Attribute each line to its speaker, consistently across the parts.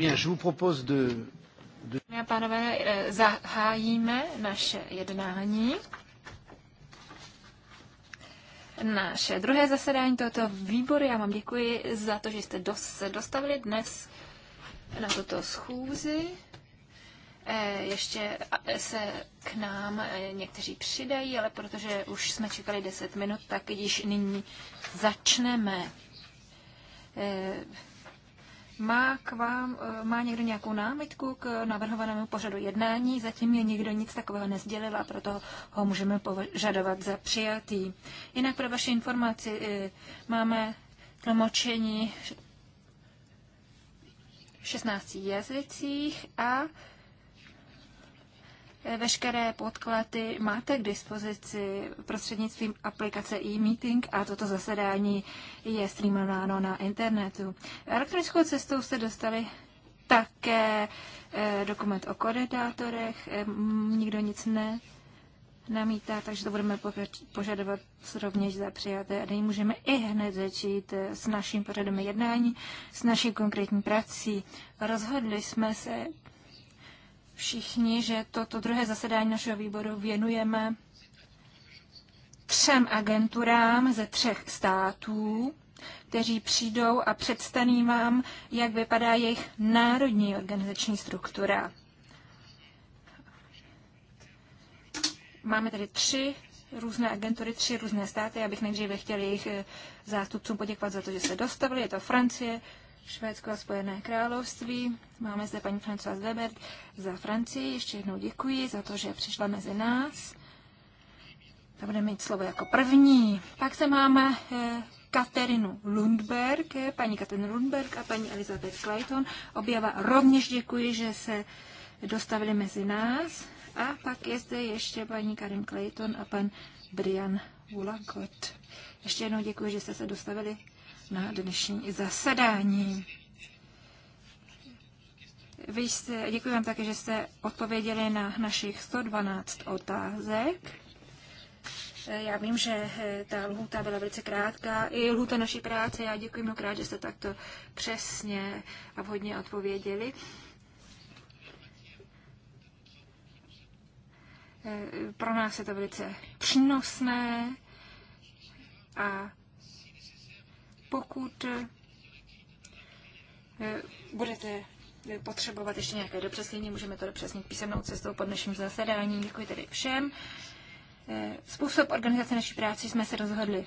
Speaker 1: bien, Dámy a pánové, eh, zahájíme naše jednání. Naše druhé zasedání tohoto výboru. Já vám děkuji za to, že jste se dostavili dnes na tuto schůzi. Eh, ještě se k nám eh, někteří přidají, ale protože už jsme čekali 10 minut, tak již nyní začneme. Má, k vám, eh, má někdo nějakou námitku k navrhovanému pořadu jednání? Zatím je nikdo nic takového nezdělil a proto ho můžeme požadovat za přijatý. Jinak pro vaši informaci eh, máme tlumočení v 16 jazycích a Eh, veškeré podklady máte k dispozici prostřednictvím aplikace e-meeting a toto zasedání je streamováno na internetu. Elektronickou cestou jste dostali také eh, dokument o koordinátorech, eh, nikdo nic ne namítá, takže to budeme požadovat rovněž za přijaté. A nyní můžeme i hned začít s naším pořadem jednání, s naší konkrétní prací. Rozhodli jsme se všichni, že toto druhé zasedání našeho výboru věnujeme třem agenturám ze třech států, kteří přijdou a představí vám, jak vypadá jejich národní organizační struktura. Máme tady tři různé agentury, tři různé státy. Já bych nejdříve chtěl jejich eh, zástupcům poděkovat za to, že se dostavili. Je to Francie, Švédsko a Spojené království. Máme zde paní Francois Weber za Francii. Ještě jednou děkuji za to, že přišla mezi nás. Ta bude mít slovo jako první. Pak se máme eh, Katerinu Lundberg, eh, paní Katerinu Lundberg a paní Elizabeth Clayton. Oběva rovněž děkuji, že se dostavili mezi nás. A pak je zde ještě paní Karin Clayton a pan Brian Wulakot. Ještě jednou děkuji, že jste se dostavili na dnešní zasedání. Vy jste, děkuji vám také, že jste odpověděli na našich 112 otázek. Já vím, že eh, ta lhůta byla velice krátká, i lhůta naší práce. Já děkuji mnohokrát, že jste takto přesně a vhodně odpověděli. Eh, pro nás je to velice přínosné a pokud eh, budete potřebovat ještě nějaké dopřesnění, můžeme to dopřesnit písemnou cestou pod dnešním zasedání. Děkuji tedy všem. Eh, Způsob organizace naší práce jsme se rozhodli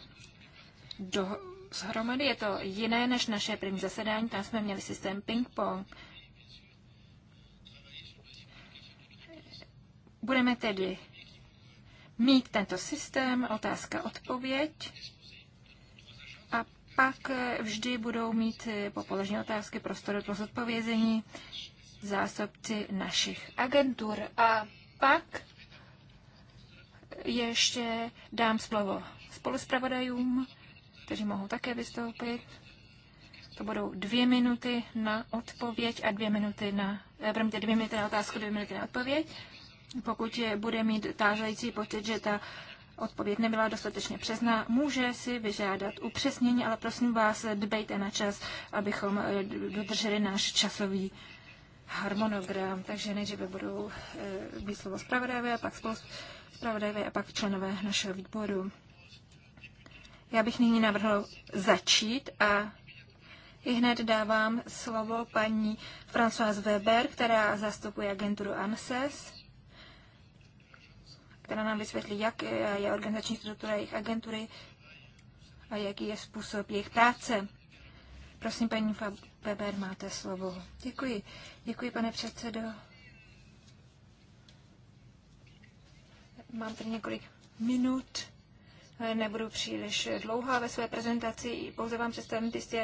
Speaker 1: dohromady. Je to jiné než naše první zasedání, tam jsme měli systém ping-pong. Budeme tedy mít tento systém otázka-odpověď pak eh, vždy budou mít po eh, položení otázky prostor pro zodpovězení zásobci našich agentur. A pak ještě dám slovo spoluspravodajům, kteří mohou také vystoupit. To budou dvě minuty na odpověď a dvě minuty na, eh, promiňte, dvě minuty na otázku, dvě minuty na odpověď. Pokud je, bude mít tážající počet, že ta odpověď nebyla dostatečně přesná, může si vyžádat upřesnění, ale prosím vás, dbejte na čas, abychom eh, dodrželi náš časový harmonogram. Takže nejdříve budou být eh, slovo zpravodajové, pak spolu zpravodajové a pak členové našeho výboru. Já bych nyní navrhl začít a i hned dávám slovo paní Françoise Weber, která zastupuje agenturu ANSES která nám vysvětlí, jak je organizační struktura jejich agentury a jaký je způsob jejich práce. Prosím, paní Weber, máte slovo. Děkuji. Děkuji, pane předsedo. Mám tady několik minut. Nebudu příliš dlouhá ve své prezentaci, pouze vám představím ty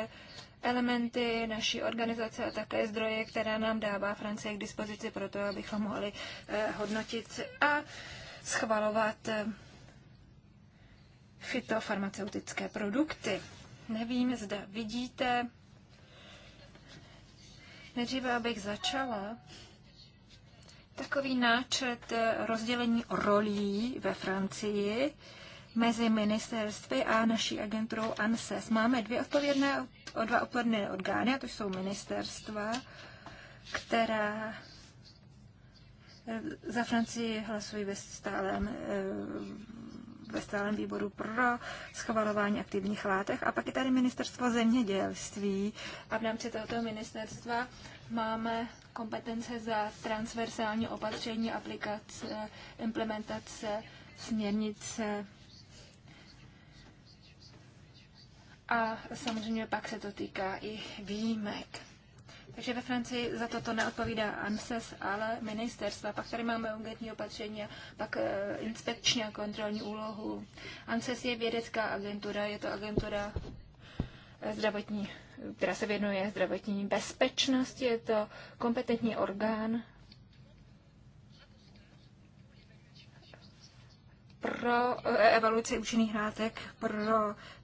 Speaker 1: elementy naší organizace a také zdroje, které nám dává Francie k dispozici pro to, abychom mohli eh, hodnotit a schvalovat eh, fitofarmaceutické produkty. Nevím, zda vidíte. Nejdříve, abych začala, takový náčet eh, rozdělení rolí ve Francii mezi ministerstvy a naší agenturou ANSES. Máme dvě odpovědné, dva odpovědné orgány, a to jsou ministerstva, která Eh, za Francii hlasuji ve stálem, eh, ve stálem výboru pro schvalování aktivních látek. A pak je tady ministerstvo zemědělství. A v rámci tohoto ministerstva máme kompetence za transversální opatření, aplikace, implementace směrnice a samozřejmě pak se to týká i výjimek. Takže ve Francii za toto neodpovídá ANSES, ale ministerstva. Pak tady máme urgentní opatření a pak eh, inspekční a kontrolní úlohu. ANSES je vědecká agentura, je to agentura eh, zdravotní, která se věnuje zdravotní bezpečnosti, je to kompetentní orgán pro eh, evoluci účinných látek pro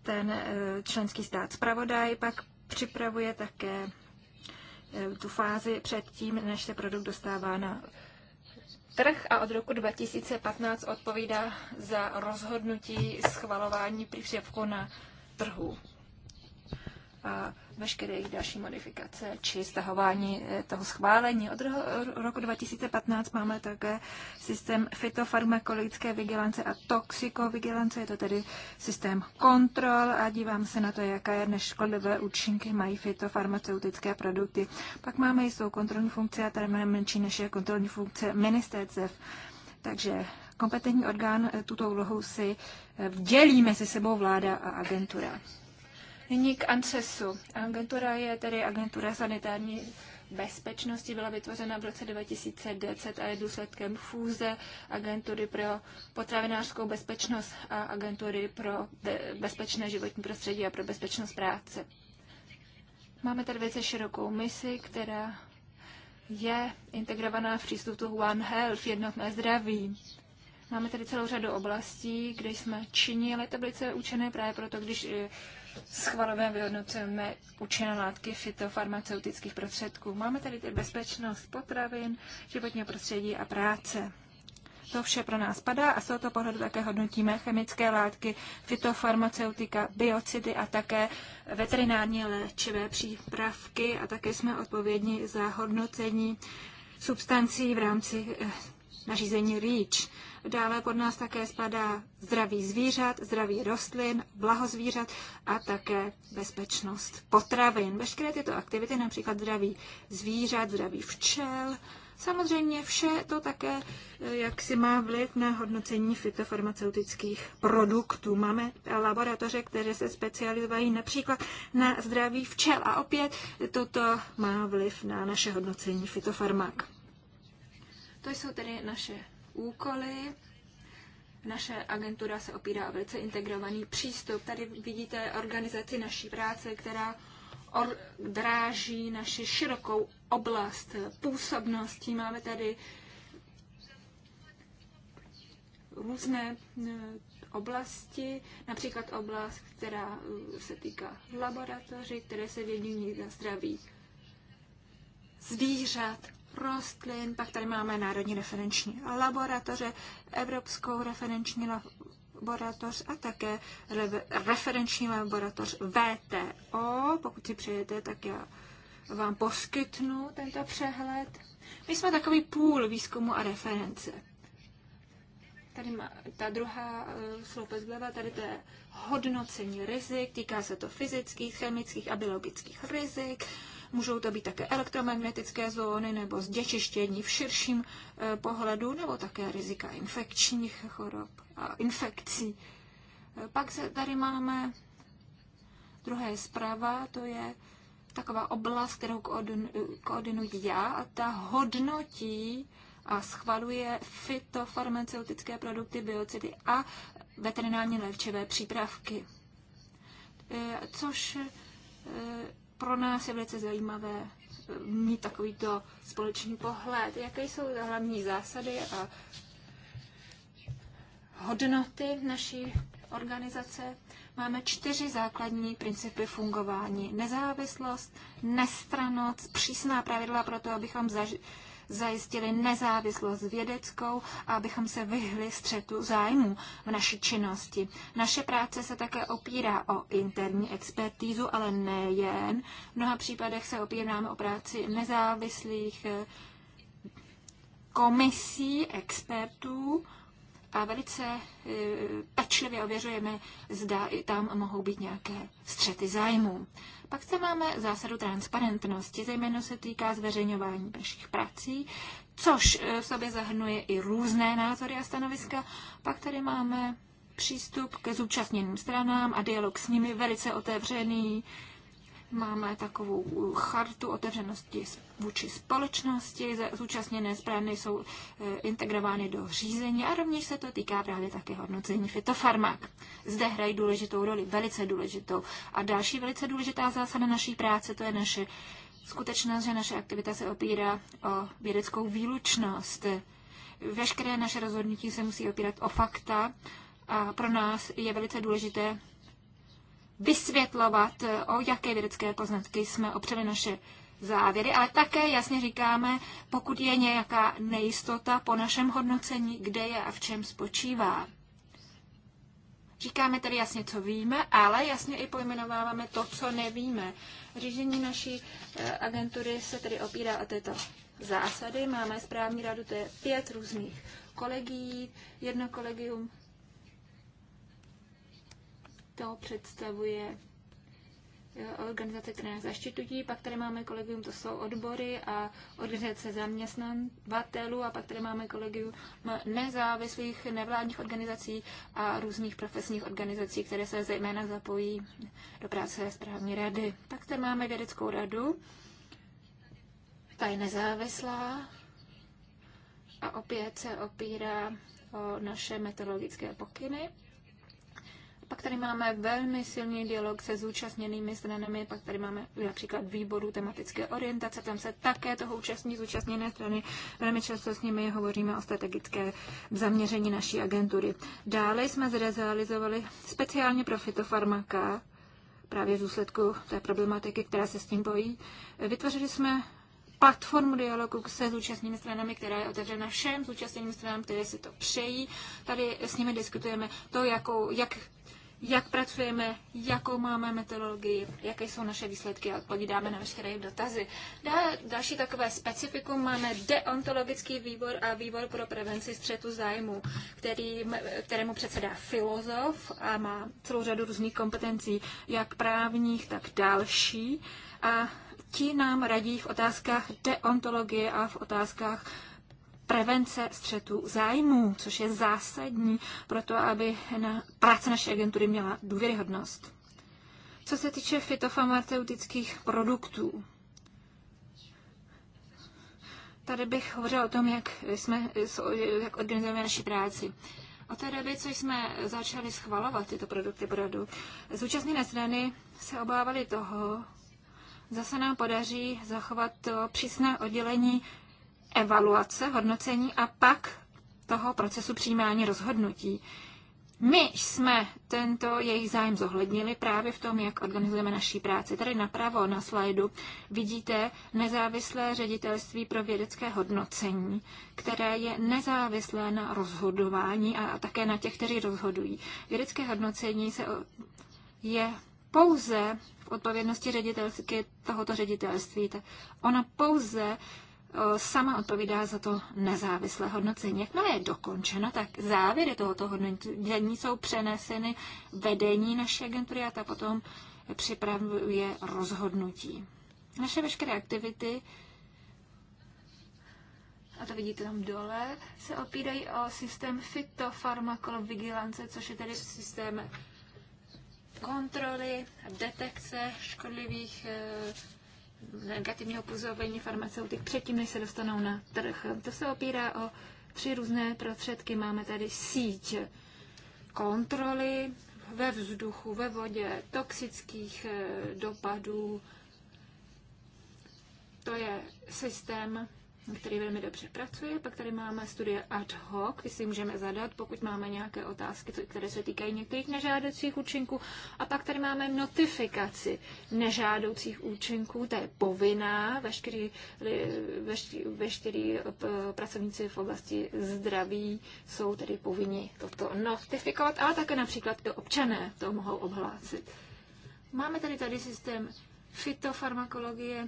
Speaker 1: ten členský stát. Spravodaj pak připravuje také Eh, tu fázi předtím, než se produkt dostává na trh a od roku 2015 odpovídá za rozhodnutí schvalování příspěvku na trhu a veškeré jejich další modifikace či stahování eh, toho schválení. Od roku 2015 máme také systém fitofarmakologické vigilance a toxikovigilance, je to tedy systém kontrol a dívám se na to, jaké neškodlivé účinky mají fitofarmaceutické produkty. Pak máme jistou kontrolní funkci a tady máme menší než je kontrolní funkce ministerstev. Takže kompetentní orgán eh, tuto úlohu si eh, vdělí mezi sebou vláda a agentura. Nyní k ANSESu. Agentura je tedy agentura sanitární bezpečnosti byla vytvořena v roce 2010 a je důsledkem fúze agentury pro potravinářskou bezpečnost a agentury pro bezpečné životní prostředí a pro bezpečnost práce. Máme tady velice širokou misi, která je integrovaná v přístupu One Health, jednotné zdraví. Máme tady celou řadu oblastí, kde jsme činili tablice učené právě proto, když eh, schvalujeme, vyhodnocujeme účinné látky fitofarmaceutických prostředků. Máme tady tedy bezpečnost potravin, životního prostředí a práce. To vše pro nás padá a z tohoto pohledu také hodnotíme chemické látky, fitofarmaceutika, biocidy a také veterinární léčivé přípravky a také jsme odpovědní za hodnocení substancí v rámci eh, nařízení REACH. Dále pod nás také spadá zdraví zvířat, zdraví rostlin, blaho zvířat a také bezpečnost potravin. Veškeré tyto aktivity, například zdraví zvířat, zdraví včel, Samozřejmě vše to také eh, jak si má vliv na hodnocení fitofarmaceutických produktů. Máme laboratoře, které se specializují například na zdraví včel a opět toto má vliv na naše hodnocení fitofarmak. To jsou tedy naše úkoly. Naše agentura se opírá o velice integrovaný přístup. Tady vidíte organizaci naší práce, která dráží naši širokou oblast působností. Máme tady různé eh, oblasti, například oblast, která eh, se týká laboratoří, které se vědění za zdraví zvířat rostlin, pak tady máme Národní referenční laboratoře, Evropskou referenční laboratoř a také referenční laboratoř VTO. Pokud si přejete, tak já vám poskytnu tento přehled. My jsme takový půl výzkumu a reference. Tady má ta druhá eh, sloupec vleva, tady to je hodnocení rizik, týká se to fyzických, chemických a biologických rizik. Můžou to být také elektromagnetické zóny nebo zděčištění v širším eh, pohledu nebo také rizika infekčních chorob a infekcí. Eh, pak se tady máme druhé zpráva, to je taková oblast, kterou koordinuji já a ta hodnotí a schvaluje fitofarmaceutické produkty, biocidy a veterinárně léčivé přípravky. Eh, což pro nás je velice zajímavé eh, mít takovýto společný pohled. Jaké jsou hlavní zásady a hodnoty naší organizace? Máme čtyři základní principy fungování. Nezávislost, nestranost, přísná pravidla pro to, abychom zaž- zajistili nezávislost vědeckou a abychom se vyhli střetu zájmů v naší činnosti. Naše práce se také opírá o interní expertízu, ale nejen. V mnoha případech se opíráme o práci nezávislých eh, komisí, expertů, a velice e, pečlivě ověřujeme, zda i tam mohou být nějaké střety zájmů. Pak zde máme zásadu transparentnosti, zejména se týká zveřejňování našich prací, což e, v sobě zahrnuje i různé názory a stanoviska. Pak tady máme přístup ke zúčastněným stranám a dialog s nimi velice otevřený, Máme takovou uh, chartu otevřenosti vůči společnosti, zúčastněné správny jsou uh, integrovány do řízení a rovněž se to týká právě také hodnocení fitofarmak. Zde hrají důležitou roli, velice důležitou. A další velice důležitá zásada naší práce, to je naše skutečnost, že naše aktivita se opírá o vědeckou výlučnost. Veškeré naše rozhodnutí se musí opírat o fakta a pro nás je velice důležité vysvětlovat, eh, o jaké vědecké poznatky jsme opřeli naše závěry, ale také jasně říkáme, pokud je nějaká nejistota po našem hodnocení, kde je a v čem spočívá. Říkáme tedy jasně, co víme, ale jasně i pojmenováváme to, co nevíme. Řízení naší eh, agentury se tedy opírá o této zásady. Máme správní radu, to je pět různých kolegií, jedno kolegium to představuje eh, organizace, které nás zaštitují, pak tady máme kolegium, to jsou odbory a organizace zaměstnavatelů a pak tady máme kolegium nezávislých nevládních organizací a různých profesních organizací, které se zejména zapojí do práce správní rady. Pak tady máme vědeckou radu, ta je nezávislá a opět se opírá o naše metodologické pokyny tady máme velmi silný dialog se zúčastněnými stranami, pak tady máme například výboru tematické orientace, tam se také toho účastní zúčastněné strany. Velmi často s nimi hovoříme o strategické zaměření naší agentury. Dále jsme zrealizovali speciálně pro fitofarmaka, právě v důsledku té problematiky, která se s tím bojí. Vytvořili jsme platformu dialogu se zúčastněnými stranami, která je otevřena všem zúčastněným stranám, které si to přejí. Tady s nimi diskutujeme to, jakou, jak jak pracujeme, jakou máme metodologii, jaké jsou naše výsledky a odpovídáme na veškeré dotazy. další takové specifikum máme deontologický výbor a výbor pro prevenci střetu zájmu, který, kterému předsedá filozof a má celou řadu různých kompetencí, jak právních, tak další. A ti nám radí v otázkách deontologie a v otázkách prevence střetu zájmů, což je zásadní pro to, aby na práce naší agentury měla důvěryhodnost. Co se týče fitofarmaceutických produktů, tady bych hovořila o tom, jak, jsme, jak organizujeme naši práci. Od té doby, co jsme začali schvalovat tyto produkty bradu, zúčastněné strany se obávaly toho, zase nám podaří zachovat to přísné oddělení evaluace, hodnocení a pak toho procesu přijímání rozhodnutí. My jsme tento jejich zájem zohlednili právě v tom, jak organizujeme naší práci. Tady napravo na slajdu vidíte nezávislé ředitelství pro vědecké hodnocení, které je nezávislé na rozhodování a také na těch, kteří rozhodují. Vědecké hodnocení se je pouze v odpovědnosti ředitelky tohoto ředitelství. Ona pouze sama odpovídá za to nezávislé hodnocení. Jakmile je dokončeno, tak závěry tohoto hodnocení jsou přeneseny vedení naší agentury a ta potom připravuje rozhodnutí. Naše veškeré aktivity, a to vidíte tam dole, se opírají o systém fitofarmakovigilance, což je tedy systém kontroly a detekce škodlivých eh, negativního působení farmaceutik předtím, než se dostanou na trh. To se opírá o tři různé prostředky. Máme tady síť kontroly ve vzduchu, ve vodě, toxických eh, dopadů. To je systém který velmi dobře pracuje. Pak tady máme studie ad hoc, kdy si můžeme zadat, pokud máme nějaké otázky, které se týkají některých nežádoucích účinků. A pak tady máme notifikaci nežádoucích účinků, to je povinná, veškerý, veškerý, veškerý eh, pracovníci v oblasti zdraví jsou tedy povinni toto notifikovat, ale také například i občané to mohou obhlásit. Máme tady tady systém fitofarmakologie,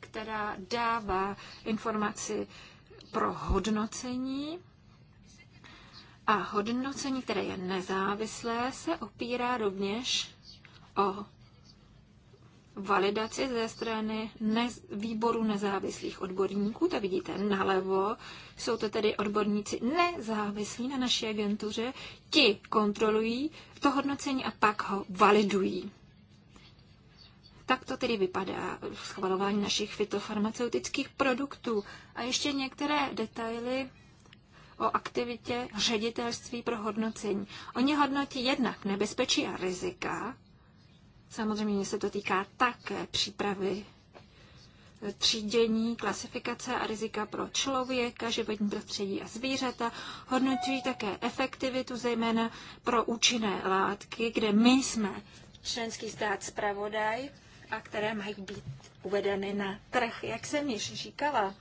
Speaker 1: která dává informaci pro hodnocení a hodnocení, které je nezávislé, se opírá rovněž o validaci ze strany nez, výboru nezávislých odborníků. To vidíte nalevo. Jsou to tedy odborníci nezávislí na naší agentuře. Ti kontrolují to hodnocení a pak ho validují. Tak to tedy vypadá schvalování našich fytofarmaceutických produktů. A ještě některé detaily o aktivitě ředitelství pro hodnocení. Oni hodnotí jednak nebezpečí a rizika. Samozřejmě se to týká také přípravy eh, třídění, klasifikace a rizika pro člověka, životní prostředí a zvířata. Hodnotí také efektivitu, zejména pro účinné látky, kde my jsme členský stát zpravodaj a které mají být uvedeny na trh. Jak jsem již říkala,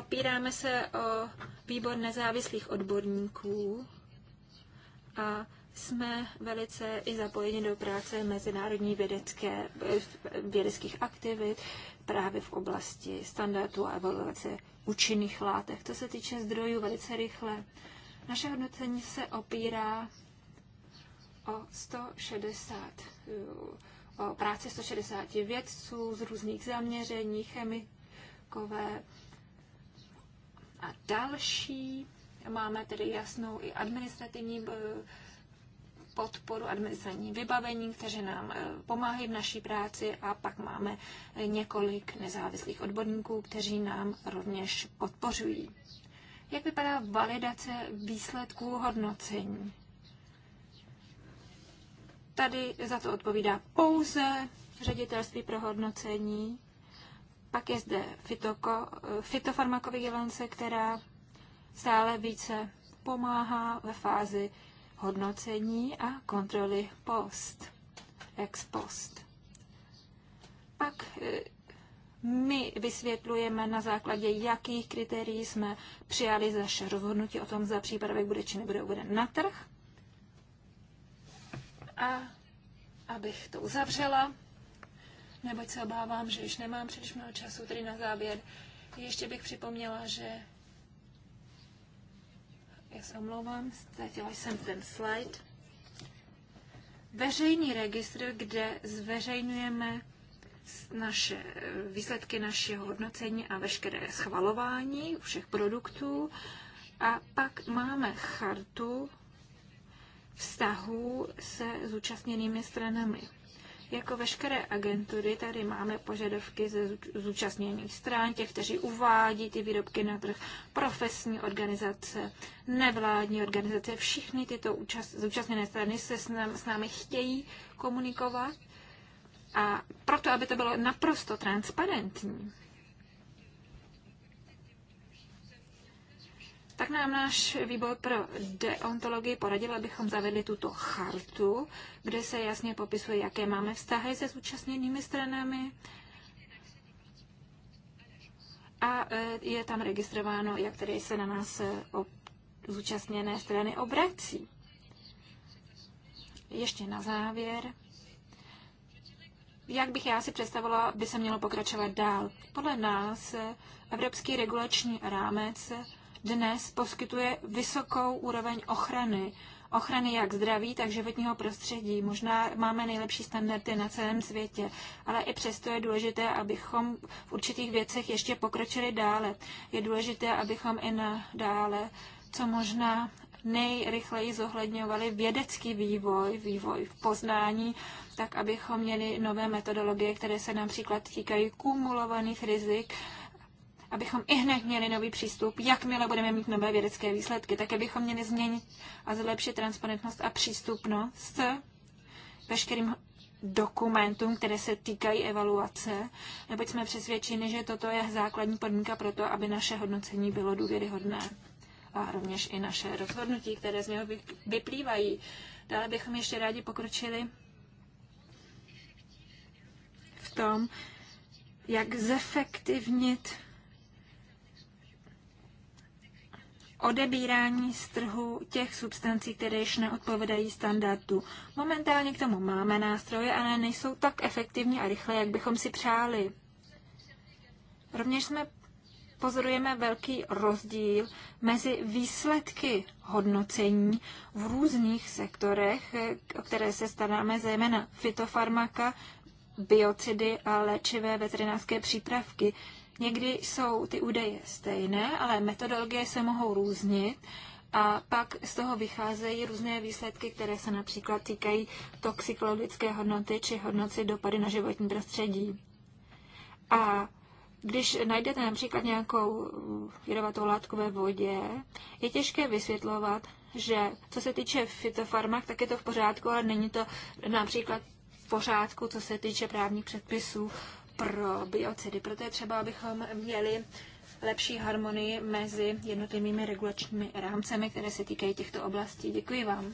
Speaker 1: opíráme se o výbor nezávislých odborníků a jsme velice i zapojeni do práce mezinárodní vědecké, vědeckých aktivit právě v oblasti standardů a evaluace účinných látek. To se týče zdrojů velice rychle. Naše hodnocení se opírá o 160 o práci 160 vědců z různých zaměření, chemikové a další. Máme tedy jasnou i administrativní eh, podporu, administrativní vybavení, které nám eh, pomáhají v naší práci a pak máme eh, několik nezávislých odborníků, kteří nám rovněž podpořují. Jak vypadá validace výsledků hodnocení? Tady za to odpovídá pouze ředitelství pro hodnocení. Pak je zde fitoko, fitofarmakovigilance, která stále více pomáhá ve fázi hodnocení a kontroly post, ex post. Pak e, my vysvětlujeme, na základě jakých kritérií jsme přijali zaše rozhodnutí o tom, za přípravek bude či nebude uveden na trh. A abych to uzavřela, neboť se obávám, že již nemám příliš mnoho času, tedy na závěr, ještě bych připomněla, že já se omlouvám, ztratila jsem ten slide. Veřejný registr, kde zveřejňujeme naše výsledky našeho hodnocení a veškeré schvalování všech produktů. A pak máme chartu vztahů se zúčastněnými stranami. Jako veškeré agentury tady máme požadavky ze zúčastněných stran, těch, kteří uvádí ty výrobky na trh, profesní organizace, nevládní organizace, všichni tyto zúčastněné strany se s, nám, s námi chtějí komunikovat a proto, aby to bylo naprosto transparentní. tak nám náš výbor pro deontologii poradil, abychom zavedli tuto chartu, kde se jasně popisuje, jaké máme vztahy se zúčastněnými stranami. A e, je tam registrováno, jak tedy se na nás e, zúčastněné strany obrací. Ještě na závěr. Jak bych já si představila, by se mělo pokračovat dál? Podle nás e, Evropský regulační rámec dnes poskytuje vysokou úroveň ochrany. Ochrany jak zdraví, tak životního prostředí. Možná máme nejlepší standardy na celém světě, ale i přesto je důležité, abychom v určitých věcech ještě pokročili dále. Je důležité, abychom i nadále co možná nejrychleji zohledňovali vědecký vývoj, vývoj v poznání, tak abychom měli nové metodologie, které se například týkají kumulovaných rizik, abychom i hned měli nový přístup, jakmile budeme mít nové vědecké výsledky, tak abychom měli změnit a zlepšit transparentnost a přístupnost veškerým dokumentům, které se týkají evaluace, neboť jsme přesvědčeni, že toto je základní podmínka pro to, aby naše hodnocení bylo důvěryhodné a rovněž i naše rozhodnutí, které z něho vyplývají. Dále bychom ještě rádi pokročili v tom, jak zefektivnit odebírání z trhu těch substancí, které již neodpovídají standardu. Momentálně k tomu máme nástroje, ale nejsou tak efektivní a rychle, jak bychom si přáli. Rovněž jsme pozorujeme velký rozdíl mezi výsledky hodnocení v různých sektorech, o které se staráme, zejména fitofarmaka, biocidy a léčivé veterinářské přípravky. Někdy jsou ty údaje stejné, ale metodologie se mohou různit a pak z toho vycházejí různé výsledky, které se například týkají toxikologické hodnoty či hodnoty dopady na životní prostředí. A když najdete například nějakou jedovatou látku ve vodě, je těžké vysvětlovat, že co se týče fitofarmak, tak je to v pořádku, ale není to například v pořádku, co se týče právních předpisů pro biocidy. Proto je třeba, abychom měli lepší harmonii mezi jednotlivými regulačními rámcemi,
Speaker 2: které se týkají těchto oblastí. Děkuji vám.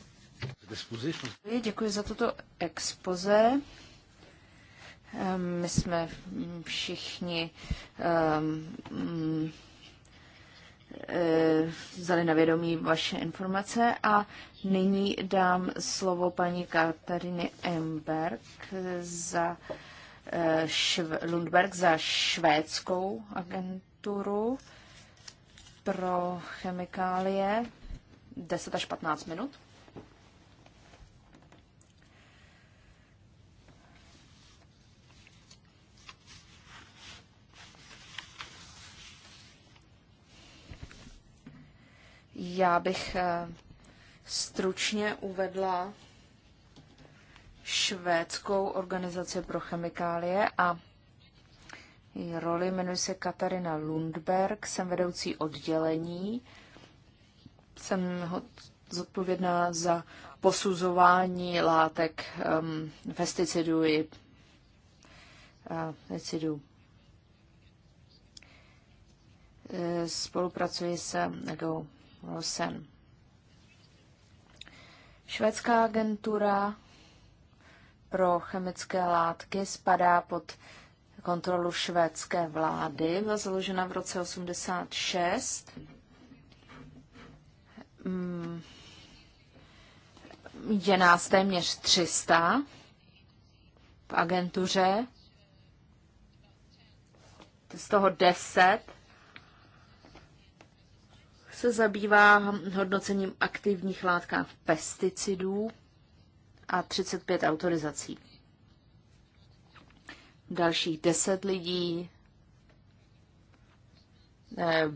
Speaker 2: Děkuji za toto expoze. Ehm, my jsme všichni um, vzali na vědomí vaše informace a nyní dám slovo paní Katarině Emberg za Lundberg za švédskou agenturu pro chemikálie 10 až 15 minut. Já bych eh, stručně uvedla švédskou organizaci pro chemikálie a její roli jmenuje se Katarina Lundberg, jsem vedoucí oddělení, jsem zodpovědná za posuzování látek um, pesticidů i uh, decidů. Eh, spolupracuji s Ego Rosen. Švédská agentura pro chemické látky spadá pod kontrolu švédské vlády. Byla založena v roce 86. Mm, je nás téměř 300 v agentuře, z toho 10 se zabývá hodnocením aktivních látkách pesticidů a 35 autorizací. Dalších 10 lidí eh,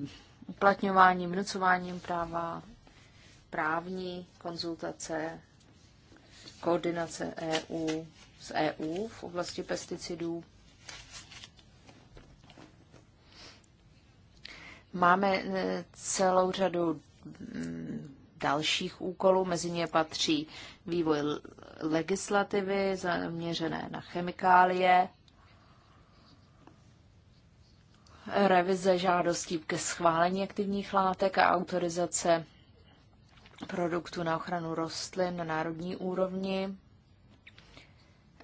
Speaker 2: uplatňováním, vnucováním práva, právní konzultace, koordinace EU s EU v oblasti pesticidů. Máme eh, celou řadu mm, dalších úkolů, mezi ně patří vývoj legislativy zaměřené na chemikálie, revize žádostí ke schválení aktivních látek a autorizace produktů na ochranu rostlin na národní úrovni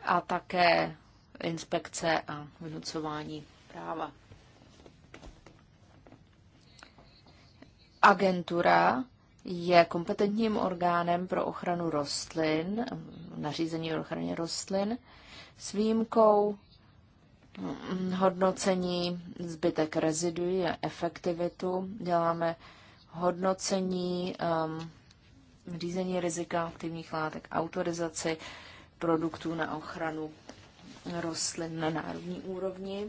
Speaker 2: a také inspekce a vynucování práva. Agentura je kompetentním orgánem pro ochranu rostlin, nařízení o ochraně rostlin, s výjimkou mm, hodnocení zbytek reziduí a efektivitu. Děláme hodnocení um, řízení rizika aktivních látek, autorizaci produktů na ochranu rostlin na národní úrovni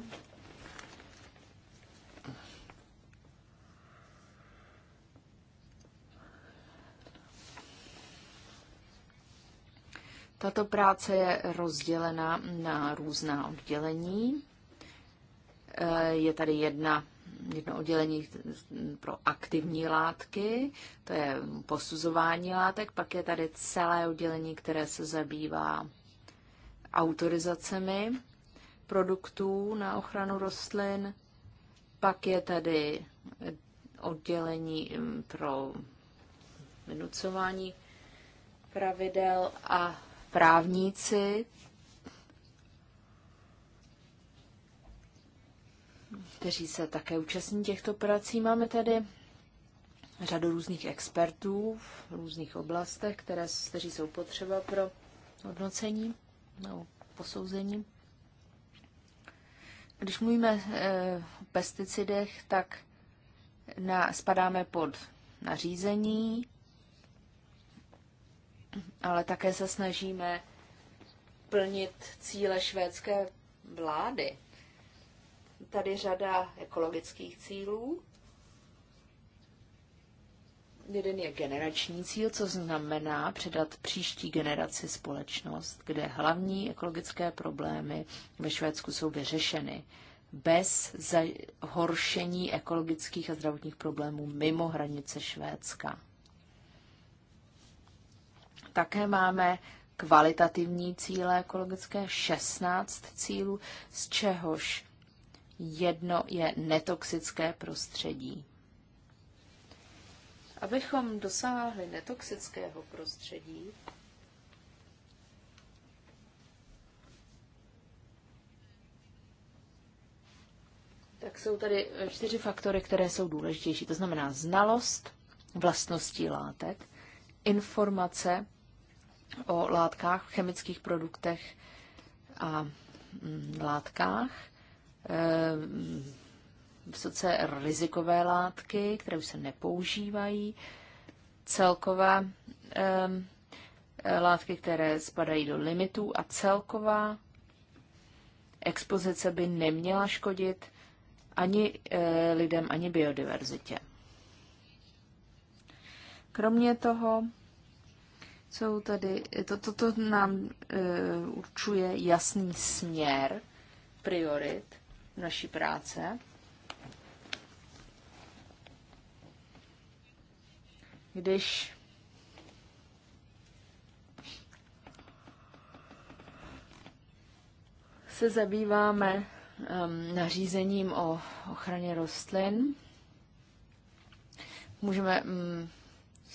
Speaker 2: Tato práce je rozdělena na různá oddělení. E, je tady jedna, jedno oddělení pro aktivní látky, to je posuzování látek, pak je tady celé oddělení, které se zabývá autorizacemi produktů na ochranu rostlin, pak je tady oddělení mm, pro vynucování pravidel a právníci, kteří se také účastní těchto prací. Máme tady řadu různých expertů v různých oblastech, které, kteří jsou potřeba pro hodnocení nebo posouzení. Když mluvíme eh, o pesticidech, tak na, spadáme pod nařízení, ale také se snažíme plnit cíle švédské vlády. Tady řada ekologických cílů. Jeden je generační cíl, co znamená předat příští generaci společnost, kde hlavní ekologické problémy ve Švédsku jsou vyřešeny bez zahoršení ekologických a zdravotních problémů mimo hranice Švédska. Také máme kvalitativní cíle ekologické, 16 cílů, z čehož jedno je netoxické prostředí. Abychom dosáhli netoxického prostředí, tak jsou tady eh, čtyři faktory, které jsou důležitější. To znamená znalost vlastností látek, informace o látkách, chemických produktech a mm, látkách, vysoce ehm, rizikové látky, které už se nepoužívají, celkové ehm, látky, které spadají do limitů a celková expozice by neměla škodit ani eh, lidem, ani biodiverzitě. Kromě toho jsou tady, to, to to nám uh, určuje jasný směr priorit naší práce. Když se zabýváme um, nařízením o ochraně rostlin. Můžeme um,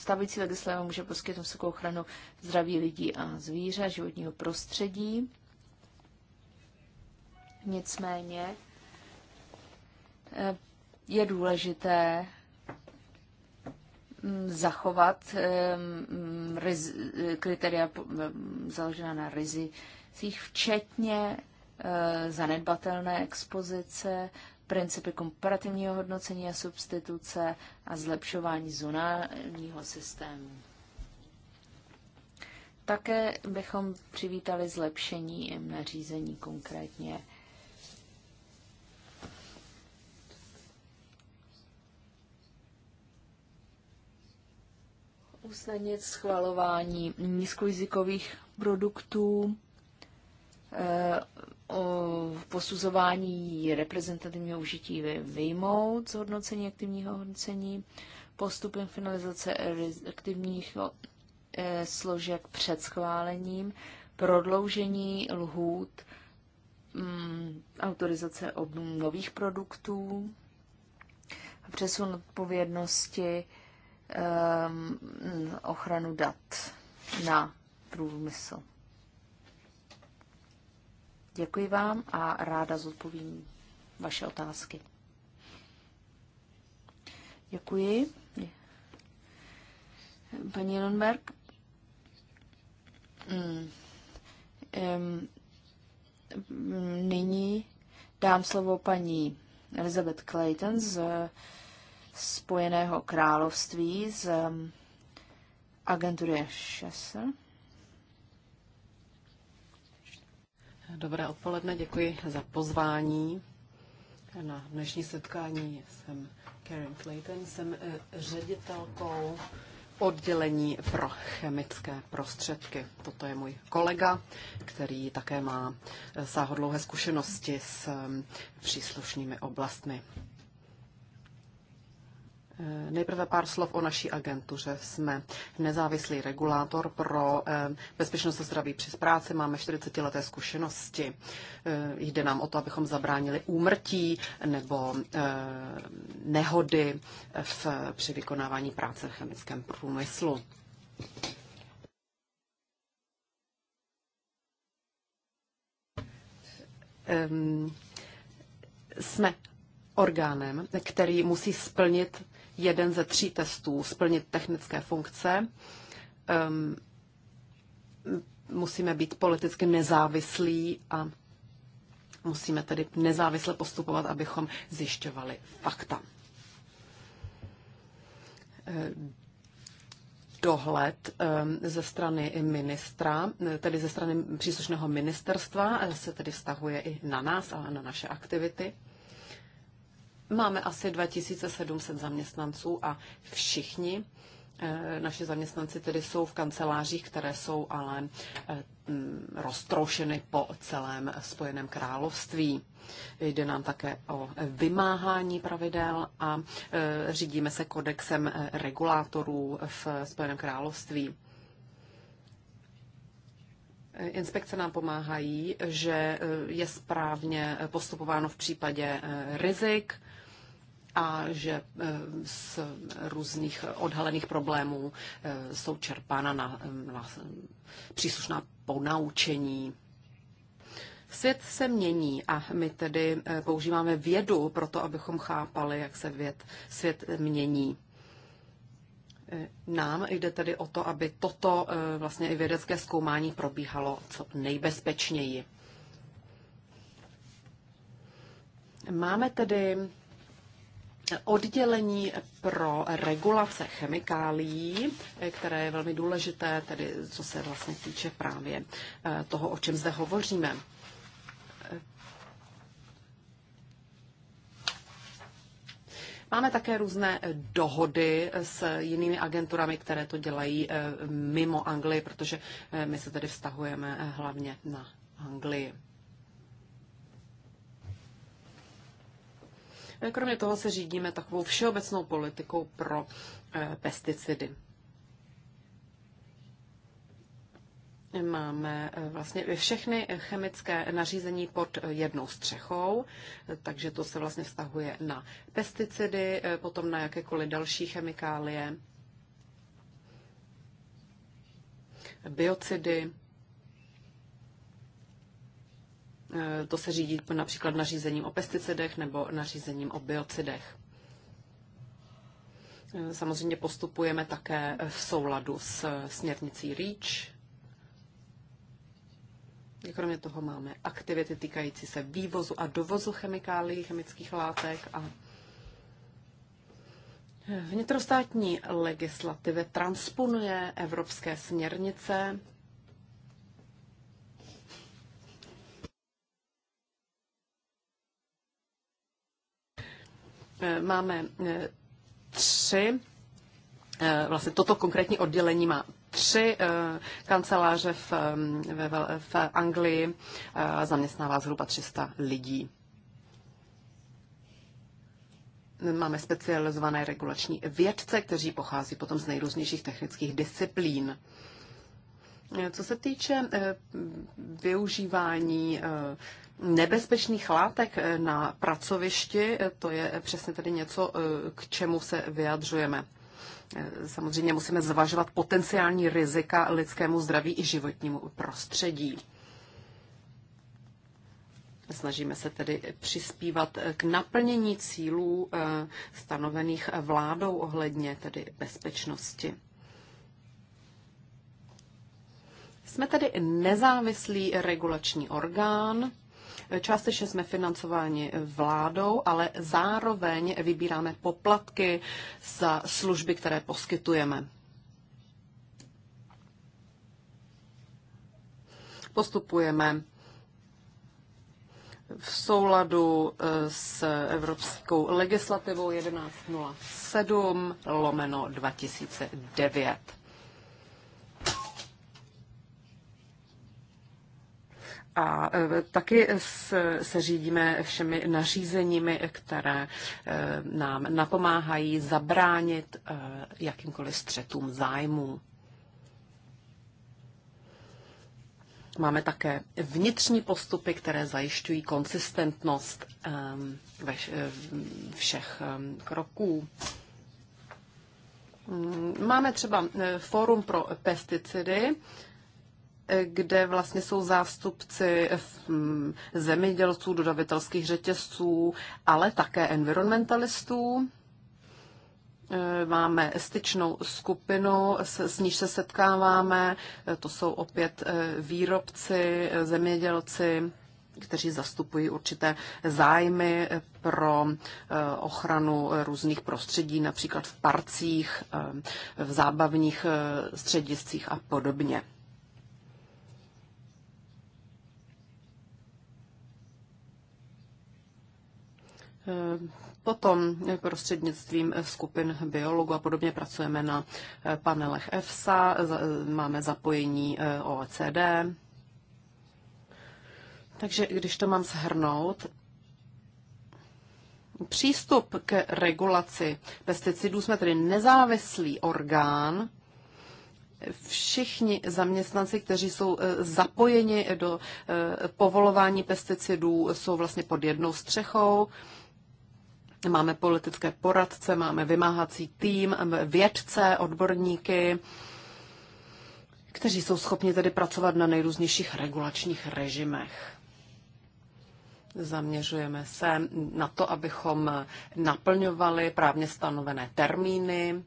Speaker 2: stavící legislativa může poskytnout vysokou ochranu zdraví lidí a zvířat, životního prostředí. Nicméně eh, je důležité mm, zachovat eh, mm, eh, kritéria založená na rizicích, včetně zanedbatelné expozice, principy komparativního hodnocení a substituce a zlepšování zonálního systému. Také bychom přivítali zlepšení nařízení konkrétně usnadnit schvalování nízkojizikových produktů, Eh, o posuzování reprezentativního užití vyjmout z hodnocení aktivního hodnocení, postupem finalizace aktivních eh, složek před schválením, prodloužení lhůt mm, autorizace nových produktů, přesun odpovědnosti, ehm, ochranu dat na průmysl. Děkuji vám a ráda zodpovím vaše otázky. Děkuji. Paní Lundberg. Mm. Um, nyní dám slovo paní Elizabeth Clayton z Spojeného království z agentury Cheshire.
Speaker 3: Dobré odpoledne, děkuji za pozvání. Na dnešní setkání jsem Karen Clayton, jsem eh, ředitelkou oddělení pro chemické prostředky. Toto je můj kolega, který také má eh, sáhodlouhé zkušenosti s eh, příslušnými oblastmi. Nejprve pár slov o naší agentuře. Jsme nezávislý regulátor pro eh, bezpečnost a zdraví při práci. Máme 40 leté zkušenosti. Eh, jde nám o to, abychom zabránili úmrtí nebo eh, nehody v, při vykonávání práce v chemickém průmyslu. Ehm, jsme orgánem, který musí splnit jeden ze tří testů splnit technické funkce. Um, musíme být politicky nezávislí a musíme tedy nezávisle postupovat, abychom zjišťovali fakta. Ehm, dohled ehm, ze strany ministra, tedy ze strany příslušného ministerstva, se tedy vztahuje i na nás a na naše aktivity. Máme asi 2700 zaměstnanců a všichni eh, naši zaměstnanci tedy jsou v kancelářích, které jsou ale eh, mm, roztroušeny po celém Spojeném království. Jde nám také o vymáhání pravidel a eh, řídíme se kodexem regulátorů v Spojeném království. Inspekce nám pomáhají, že je správně postupováno v případě rizik, a že eh, z různých odhalených problémů eh, jsou čerpána na, eh, na příslušná ponaučení. Svět se mění a my tedy používáme vědu pro to, abychom chápali, jak se věd, svět mění. Nám jde tedy o to, aby toto vlastně i vědecké zkoumání probíhalo co nejbezpečněji. Máme tedy oddělení pro regulace chemikálií, které je velmi důležité, tedy co se vlastně týče právě eh, toho, o čem zde hovoříme. Máme také různé eh, dohody s jinými agenturami, které to dělají eh, mimo Anglii, protože my se tedy vztahujeme hlavně na Anglii. Kromě toho se řídíme takovou všeobecnou politikou pro eh, pesticidy. Máme eh, vlastně všechny chemické nařízení pod eh, jednou střechou, takže to se vlastně vztahuje na pesticidy, potom na jakékoliv další chemikálie, biocidy, Eh, to se řídí například nařízením o pesticidech nebo nařízením o biocidech. Eh, samozřejmě postupujeme také v souladu s eh, směrnicí REACH. Kromě toho máme aktivity týkající se vývozu a dovozu chemikálií, chemických látek a Vnitrostátní legislativy transponuje evropské směrnice E, máme e, tři, e, vlastně toto konkrétní oddělení má tři kanceláře v, v, v Anglii a zaměstnává zhruba 300 lidí. Máme specializované regulační vědce, kteří pochází potom z nejrůznějších technických disciplín. Co se týče eh, využívání eh, nebezpečných látek eh, na pracovišti, to je přesně tedy něco, k čemu se vyjadřujeme. Samozřejmě musíme zvažovat potenciální rizika lidskému zdraví i životnímu prostředí. Snažíme se tedy přispívat k naplnění cílů stanovených vládou ohledně tedy bezpečnosti. Jsme tedy nezávislý regulační orgán, Částečně jsme financováni vládou, ale zároveň vybíráme poplatky za služby, které poskytujeme. Postupujeme v souladu eh, s evropskou legislativou 1107 lomeno 2009. A e, taky se řídíme všemi nařízeními, které e, nám napomáhají zabránit e, jakýmkoliv střetům zájmů. Máme také vnitřní postupy, které zajišťují konsistentnost všech kroků. Mm, máme třeba Fórum pro pesticidy, kde vlastně jsou zástupci eh, mm, zemědělců, dodavitelských řetězců, ale také environmentalistů. Eh, máme styčnou skupinu, s níž se setkáváme. Eh, to jsou opět výrobci, zemědělci, kteří zastupují určité zájmy pro ochranu různých prostředí, například v parcích, v zábavních střediscích a podobně. Potom prostřednictvím skupin biologů a podobně pracujeme na panelech EFSA, máme zapojení eh, OECD. Takže když to mám shrnout, přístup k regulaci pesticidů jsme tedy nezávislý orgán, všichni zaměstnanci, kteří jsou eh, zapojeni do eh, povolování pesticidů, jsou vlastně pod jednou střechou. Máme politické poradce, máme vymáhací tým, vědce, odborníky, kteří jsou schopni tedy pracovat na nejrůznějších regulačních režimech. Zaměřujeme se na to, abychom naplňovali právně stanovené termíny,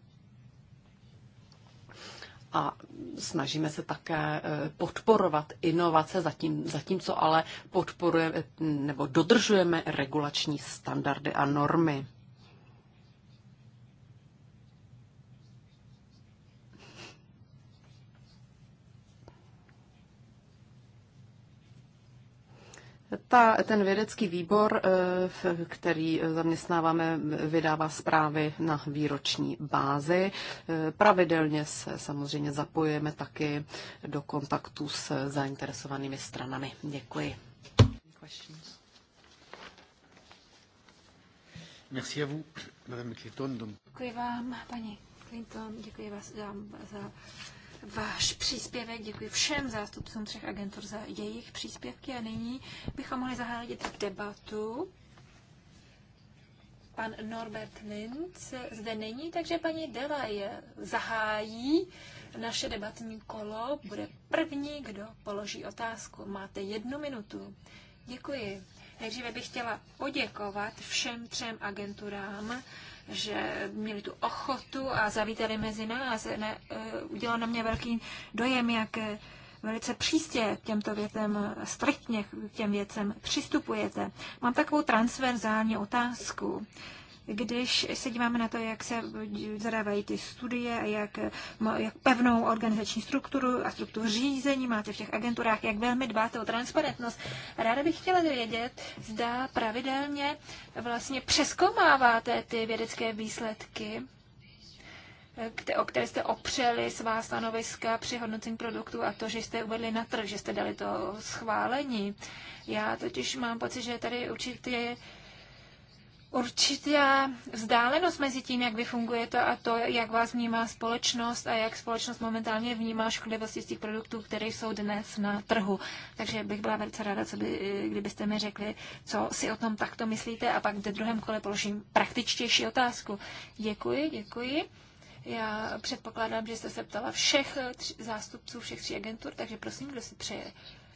Speaker 3: a snažíme se také e, podporovat inovace, zatím, zatímco ale podporujeme nebo dodržujeme regulační standardy a normy. Ta, ten vědecký výbor, eh, který zaměstnáváme, vydává zprávy na výroční bázi. Eh, pravidelně se samozřejmě zapojujeme taky do kontaktu s zainteresovanými stranami. Děkuji. Merci à vous, Madame Clinton.
Speaker 1: Děkuji vám, paní Clinton, děkuji vám za váš příspěvek, děkuji všem zástupcům třech agentur za jejich příspěvky a nyní bychom mohli zahájit debatu. Pan Norbert Linz zde není, takže paní Dela je zahájí naše debatní kolo. Bude první, kdo položí otázku. Máte jednu minutu. Děkuji. Nejdříve bych chtěla poděkovat všem třem agenturám že měli tu ochotu a zavítali mezi nás. Ne, eh, udělal na mě velký dojem, jak eh, velice přístě k těmto větem, striktně k těm věcem přistupujete. Mám takovou transverzální otázku. Když se díváme na to, jak se zadávají ty studie a jak, jak pevnou organizační strukturu a strukturu řízení máte v těch agenturách, jak velmi dbáte o transparentnost, ráda bych chtěla vědět, zda pravidelně vlastně přeskomáváte ty vědecké výsledky o které jste opřeli svá stanoviska při hodnocení produktu a to, že jste uvedli na trh, že jste dali to schválení. Já totiž mám pocit, že je tady určitě určitá vzdálenost mezi tím, jak vy fungujete a to, jak vás vnímá společnost a jak společnost momentálně vnímá škodlivosti vlastně z těch produktů, které jsou dnes na trhu. Takže bych byla velice ráda, co by, kdybyste mi řekli, co si o tom takto myslíte a pak ve druhém kole položím praktičtější otázku. Děkuji, děkuji. Já předpokládám, že jste se ptala všech tři, zástupců všech tří agentur, takže prosím, kdo si přeje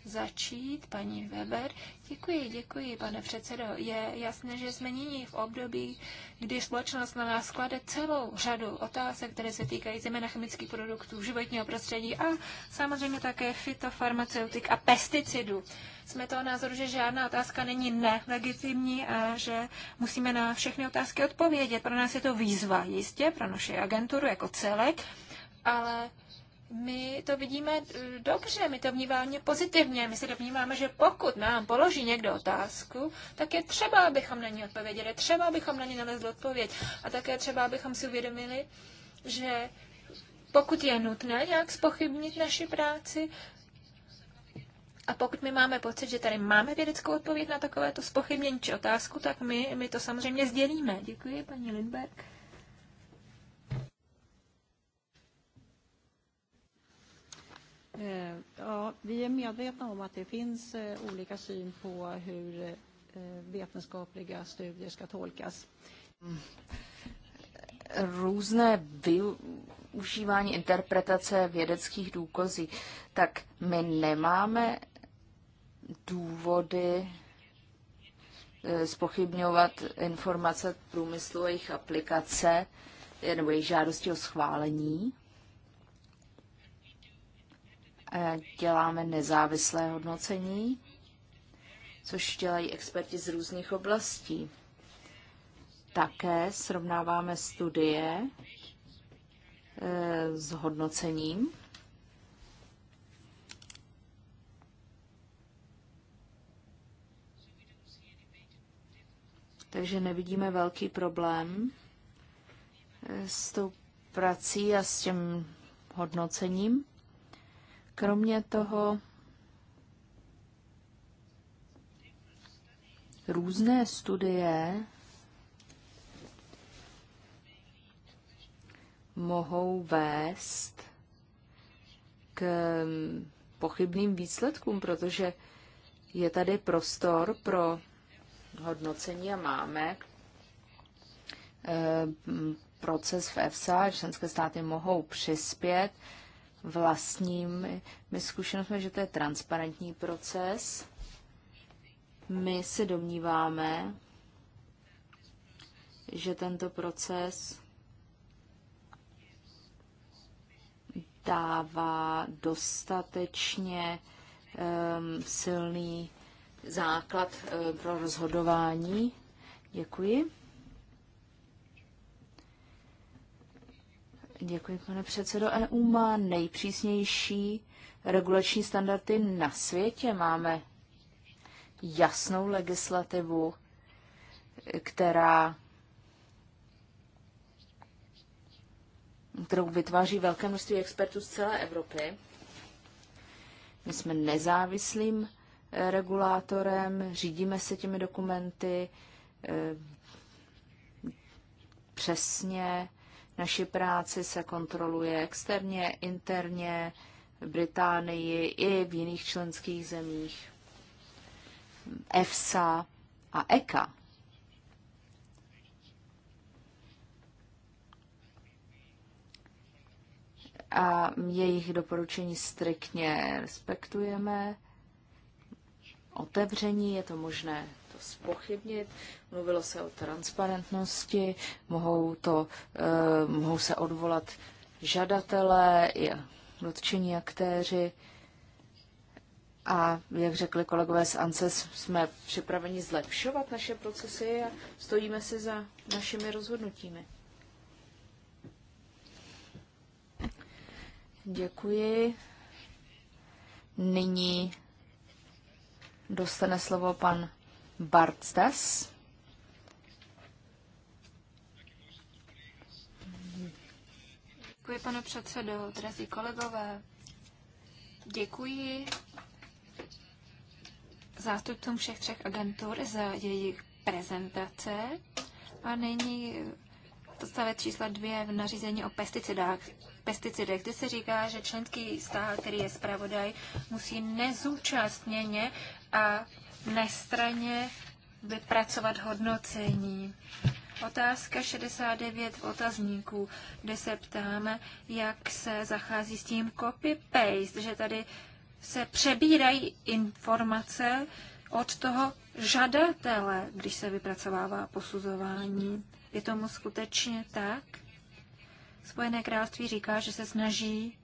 Speaker 1: začít. Paní Weber, děkuji, děkuji, pane předsedo. Je jasné, že jsme nyní v období, kdy společnost na nás klade celou řadu otázek, které se týkají zejména chemických produktů, životního prostředí a samozřejmě také fitofarmaceutik a pesticidů. Jsme toho názoru, že žádná otázka není nelegitimní a že musíme na všechny otázky odpovědět. Pro nás je to výzva, jistě, pro naše agenturu jako celek, ale my to vidíme eh, dobře, my to vnímáme pozitivně. My se domníváme, že pokud nám položí někdo otázku, tak je třeba, abychom na ní odpověděli, třeba, abychom na ní nalezli odpověď. A také třeba, abychom si uvědomili, že pokud je nutné nějak spochybnit naši práci, a pokud my máme pocit, že tady máme vědeckou odpověď na takovéto spochybnění či otázku, tak my, my to samozřejmě sdělíme.
Speaker 4: Děkuji, paní Lindberg. Eh, ja, vi är medvetna om att det finns eh, olika syn på hur eh, vetenskapliga studier ska tolkas.
Speaker 2: Mm. Různé využívání interpretace vědeckých důkazů, tak my nemáme důvody spochybňovat informace průmyslu a jejich aplikace nebo jejich žádosti o schválení. Děláme nezávislé hodnocení, což dělají experti z různých oblastí. Také srovnáváme studie eh, s hodnocením. Takže nevidíme velký problém eh, s tou prací a s tím hodnocením. Kromě toho různé studie mohou vést k pochybným výsledkům, protože je tady prostor pro hodnocení a máme eh, proces v EFSA, členské státy mohou přispět vlastními zkušenostmi, že to je transparentní proces. My se domníváme, že tento proces dává dostatečně um, silný základ um, pro rozhodování. Děkuji. Děkuji, pane předsedo. EU má nejpřísnější regulační standardy na světě. Máme jasnou legislativu, která kterou vytváří velké množství expertů z celé Evropy. My jsme nezávislým e, regulátorem, řídíme se těmi dokumenty e, přesně, Naši práci se kontroluje externě, interně, v Británii i v jiných členských zemích. EFSA a ECA. A jejich doporučení striktně respektujeme. Otevření je to možné spochybnit. Mluvilo se o transparentnosti, mohou, to, eh, mohou se odvolat žadatelé i dotčení aktéři. A jak řekli kolegové z ANSES, jsme připraveni zlepšovat naše procesy a stojíme si za našimi rozhodnutími. Děkuji. Nyní dostane slovo pan Bart
Speaker 1: Děkuji, pane předsedo, drazí kolegové. Děkuji zástupcům všech třech agentur za jejich prezentace. A nyní odstavec čísla dvě v nařízení o pesticidách. pesticidech, kde se říká, že členský stát, který je zpravodaj, musí nezúčastněně a nestraně vypracovat hodnocení. Otázka 69 v otazníku, kde se ptáme, jak se zachází s tím copy-paste, že tady se přebírají informace od toho žadatele, když se vypracovává posuzování. Je tomu skutečně tak? Spojené království říká, že se snaží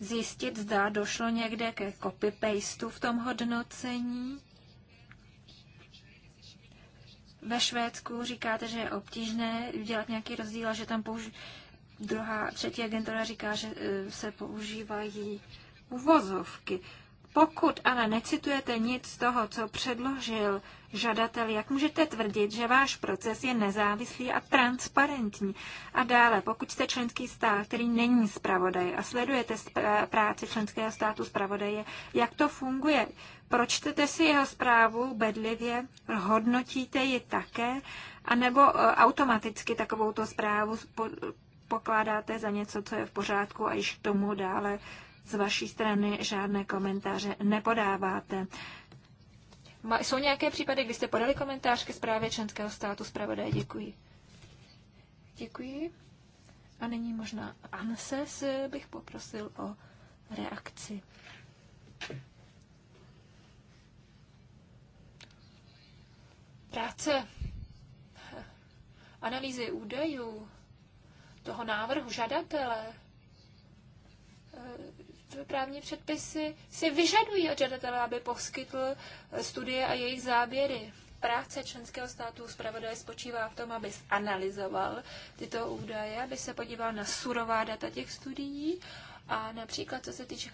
Speaker 1: zjistit, zda došlo někde ke copy-pastu v tom hodnocení. Ve Švédsku říkáte, že je obtížné udělat nějaký rozdíl a že tam použi- druhá, třetí agentura říká, že e, se používají uvozovky. Pokud ale necitujete nic z toho, co předložil žadatel, jak můžete tvrdit, že váš proces je nezávislý a transparentní? A dále, pokud jste členský stát, který není zpravodaj a sledujete práci členského státu zpravodaje, jak to funguje? Pročtete si jeho zprávu bedlivě, hodnotíte ji také, anebo e, automaticky to zprávu pokládáte za něco, co je v pořádku a již k tomu dále z vaší strany žádné komentáře nepodáváte. Jsou nějaké případy, kdy jste podali komentář ke zprávě členského státu? Zpravodaj, děkuji. Děkuji. A nyní možná ANSES bych poprosil o reakci. Práce analýzy údajů toho návrhu žadatele právní předpisy si vyžadují od žadatele, aby poskytl eh, studie a jejich záběry. Práce členského státu zpravodaje spočívá v tom, aby analyzoval tyto údaje, aby se podíval na surová data těch studií a například, co se týče,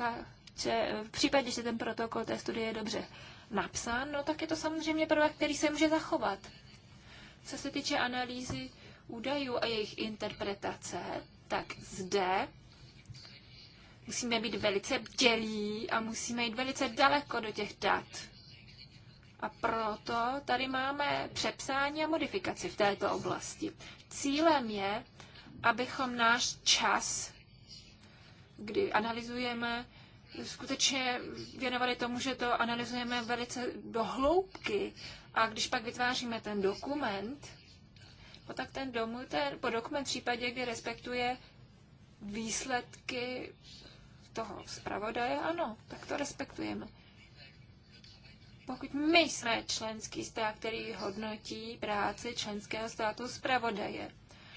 Speaker 1: eh, v případě, že ten protokol té studie je dobře napsán, no tak je to samozřejmě prvek, který se může zachovat. Co se týče analýzy údajů a jejich interpretace, tak zde Musíme být velice bdělí a musíme jít velice daleko do těch dat. A proto tady máme přepsání a modifikaci v této oblasti. Cílem je, abychom náš čas, kdy analyzujeme, skutečně věnovali tomu, že to analyzujeme velice do hloubky a když pak vytváříme ten dokument, no tak ten, domů ten po dokument v případě, kdy respektuje výsledky toho zpravodaje, ano, tak to respektujeme. Pokud my jsme členský stát, který hodnotí práci členského státu zpravodaje,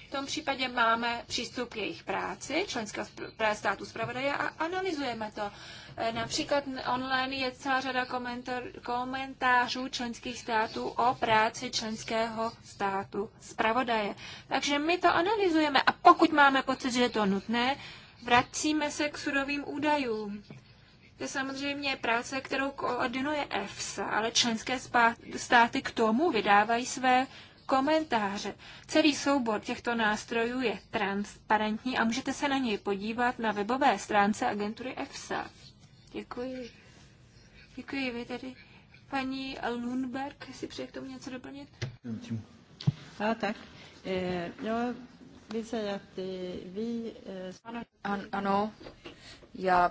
Speaker 1: v tom případě máme přístup k jejich práci, členského státu zpravodaje a analyzujeme to. E, například online je celá řada komentářů členských států o práci členského státu zpravodaje. Takže my to analyzujeme a pokud máme pocit, že je to nutné, Vracíme se k sudovým údajům. To je samozřejmě práce, kterou koordinuje EFSA, ale členské státy k tomu vydávají své komentáře. Celý soubor těchto nástrojů je transparentní a můžete se na něj podívat na webové stránce agentury EFSA. Děkuji. Děkuji vy tady.
Speaker 4: Paní Lundberg, jestli přeje k tomu něco doplnit? A tak. E, eh, já no, vill säga att eh, vi... Eh, An, ano, já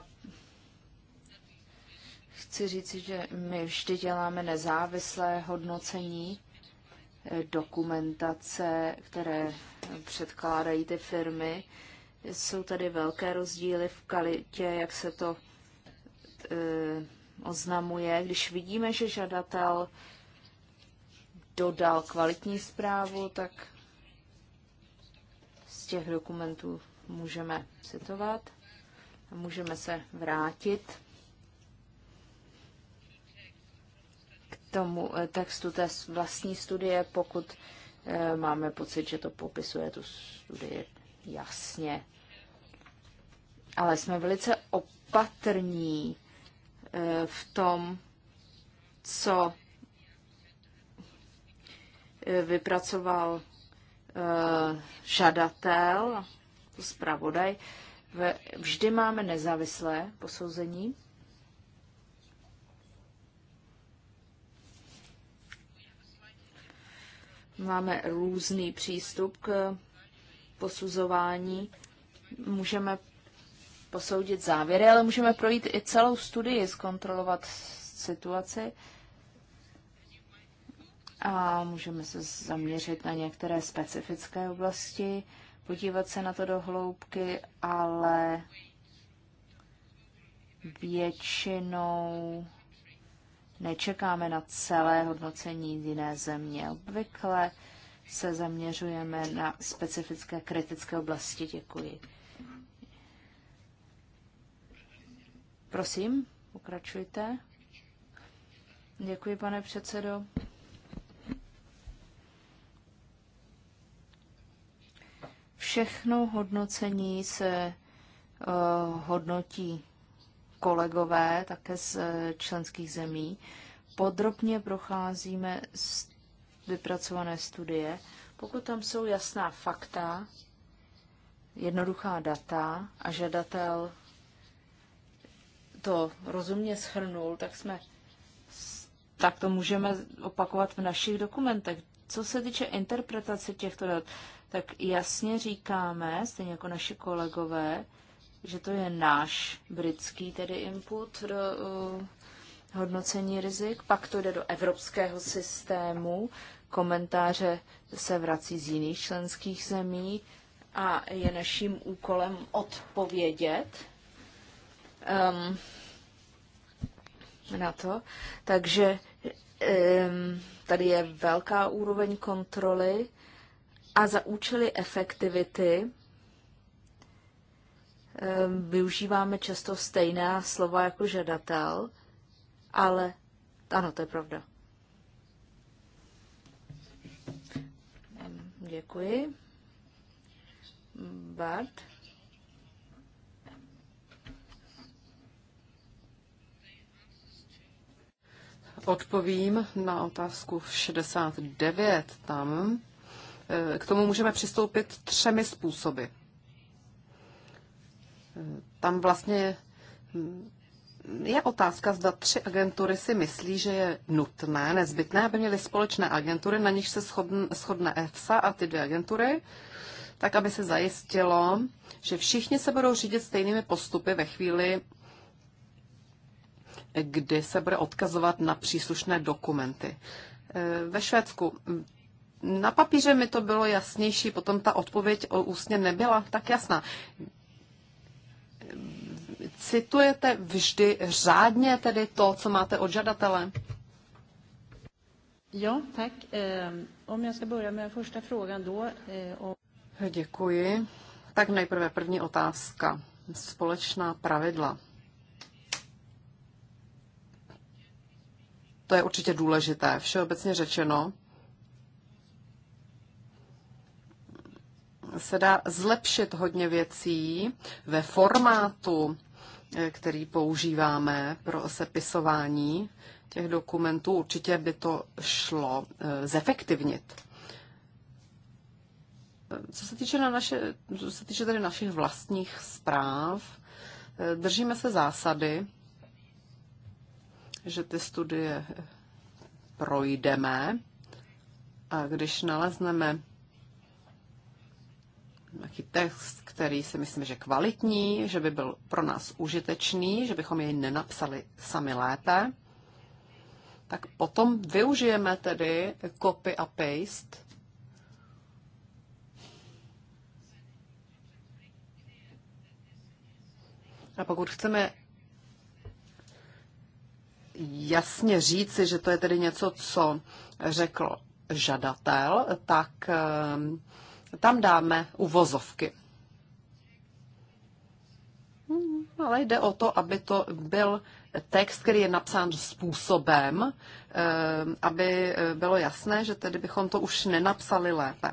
Speaker 4: chci říct, že my
Speaker 2: vždy děláme nezávislé hodnocení eh, dokumentace, které předkládají ty firmy. Jsou tady velké rozdíly v kvalitě, jak se to e, oznamuje. Když vidíme, že žadatel dodal kvalitní zprávu, tak těch dokumentů můžeme citovat a můžeme se vrátit k tomu eh, textu té vlastní studie, pokud eh, máme pocit, že to popisuje tu studii jasně. Ale jsme velice opatrní eh, v tom, co vypracoval Eh, žadatel, zpravodaj, vždy máme nezávislé posouzení. Máme různý přístup k posuzování. Můžeme posoudit závěry, ale můžeme projít i celou studii, zkontrolovat situaci a můžeme se zaměřit na některé specifické oblasti, podívat se na to do hloubky, ale většinou nečekáme na celé hodnocení jiné země. Obvykle se zaměřujeme na specifické kritické oblasti. Děkuji. Prosím, pokračujte. Děkuji, pane předsedo. Všechno hodnocení se uh, hodnotí kolegové, také z eh, členských zemí. Podrobně procházíme vypracované studie. Pokud tam jsou jasná fakta, jednoduchá data a žadatel to rozumně schrnul, tak jsme tak to můžeme opakovat v našich dokumentech. Co se týče interpretace těchto dat, tak jasně říkáme, stejně jako naši kolegové, že to je náš britský tedy input do uh, hodnocení rizik, pak to jde do evropského systému, komentáře se vrací z jiných členských zemí a je naším úkolem odpovědět um, na to. Takže um, tady je velká úroveň kontroly a za účely efektivity ehm, využíváme často stejná slova jako žadatel, ale ano, to je pravda. Ehm, děkuji. Bart.
Speaker 3: Odpovím na otázku 69 tam Eh, k tomu můžeme přistoupit třemi způsoby. Eh, tam vlastně hm, je otázka, zda tři agentury si myslí, že je nutné, nezbytné, aby měly společné agentury, na nich se shodne EFSA a ty dvě agentury, tak aby se zajistilo, že všichni se budou řídit stejnými postupy ve chvíli, kdy se bude odkazovat na příslušné dokumenty. Eh, ve Švédsku hm, na papíře mi to bylo jasnější, potom ta odpověď o ústně nebyla tak jasná. Citujete vždy řádně tedy to, co máte od žadatele?
Speaker 4: Jo, tak. Um, já se börja med första frågan då. Eh,
Speaker 3: Děkuji. Tak nejprve první otázka. Společná pravidla. To je určitě důležité. Všeobecně řečeno, se dá zlepšit hodně věcí ve formátu, který používáme pro sepisování těch dokumentů. Určitě by to šlo zefektivnit. Co se týče, na naše, co se týče tady našich vlastních zpráv, držíme se zásady, že ty studie projdeme a když nalezneme nějaký text, který si myslím, že kvalitní, že by byl pro nás užitečný, že bychom jej nenapsali sami lépe, tak potom využijeme tedy copy a paste. A pokud chceme jasně říci, že to je tedy něco, co řekl žadatel, tak ehm, tam dáme uvozovky. Hmm, ale jde o to, aby to byl text, který je napsán způsobem, eh, aby bylo jasné, že tedy bychom to už nenapsali lépe.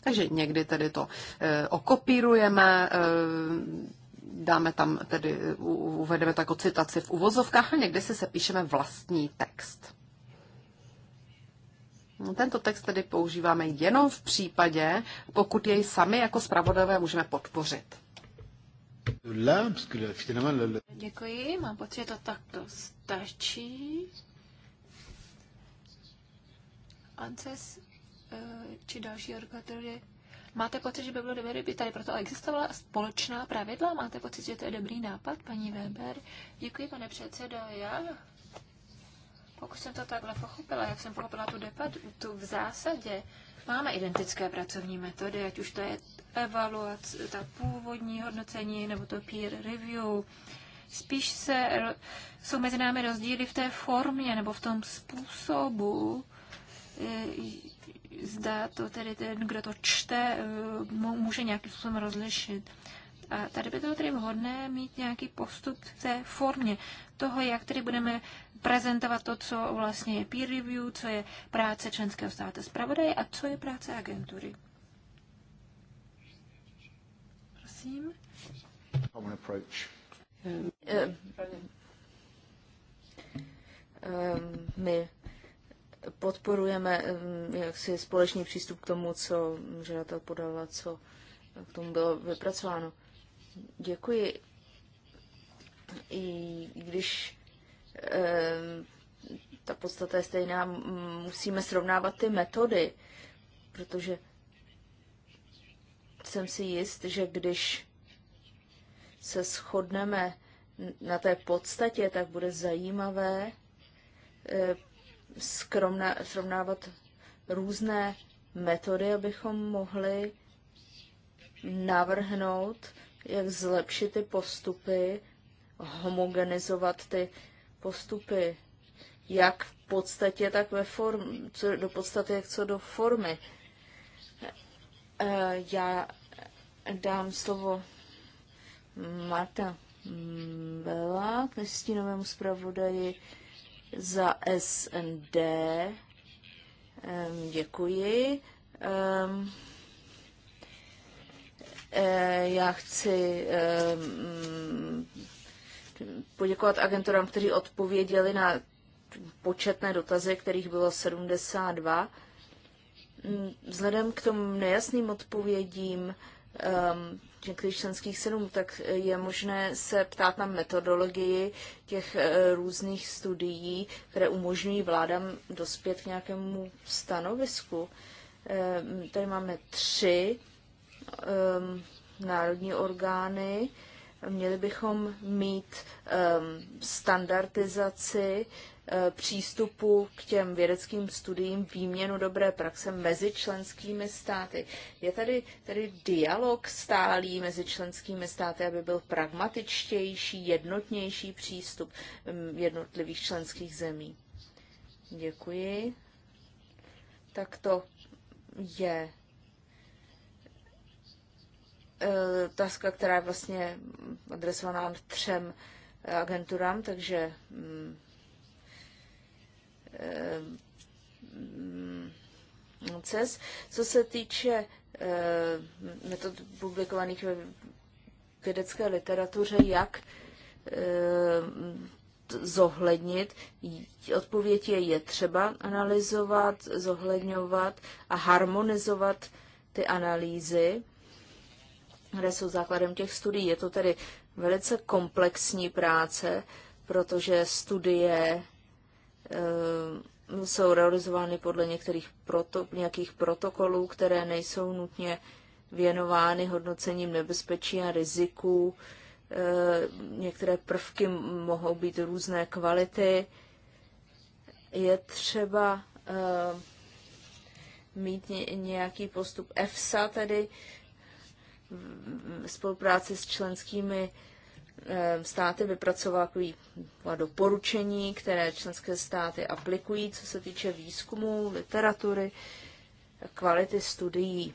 Speaker 3: Takže někdy tedy to eh, okopírujeme, eh, dáme tam tedy, uvedeme to jako citaci v uvozovkách a někdy si sepíšeme vlastní text. Tento text tedy používáme jenom v případě, pokud jej sami jako zpravodajové můžeme podpořit.
Speaker 1: Děkuji, mám pocit, že to takto stačí. ANSES eh, či další organizace. Máte pocit, že by bylo dobré, kdyby tady proto existovala společná pravidla? Máte pocit, že to je dobrý nápad, paní Weber? Děkuji, pane předsedo. Já pokud jsem to takhle pochopila, jak jsem pochopila tu debatu, v zásadě máme identické pracovní metody, ať už to je evaluace, ta původní hodnocení nebo to peer review. Spíš se, jsou mezi námi rozdíly v té formě nebo v tom způsobu, e, zda to tedy ten, kdo to čte, e, může nějakým způsobem rozlišit tady by bylo tedy vhodné mít nějaký postup v té formě toho, jak tedy budeme prezentovat to, co vlastně je peer review, co je práce členského státu zpravodaje a co je práce agentury.
Speaker 2: Prosím. Common approach. Ehm, ehm, my podporujeme ehm, jaksi společný přístup k tomu, co žadatel podal a co k tomu bylo vypracováno. Děkuji. I když e, ta podstata je stejná, musíme srovnávat ty metody, protože jsem si jist, že když se shodneme na té podstatě, tak bude zajímavé e, skromna, srovnávat různé metody, abychom mohli navrhnout jak zlepšit ty postupy, homogenizovat ty postupy, jak v podstatě, tak ve form, co do podstaty, jak co do formy. Eh, já dám slovo Marta Bela, k stínovému zpravodaji za SND. Děkuji. Eh, já chci eh, poděkovat agenturám, kteří odpověděli na početné dotazy, kterých bylo 72. Vzhledem k tomu nejasným odpovědím eh, některých členských sedm, tak je možné se ptát na metodologii těch různých studií, které umožňují vládám dospět k nějakému stanovisku. Tady máme tři um, národní orgány. Měli bychom mít um, standardizaci uh, přístupu k těm vědeckým studiím, výměnu dobré praxe mezi členskými státy. Je tady, tady dialog stálý mezi členskými státy, aby byl pragmatičtější, jednotnější přístup um, jednotlivých členských zemí. Děkuji. Tak to je otázka, eh, která je vlastně adresovaná třem agenturám, takže mm, eh,
Speaker 4: mm,
Speaker 2: CES. Co se týče eh, metod publikovaných ve vědecké literatuře, jak zohlednit. Odpověď je, je třeba analyzovat, zohledňovat a harmonizovat ty analýzy které jsou základem těch studií. Je to tedy velice komplexní práce, protože studie e, jsou realizovány podle některých proto, nějakých protokolů, které nejsou nutně věnovány hodnocením nebezpečí a riziků. E, eh, některé prvky mohou být různé kvality. Je třeba e, mít nějaký postup EFSA, tedy spolupráci s členskými eh, státy vypracovala takový doporučení, které členské státy aplikují, co se týče výzkumu, literatury, kvality studií.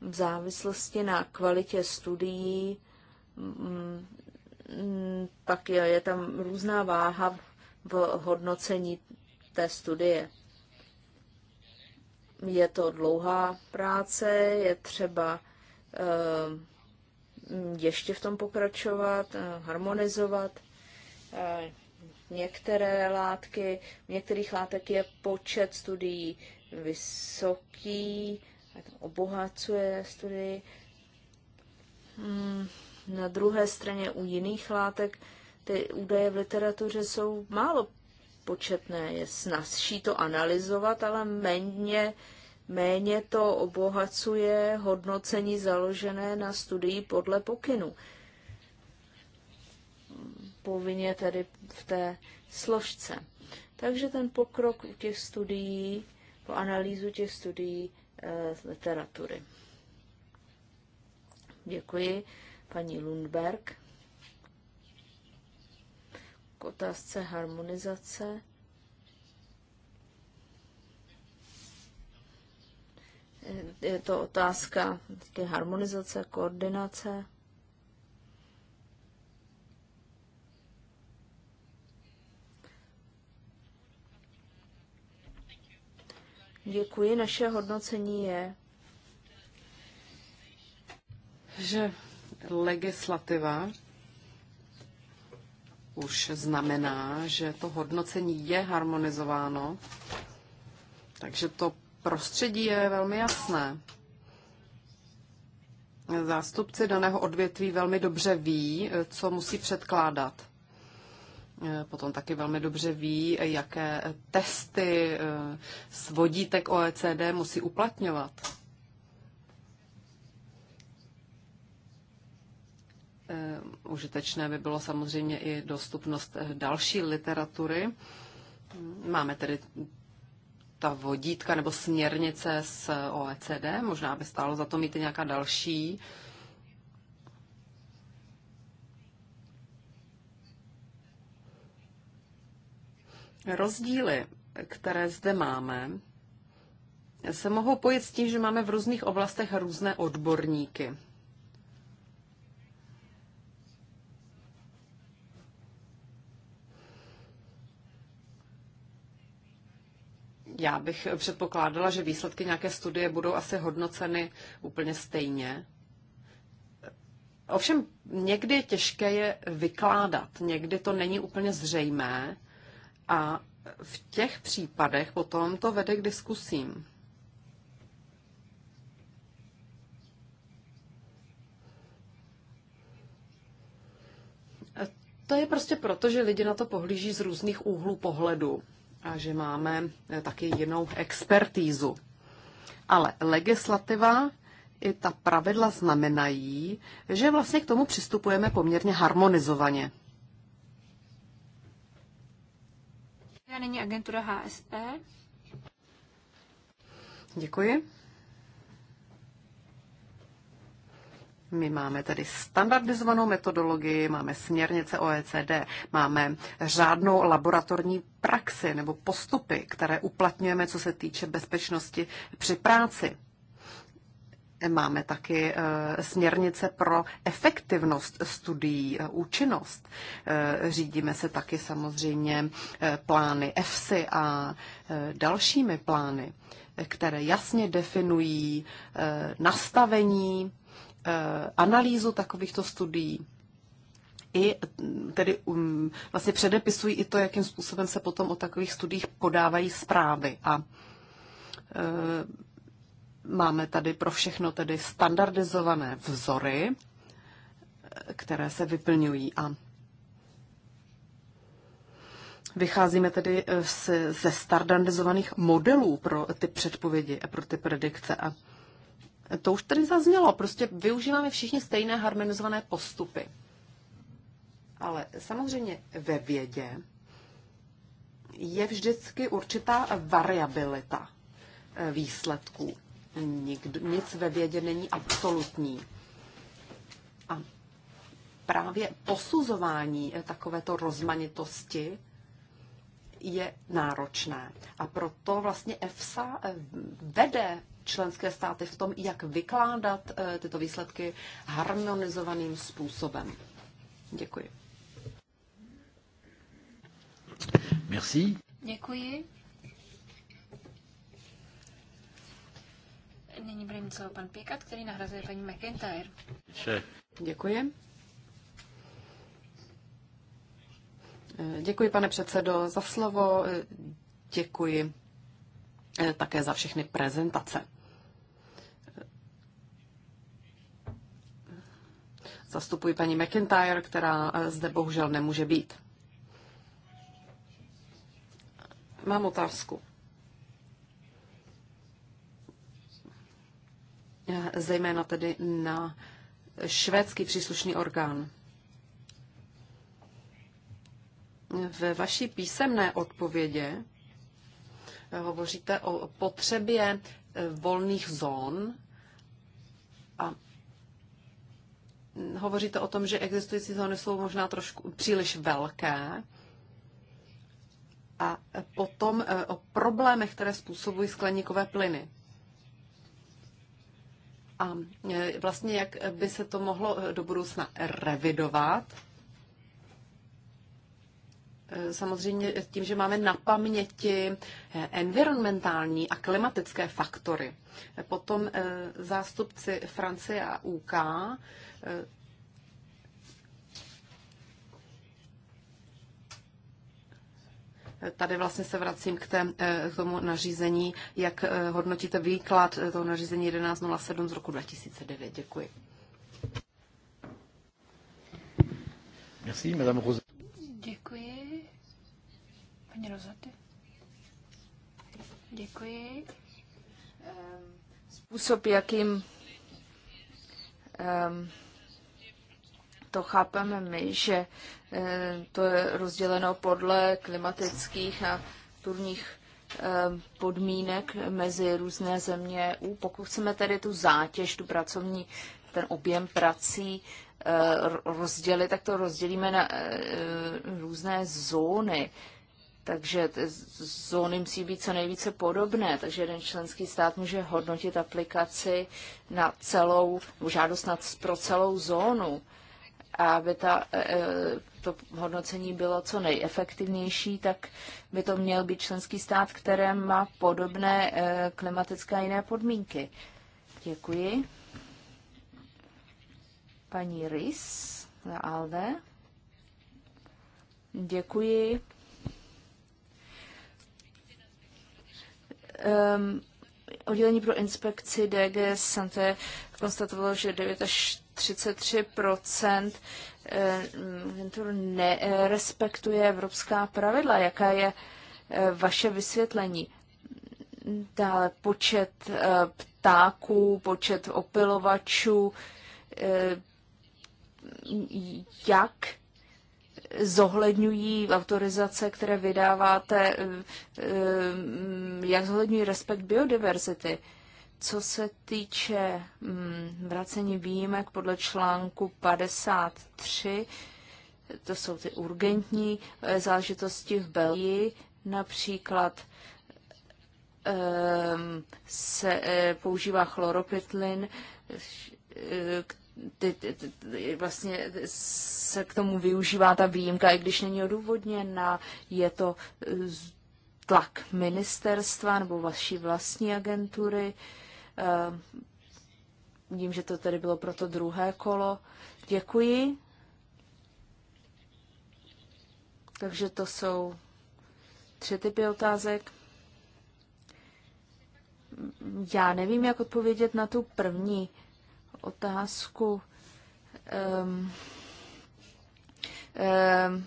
Speaker 2: V závislosti na kvalitě studií pak mm, mm, je, je tam různá váha v hodnocení té studie. Je to dlouhá práce, je třeba Ehm, ještě v tom pokračovat, eh, harmonizovat. Eh, některé látky, v některých látek je počet studií vysoký, obohacuje studii. Hmm, na druhé straně u jiných látek ty údaje v literatuře jsou málo početné. Je snazší to analyzovat, ale méně Méně to obohacuje hodnocení založené na studii podle pokynu. Povinně tedy v té složce. Takže ten pokrok u těch studií, po analýzu těch studií z eh, literatury. Děkuji, paní Lundberg. K otázce harmonizace je to otázka harmonizace, koordinace. Děkuji. Naše hodnocení je,
Speaker 3: že legislativa už znamená, že to hodnocení je harmonizováno, takže to prostředí je velmi jasné. Zástupci daného odvětví velmi dobře ví, co musí předkládat. Potom taky velmi dobře ví, jaké testy eh, s vodítek OECD musí uplatňovat. Eh, užitečné by bylo samozřejmě i dostupnost eh, další literatury. Máme tedy ta vodítka nebo směrnice z OECD, možná by stálo za to mít nějaká další. Rozdíly, které zde máme, se mohou pojet s tím, že máme v různých oblastech různé odborníky. Já bych předpokládala, že výsledky nějaké studie budou asi hodnoceny úplně stejně. Ovšem někdy je těžké je vykládat, někdy to není úplně zřejmé a v těch případech potom to vede k diskusím. To je prostě proto, že lidi na to pohlíží z různých úhlů pohledu a že máme eh, taky jinou expertízu. Ale legislativa i ta pravidla znamenají, že vlastně k tomu přistupujeme poměrně harmonizovaně.
Speaker 1: Já není agentura HSE.
Speaker 3: Děkuji. My máme tedy standardizovanou metodologii, máme směrnice OECD, máme řádnou laboratorní praxi nebo postupy, které uplatňujeme, co se týče bezpečnosti při práci. Máme taky eh, směrnice pro efektivnost studií, eh, účinnost. Eh, řídíme se taky samozřejmě plány EFSI a dalšími plány, které jasně definují nastavení Eh, analýzu takovýchto studií i tedy um, vlastně předepisují i to, jakým způsobem se potom o takových studiích podávají zprávy. A e, máme tady pro všechno tedy standardizované vzory, eh, které se vyplňují a Vycházíme tedy z, ze standardizovaných modelů pro ty předpovědi a pro ty predikce. A to už tady zaznělo, prostě využíváme všichni stejné harmonizované postupy. Ale samozřejmě ve vědě je vždycky určitá variabilita eh, výsledků. Nikdo, nic ve vědě není absolutní. A právě posuzování eh, takovéto rozmanitosti je náročné. A proto vlastně EFSA eh, vede členské státy v tom, jak vykládat eh, tyto výsledky harmonizovaným způsobem. Děkuji.
Speaker 4: Merci.
Speaker 1: Děkuji. Nyní bude mít pan Pěkat, který nahrazuje paní McIntyre.
Speaker 3: Děkuji. Eh, děkuji, pane předsedo, za slovo. Eh, děkuji Eh, také za všechny prezentace. Zastupuji paní McIntyre, která eh, zde bohužel nemůže být. Mám otázku. Eh, zejména tedy na švédský příslušný orgán. Ve vaší písemné odpovědi Hovoříte o potřebě eh, volných zón a hovoříte o tom, že existující zóny jsou možná trošku příliš velké a potom eh, o problémech, které způsobují skleníkové plyny. A eh, vlastně, jak by se to mohlo do budoucna revidovat? Eh, samozřejmě tím, že máme na paměti eh, environmentální a klimatické faktory. Eh, potom zástupci Francie a UK Tady vlastně se vracím k, té, k tomu nařízení, jak hodnotíte výklad toho nařízení 1107 z roku 2009. Děkuji.
Speaker 1: Merci, Madame Rose. Děkuji. Paní Rozaty. Děkuji.
Speaker 2: Ehm, způsob, jakým ehm, to chápeme my, že ehm, to je rozděleno podle klimatických a turních podmínek mezi různé země EU. Pokud chceme tedy tu zátěž, tu pracovní, ten objem prací eh, rozdělit, tak to rozdělíme na eh, různé zóny. Takže zóny musí být co nejvíce podobné, takže jeden členský stát může hodnotit aplikaci na celou, žádost na, pro celou zónu, aby ta, e, e, to hodnocení bylo co nejefektivnější, tak by to měl být členský stát, které má podobné e, klimatické a jiné podmínky. Děkuji. Paní Rys za ALDE. Děkuji Um, oddělení pro inspekci DG Santé konstatovalo, že 9 až 33 ehm, agentur nerespektuje evropská pravidla. Jaká je eh, vaše vysvětlení? Dále počet eh, ptáků, počet opilovačů, eh, jak zohledňují autorizace, které vydáváte, eh, eh, jak zohledňují respekt biodiverzity. Co se týče mm, vracení výjimek podle článku 53, to jsou ty urgentní eh, záležitosti v Belgii, například ehm, se používá chloropitlin, ty, ty, ty, ty, vlastně se k tomu využívá ta výjimka, i když není odůvodněna, je to eh, tlak ministerstva nebo vaší vlastní agentury. Eh, vím, že to tedy bylo pro to druhé kolo. Děkuji. Takže to jsou tři typy otázek. Já nevím, jak odpovědět na tu první otázku um, um,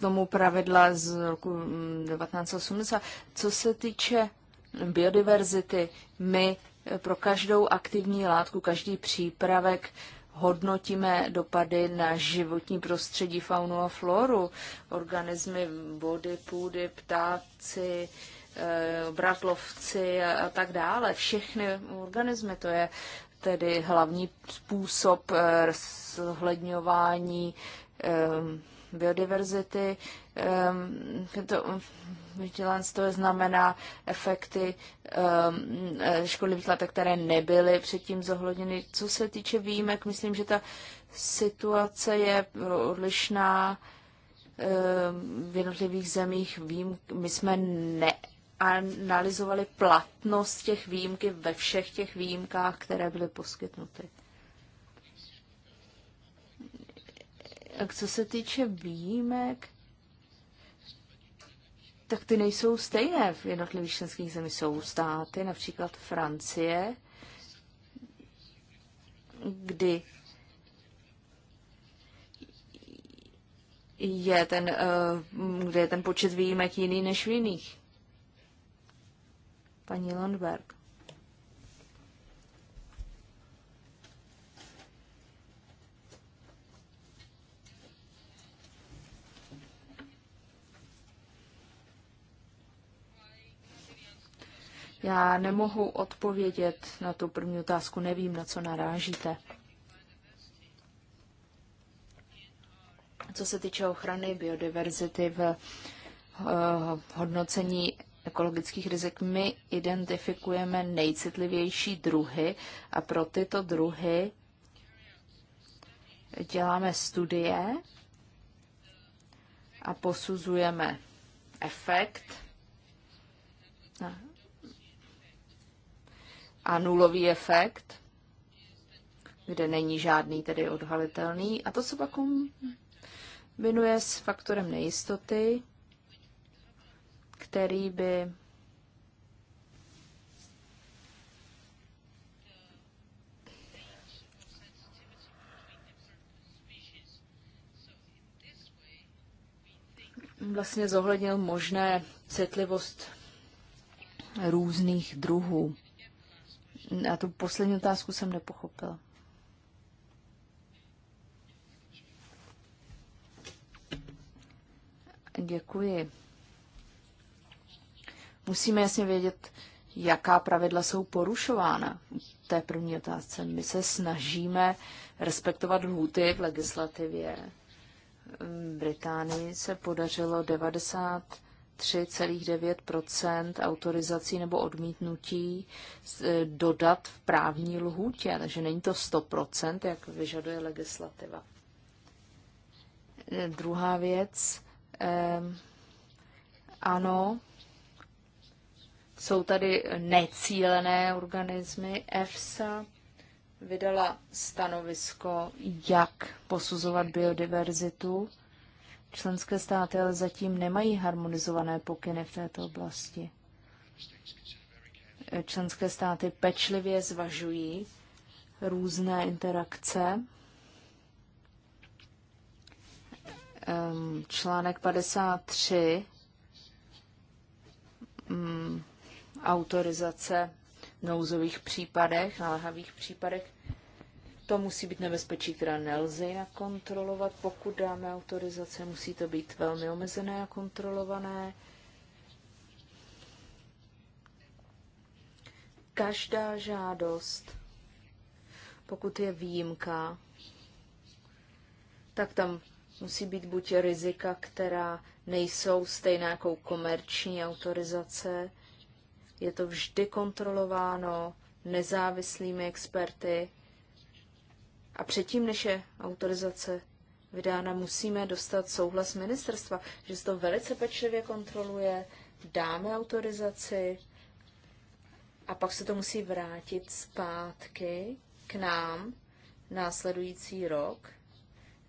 Speaker 2: tomu pravidla z roku 1980. Mm, Co se týče biodiverzity, my pro každou aktivní látku, každý přípravek hodnotíme dopady na životní prostředí, faunu a floru, organismy vody, půdy, ptáci, eh, bratlovci a tak dále. Všechny organismy, to je tedy hlavní způsob eh, zhledňování eh, biodiverzity. Eh, to vigilance to znamená efekty škodlivých látek, které nebyly předtím zohledněny. Co se týče výjimek, myslím, že ta situace je odlišná v jednotlivých zemích. Vím, my jsme ne analyzovali platnost těch výjimky ve všech těch výjimkách, které byly poskytnuty. A co se týče výjimek, tak ty nejsou stejné v jednotlivých členských zemích. Jsou státy, například Francie, kdy je ten, eh, kde je ten počet výjimek jiný než v jiných paní Landberg. Já nemohu odpovědět na tu první otázku, nevím, na co narážíte. Co se týče ochrany biodiverzity v eh, hodnocení ekologických rizik my identifikujeme nejcitlivější druhy a pro tyto druhy děláme studie a posuzujeme efekt a nulový efekt, kde není žádný tedy odhalitelný. A to se pak věnuje s faktorem nejistoty, který by vlastně zohlednil možné citlivost různých druhů. A tu poslední otázku jsem nepochopila. Děkuji. Musíme jasně vědět, jaká pravidla jsou porušována. V té první otázce. My se snažíme respektovat lhuty v legislativě. V Británii se podařilo 90 3,9 autorizací nebo odmítnutí eh, dodat v právní lhůtě, takže není to 100 jak vyžaduje legislativa. Eh, druhá věc, eh, ano, jsou tady necílené organismy. EFSA vydala stanovisko, jak posuzovat biodiverzitu. Členské státy ale zatím nemají harmonizované pokyny v této oblasti. Členské státy pečlivě zvažují různé interakce. Ehm, článek 53 autorizace v nouzových případech, naléhavých případech. To musí být nebezpečí, které nelze jinak kontrolovat. Pokud dáme autorizace, musí to být velmi omezené a kontrolované. Každá žádost, pokud je výjimka, tak tam musí být buď rizika, která nejsou stejná jako komerční autorizace, je to vždy kontrolováno nezávislými experty a předtím, než je autorizace vydána, musíme dostat souhlas ministerstva, že se to velice pečlivě kontroluje, dáme autorizaci a pak se to musí vrátit zpátky k nám následující rok.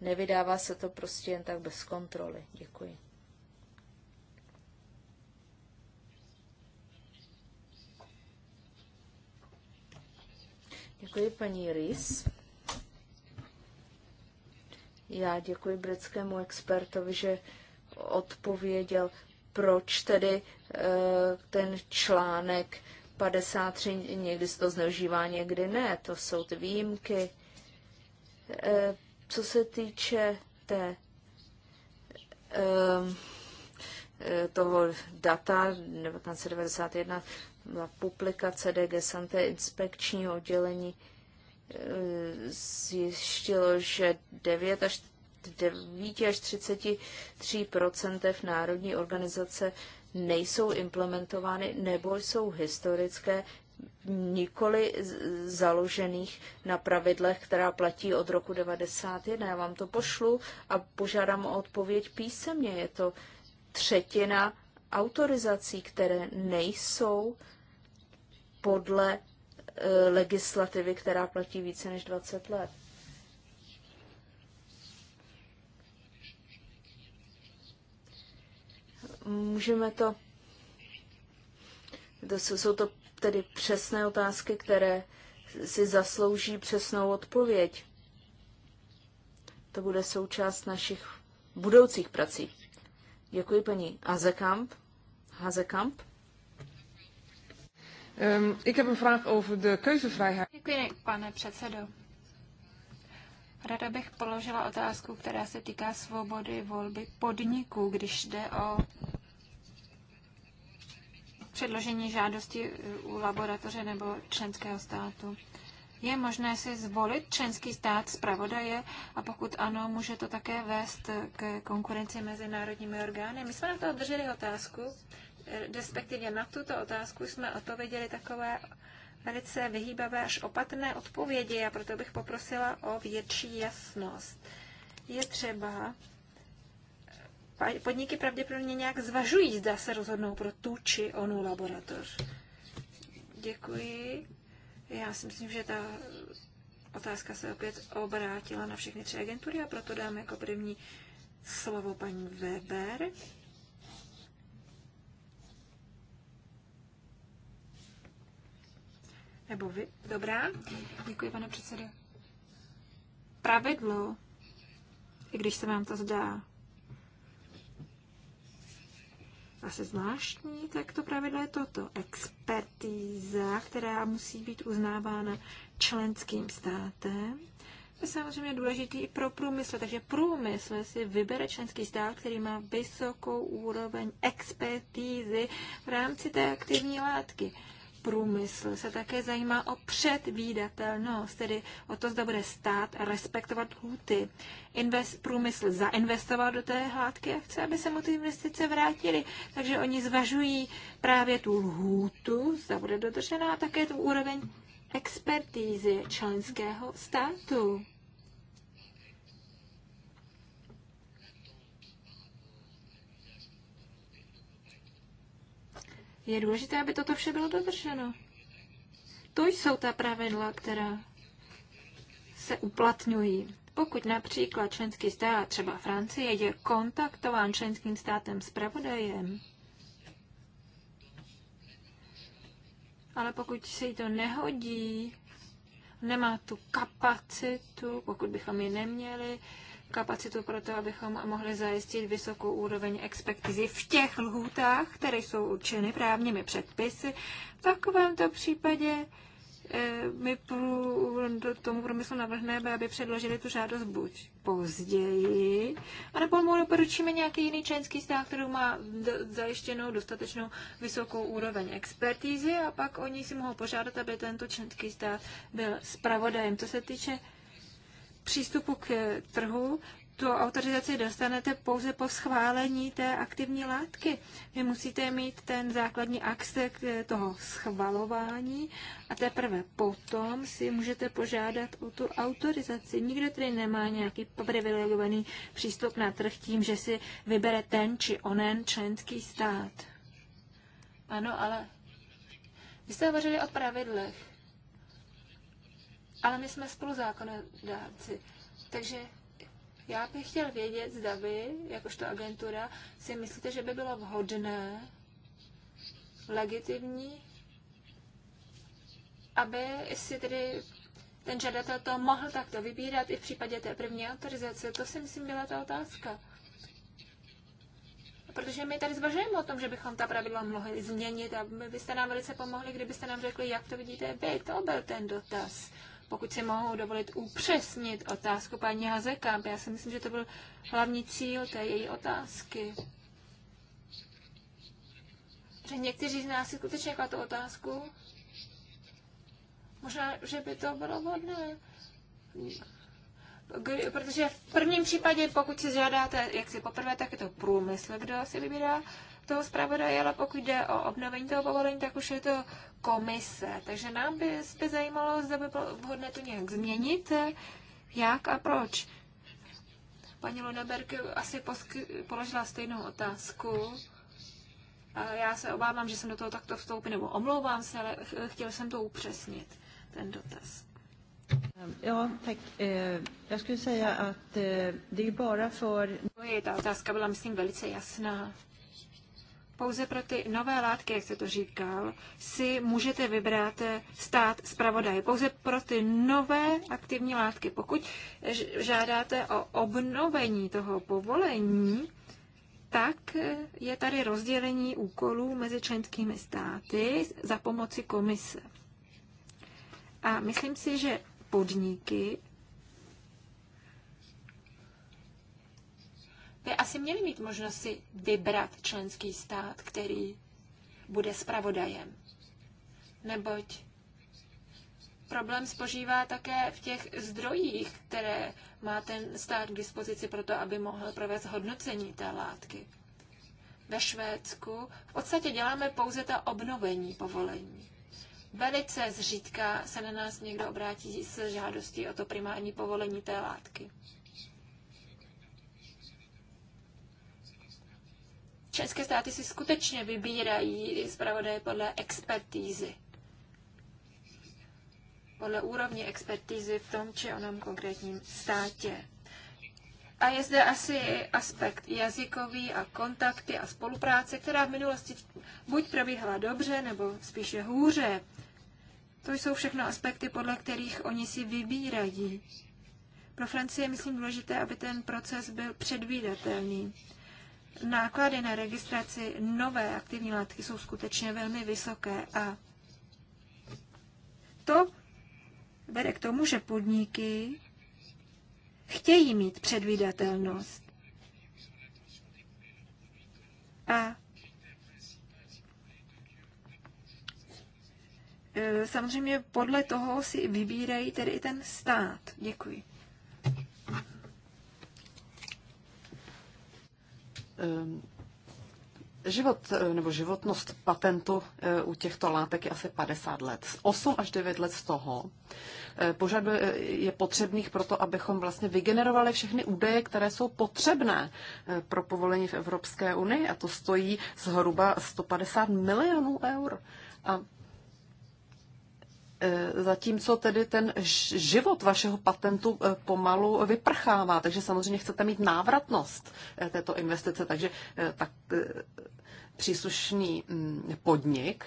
Speaker 2: Nevydává se to prostě jen tak bez kontroly. Děkuji. Děkuji, paní Rys. Já děkuji britskému expertovi, že odpověděl, proč tedy eh, ten článek 53, někdy se to zneužívá, někdy ne. To jsou ty výjimky. Eh, co se týče té ehm, eh, toho data 1991, byla publikace DG Santé inspekčního oddělení eh, zjištilo, že 9 až 9 až 33 národní organizace nejsou implementovány nebo jsou historické, nikoli založených na pravidlech, která platí od roku 1991. Já vám to pošlu a požádám o odpověď písemně. Je to třetina autorizací, které nejsou podle eh, legislativy, která platí více než 20 let. Můžeme to, to jsou to tedy přesné otázky, které si zaslouží přesnou odpověď. To bude součást našich budoucích prací. Děkuji paní Azekamp. Hazekamp. Ehm, Děkuji,
Speaker 1: pane předsedo. Rada bych položila otázku, která se týká svobody volby podniků, když jde o předložení žádosti u laboratoře nebo členského státu. Je možné si zvolit členský stát zpravodaje a pokud ano, může to také vést k konkurenci mezi národními orgány. My jsme na to drželi otázku respektive na tuto otázku jsme odpověděli takové velice vyhýbavé až opatrné odpovědi a proto bych poprosila o větší jasnost. Je třeba, podniky pravděpodobně nějak zvažují, zda se rozhodnou pro tu či onu laboratoř. Děkuji. Já si myslím, že ta otázka se opět obrátila na všechny tři agentury a proto dám jako první slovo paní Weber. Nebo vy? Dobrá. Děkuji, pane předsedo. Pravidlo, i když se vám to zdá asi zvláštní, tak to pravidlo je toto. Expertíza, která musí být uznávána členským státem, je samozřejmě důležitý i pro průmysl. Takže průmysl si vybere členský stát, který má vysokou úroveň expertízy v rámci té aktivní látky průmysl se také zajímá o předvídatelnost, tedy o to, zda bude stát a respektovat lhuty. Invest, průmysl zainvestoval do té hládky a chce, aby se mu ty investice vrátily. Takže oni zvažují právě tu lhůtu, zda bude dodržena, a také tu úroveň expertízy členského státu. je důležité, aby toto vše bylo dodrženo. To jsou ta pravidla, která se uplatňují. Pokud například členský stát, třeba Francie, je kontaktován členským státem s pravodajem, ale pokud se jí to nehodí, nemá tu kapacitu, pokud bychom ji neměli, kapacitu pro to, abychom mohli zajistit vysokou úroveň expertizy v těch lhůtách, které jsou určeny právními předpisy. V takovémto případě eh, my do tomu průmyslu navrhneme, aby předložili tu žádost buď později, anebo mu doporučíme nějaký jiný členský stát, který má zajištěnou dostatečnou vysokou úroveň expertízy a pak oni si mohou požádat, aby tento členský stát byl zpravodajem. Co se týče přístupu k trhu tu autorizaci dostanete pouze po schválení té aktivní látky. Vy musíte mít ten základní aspekt toho schvalování a teprve potom si můžete požádat o tu autorizaci. Nikdo tedy nemá nějaký privilegovaný přístup na trh tím, že si vybere ten či onen členský stát. Ano, ale vy jste hovořili o pravidlech ale my jsme spolu spoluzákonodárci. Takže já bych chtěl vědět, zda vy, jakožto agentura, si myslíte, že by bylo vhodné, legitimní, aby si tedy ten žadatel to mohl takto vybírat i v případě té první autorizace. To si myslím byla ta otázka. Protože my tady zvažujeme o tom, že bychom ta pravidla mohli změnit a byste nám velice pomohli, kdybyste nám řekli, jak to vidíte vy. To byl ten dotaz pokud si mohou dovolit upřesnit otázku paní Hazeka. Já si myslím, že to byl hlavní cíl té její otázky. Že někteří z nás si skutečně tu otázku, možná, že by to bylo vhodné. Protože v prvním případě, pokud si žádáte, jak si poprvé, tak je to průmysl, kdo si vybírá toho zpravodaje, ale pokud jde o obnovení toho povolení, tak už je to komise. Takže nám by, se zajímalo, zda by bylo vhodné to nějak změnit, jak a proč. Paní Lunaberg asi posky, položila stejnou otázku. Já se obávám, že jsem do toho takto vstoupil, nebo omlouvám se, ale chtěl jsem to upřesnit, ten dotaz.
Speaker 4: Ehm, jo, tak eh, já skulle säga eh, det är bara för...
Speaker 1: No, ta otázka byla, myslím, velice jasná pouze pro ty nové látky, jak jste to říkal, si můžete vybrat eh, stát zpravodaj. Pouze pro ty nové aktivní látky. Pokud žádáte o obnovení toho povolení, tak eh, je tady rozdělení úkolů mezi členskými státy za pomoci komise. A myslím si, že podniky by asi měli mít možnost si vybrat členský stát, který bude spravodajem. Neboť problém spožívá také v těch zdrojích, které má ten stát k dispozici pro to, aby mohl provést hodnocení té látky. Ve Švédsku v podstatě děláme pouze ta obnovení povolení. Velice zřídka se na nás někdo obrátí s žádostí o to primární povolení té látky. České státy si skutečně vybírají zpravodaje podle expertízy. Podle úrovně expertízy v tom či onom konkrétním státě. A je zde asi aspekt jazykový a kontakty a spolupráce, která v minulosti buď probíhala dobře, nebo spíše hůře. To jsou všechno aspekty, podle kterých oni si vybírají. Pro Francii je, myslím, důležité, aby ten proces byl předvídatelný náklady na registraci nové aktivní látky jsou skutečně velmi vysoké a to vede k tomu, že podniky chtějí mít předvídatelnost. A e, samozřejmě podle toho si vybírají tedy i ten stát. Děkuji.
Speaker 3: Ehm, život eh, nebo životnost patentu eh, u těchto látek je asi 50 let. 8 až 9 let z toho eh, požaduje, je potřebných to, abychom vlastně vygenerovali všechny údaje, které jsou potřebné pro povolení v Evropské unii a to stojí zhruba 150 milionů eur. A E, zatímco tedy ten život vašeho patentu e, pomalu vyprchává, takže samozřejmě chcete mít návratnost e, této investice, takže tak příslušný mm, podnik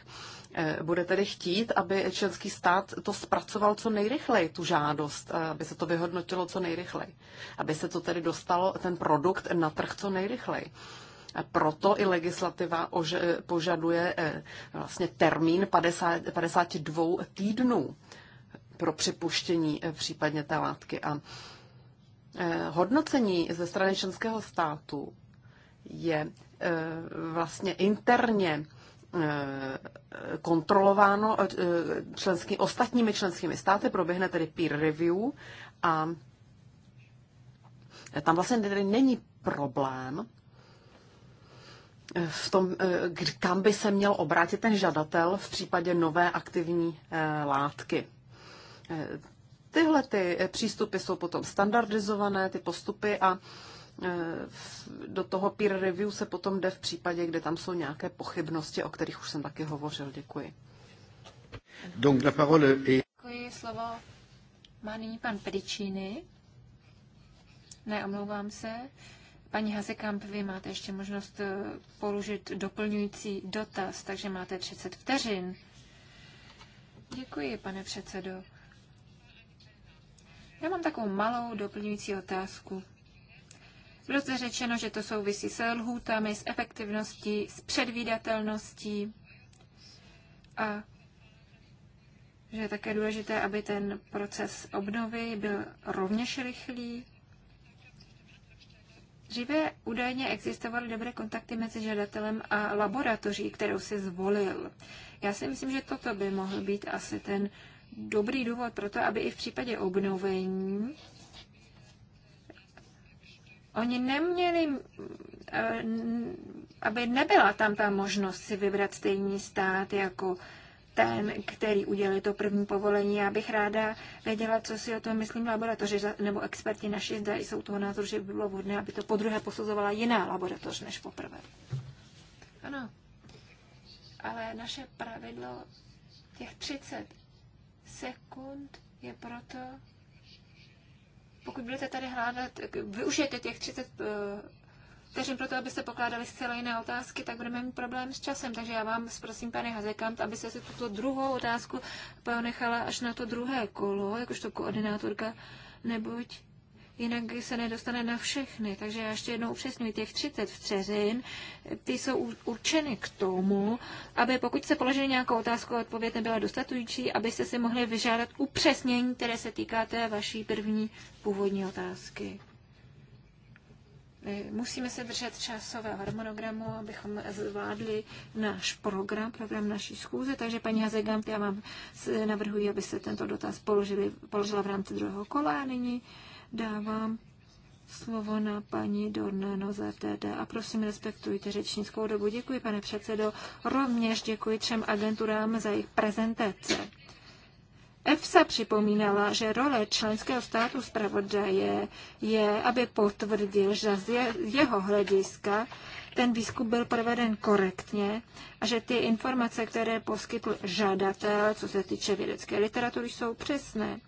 Speaker 3: bude tedy chtít, aby členský stát to zpracoval co nejrychleji, tu žádost, aby se to vyhodnotilo co nejrychleji, aby se to tedy dostalo, ten produkt na trh co nejrychleji proto i legislativa požaduje eh, vlastně termín 50, 52 týdnů pro připuštění eh, případně té látky. A eh, hodnocení ze strany členského státu je vlastně interně kontrolováno členský, ostatními členskými státy, proběhne tedy peer review a tam vlastně tedy není problém, v tom, eh, kam by se měl obrátit ten žadatel v případě nové aktivní eh, látky. Eh, tyhle ty přístupy jsou potom standardizované, ty postupy a do toho peer review se potom jde v případě, kde tam jsou nějaké pochybnosti, o kterých už jsem taky hovořil. Děkuji. Děkuji,
Speaker 1: slovo má nyní pan Pedicini. Ne, omlouvám se. Paní Hazekamp, vy máte ještě možnost eh, položit doplňující dotaz, takže máte 30 vteřin. Děkuji, pane předsedo. Já mám takovou malou doplňující otázku. Bylo zde řečeno, že to souvisí se lhůtami, s efektivností, s předvídatelností a že je také důležité, aby ten proces obnovy byl rovněž rychlý. Dříve údajně existovaly dobré kontakty mezi žadatelem a laboratoří, kterou si zvolil. Já si myslím, že toto by mohl být asi ten dobrý důvod pro to, aby i v případě obnovení oni neměli, eh, aby nebyla tam ta možnost si vybrat stejný stát jako ten, který udělil to první povolení. Já bych ráda věděla, co si o tom myslím laboratoři nebo experti naši, zda jsou toho názoru, že by bylo vhodné, aby to podruhé posuzovala jiná laboratoř než poprvé. Ano. Ale naše pravidlo těch 30 sekund je proto, pokud budete tady hládat, využijete těch 30 takže pro to, abyste pokládali zcela jiné otázky, tak budeme mít problém s časem. Takže já vám prosím, pane Hazekant, abyste si tuto druhou otázku ponechala až na to druhé kolo, jakožto koordinátorka, neboť jinak se nedostane na všechny. Takže já ještě jednou upřesňuji, těch 30 vteřin, ty jsou určeny k tomu, aby pokud se položili nějakou otázku a odpověď nebyla dostatující, abyste si mohli vyžádat upřesnění, které se týká té vaší první původní otázky. Musíme se držet časové harmonogramu, abychom zvládli náš program, program naší schůze. Takže paní Hazegant, já vám navrhuji, abyste tento dotaz položili, položila v rámci druhého kola. A nyní dávám slovo na paní Dornano z TD. a prosím respektujte řečnickou dobu. Děkuji, pane předsedo. Rovněž děkuji třem agenturám za jejich prezentace. EFSA připomínala, že role členského státu zpravodaje je, aby potvrdil, že z jeho hlediska ten výzkum byl proveden korektně a že ty informace, které poskytl žadatel, co se týče vědecké literatury, jsou přesné.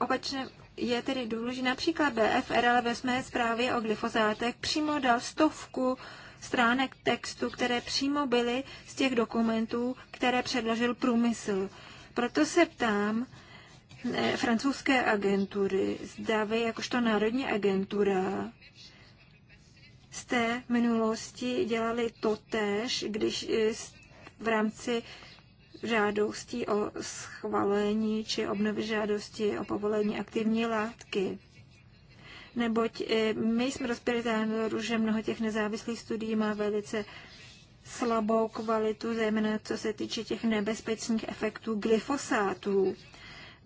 Speaker 1: Opačně je tedy důležité, například BFRL ve své zprávě o glyfozátech přímo dal stovku uh, stránek textu, které přímo byly z těch dokumentů, které předložil průmysl. Proto se ptám eh, francouzské agentury, zda vy jakožto národní agentura jste v minulosti dělali totéž, když eh, v rámci žádostí o schválení či obnovy žádosti o povolení aktivní látky neboť e, my jsme rozpěli názoru, že mnoho těch nezávislých studií má velice slabou kvalitu, zejména co se týče těch nebezpečných efektů glyfosátů.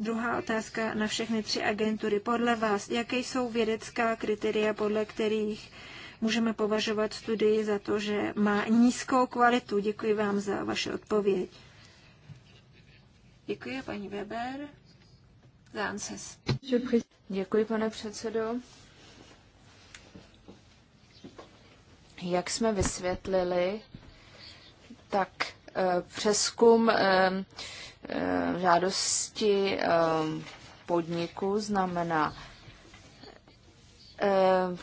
Speaker 1: Druhá otázka na všechny tři agentury. Podle vás, jaké jsou vědecká kritéria, podle kterých můžeme považovat studii za to, že má nízkou kvalitu? Děkuji vám za vaše odpověď. Děkuji, paní Weber.
Speaker 2: Děkuji, pane předsedo. Jak jsme vysvětlili, tak eh, přeskum eh, eh, žádosti podniku znamená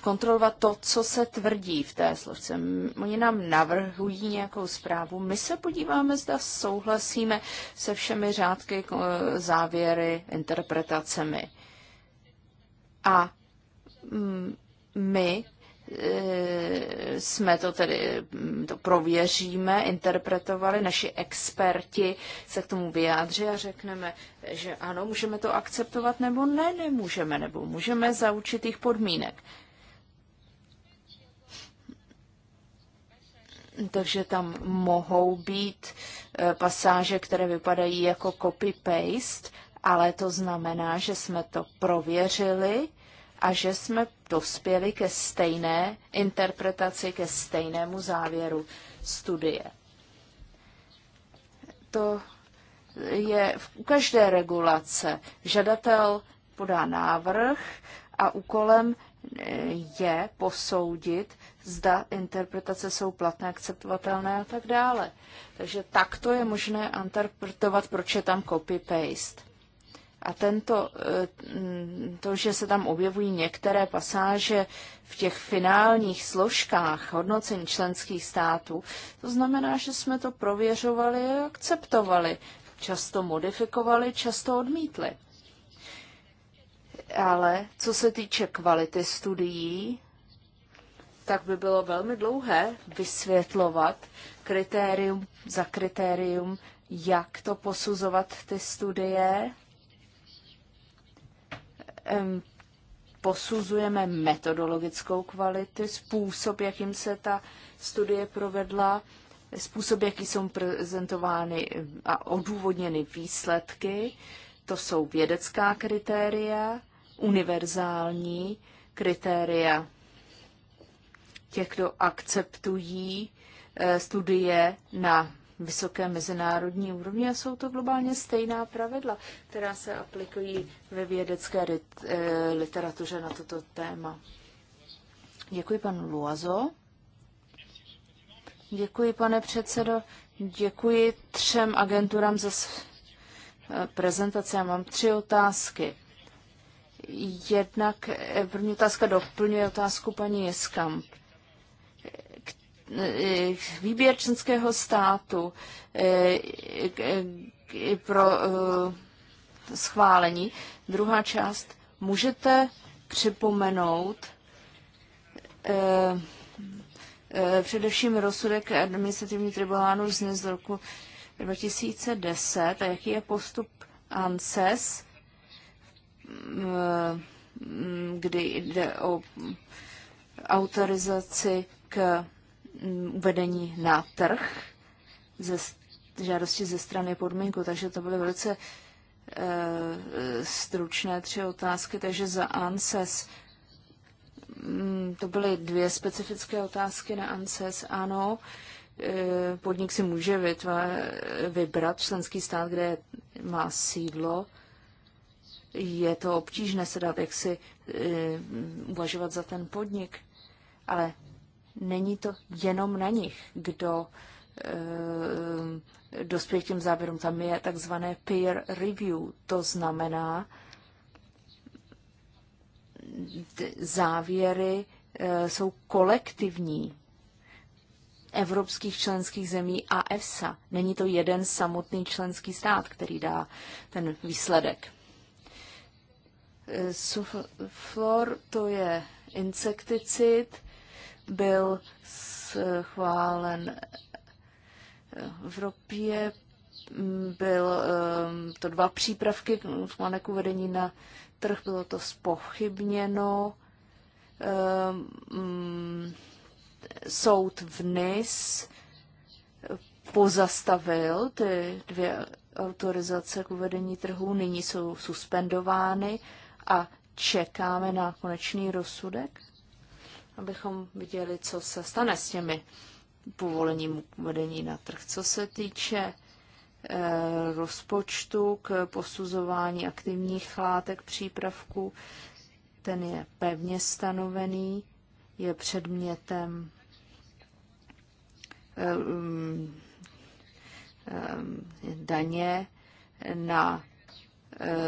Speaker 2: kontrolovat to, co se tvrdí v té složce. Oni nám navrhují nějakou zprávu, my se podíváme, zda souhlasíme se všemi řádky, závěry, interpretacemi. A mm, my Eh, jsme to tedy mm, to prověříme, interpretovali, naši experti se k tomu vyjádří a řekneme, že ano, můžeme to akceptovat, nebo ne, nemůžeme, nebo můžeme za určitých podmínek. Takže tam mohou být eh, pasáže, které vypadají jako copy-paste, ale to znamená, že jsme to prověřili, a že jsme dospěli ke stejné interpretaci, ke stejnému závěru studie. To je u každé regulace. Žadatel podá návrh a úkolem eh, je posoudit, zda interpretace jsou platné, akceptovatelné a tak dále. Takže takto je možné interpretovat, proč je tam copy-paste. A tento, eh, to, že se tam objevují některé pasáže v těch finálních složkách hodnocení členských států, to znamená, že jsme to prověřovali a akceptovali, často modifikovali, často odmítli. Ale co se týče kvality studií, tak by bylo velmi dlouhé vysvětlovat kritérium za kritérium, jak to posuzovat ty studie, posuzujeme metodologickou kvalitu, způsob, jakým se ta studie provedla, způsob, jaký jsou prezentovány a odůvodněny výsledky. To jsou vědecká kritéria, univerzální kritéria těch, kdo akceptují eh, studie na vysoké mezinárodní úrovni a jsou to globálně stejná pravidla, která se aplikují ve vědecké eh, literatuře na toto téma. Děkuji panu Luazo. Děkuji, pane předsedo. Děkuji třem agenturám za prezentaci. Já mám tři otázky. Jednak eh, první otázka doplňuje otázku paní Jeskamp výběr členského státu eh, pro eh, schválení. Druhá část, můžete připomenout eh, především rozsudek administrativní tribunálu z roku 2010 a jaký je postup ANSES, kdy jde o autorizaci k Mm, uvedení na trh ze žádosti ze strany podmínku, takže to byly velice e, stručné tři otázky, takže za ANSES mm, to byly dvě specifické otázky na ANSES. Ano, eh, podnik si může vybrat členský stát, kde má sídlo. Je to obtížné se dát, jak si eh, uvažovat za ten podnik, ale není to jenom na nich, kdo e, dospěje k těm závěrům. Tam je takzvané peer review, to znamená závěry e, jsou kolektivní evropských členských zemí a EFSA. Není to jeden samotný členský stát, který dá ten výsledek. Eh, Suflor to je insekticid, byl schválen v Evropě. Byl um, to dva přípravky, schválené k uvedení na trh, bylo to spochybněno. Um, soud v NIS pozastavil ty dvě autorizace k uvedení trhu, nyní jsou suspendovány a čekáme na konečný rozsudek abychom viděli, co se stane s těmi povolením uvedení na trh. Co se týče eh, rozpočtu k posuzování aktivních látek přípravků, ten je pevně stanovený, je předmětem eh, mm, eh, daně na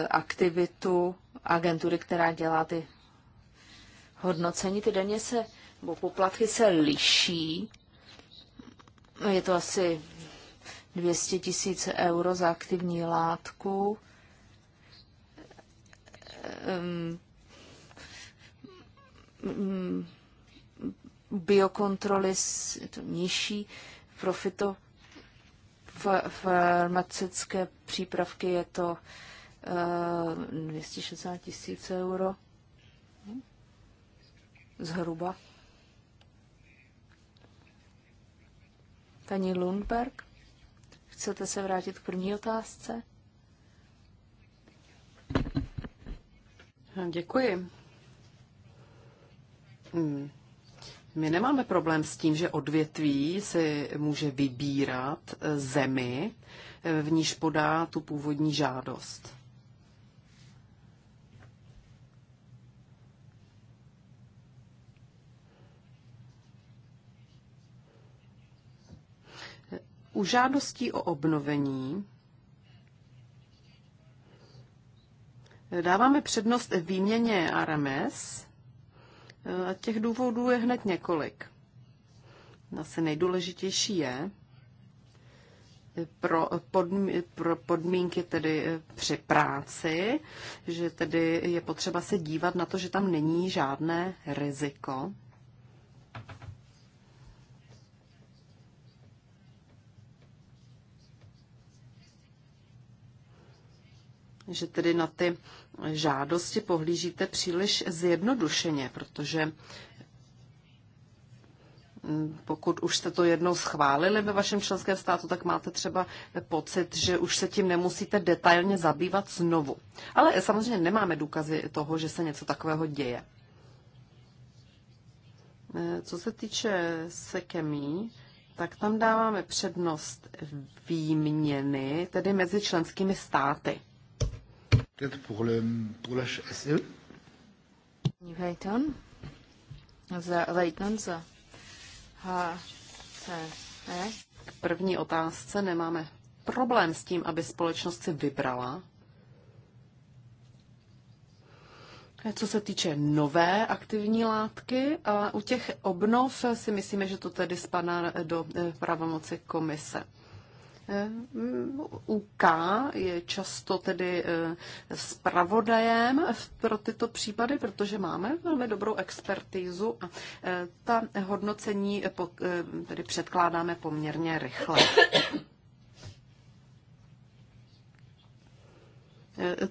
Speaker 2: aktivitu agentury, která dělá ty hodnocení. Ty daně se, nebo poplatky se liší. Je to asi 200 tisíc euro za aktivní látku. Ehm, biokontroly je to nižší, profito farmaceutické přípravky je to 260 eh, tisíc euro zhruba. Paní Lundberg, chcete se vrátit k první otázce? Děkuji.
Speaker 3: Hmm. My nemáme problém s tím, že odvětví si může vybírat eh, zemi, eh, v níž podá tu původní žádost. U žádostí o obnovení dáváme přednost výměně RMS. Těch důvodů je hned několik. Asi nejdůležitější je, pro, podmí, pro podmínky tedy při práci, že tedy je potřeba se dívat na to, že tam není žádné riziko. že tedy na ty žádosti pohlížíte příliš zjednodušeně, protože pokud už jste to jednou schválili ve vašem členském státu, tak máte třeba pocit, že už se tím nemusíte detailně zabývat znovu. Ale samozřejmě nemáme důkazy toho, že se něco takového děje. Co se týče sekemí, tak tam dáváme přednost výměny, tedy mezi členskými státy
Speaker 4: peut-être pour pour la e.
Speaker 2: za e. K
Speaker 3: první otázce nemáme problém s tím, aby společnost si vybrala. Eh, co se týče nové aktivní látky, a u těch obnov eh, si myslíme, že to tedy spadá eh, do pravomoci komise. UK je často tedy spravodajem e, pro tyto případy, protože máme velmi dobrou expertízu a e, ta hodnocení e, tedy předkládáme poměrně rychle.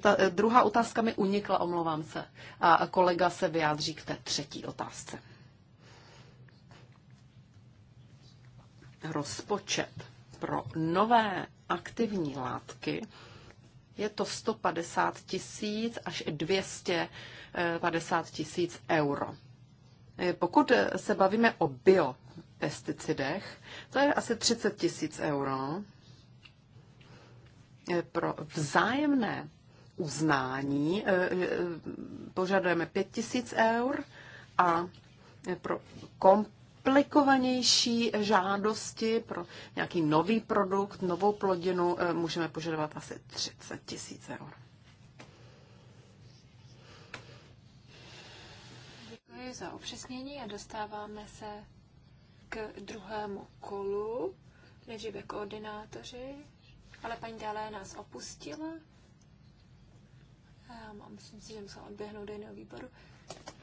Speaker 3: Ta druhá otázka mi unikla, omlouvám se. A kolega se vyjádří k té třetí otázce. Rozpočet pro nové aktivní látky je to 150 tisíc až 250 tisíc euro. Eh, pokud se bavíme o biopesticidech, to je asi 30 tisíc euro. Eh, pro vzájemné uznání eh, požadujeme 5 tisíc eur a pro komp- komplikovanější žádosti pro nějaký nový produkt, novou plodinu, eh, můžeme požadovat asi 30 tisíc eur.
Speaker 1: Děkuji za upřesnění a dostáváme se k druhému kolu. Nejdříve koordinátoři, ale paní Dalé nás opustila. Já mám, myslím si, že musela odběhnout do jiného výboru.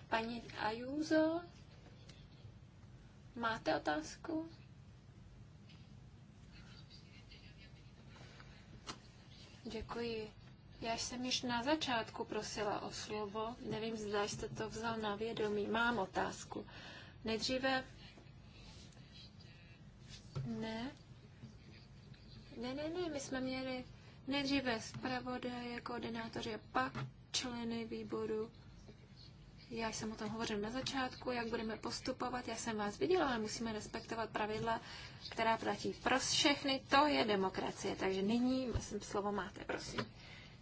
Speaker 1: Paní Ajuzo, Máte otázku? Děkuji. Já jsem již na začátku prosila o slovo. Nevím, zda jste to vzal na vědomí. Mám otázku. Nejdříve... Ne? Ne, ne, ne, my jsme měli nejdříve zpravodaje, koordinátoři a pak členy výboru. Já jsem o tom hovořil na začátku, jak budeme postupovat. Já jsem vás viděla, ale musíme respektovat pravidla, která platí pro všechny. To je demokracie. Takže nyní slovo máte, prosím.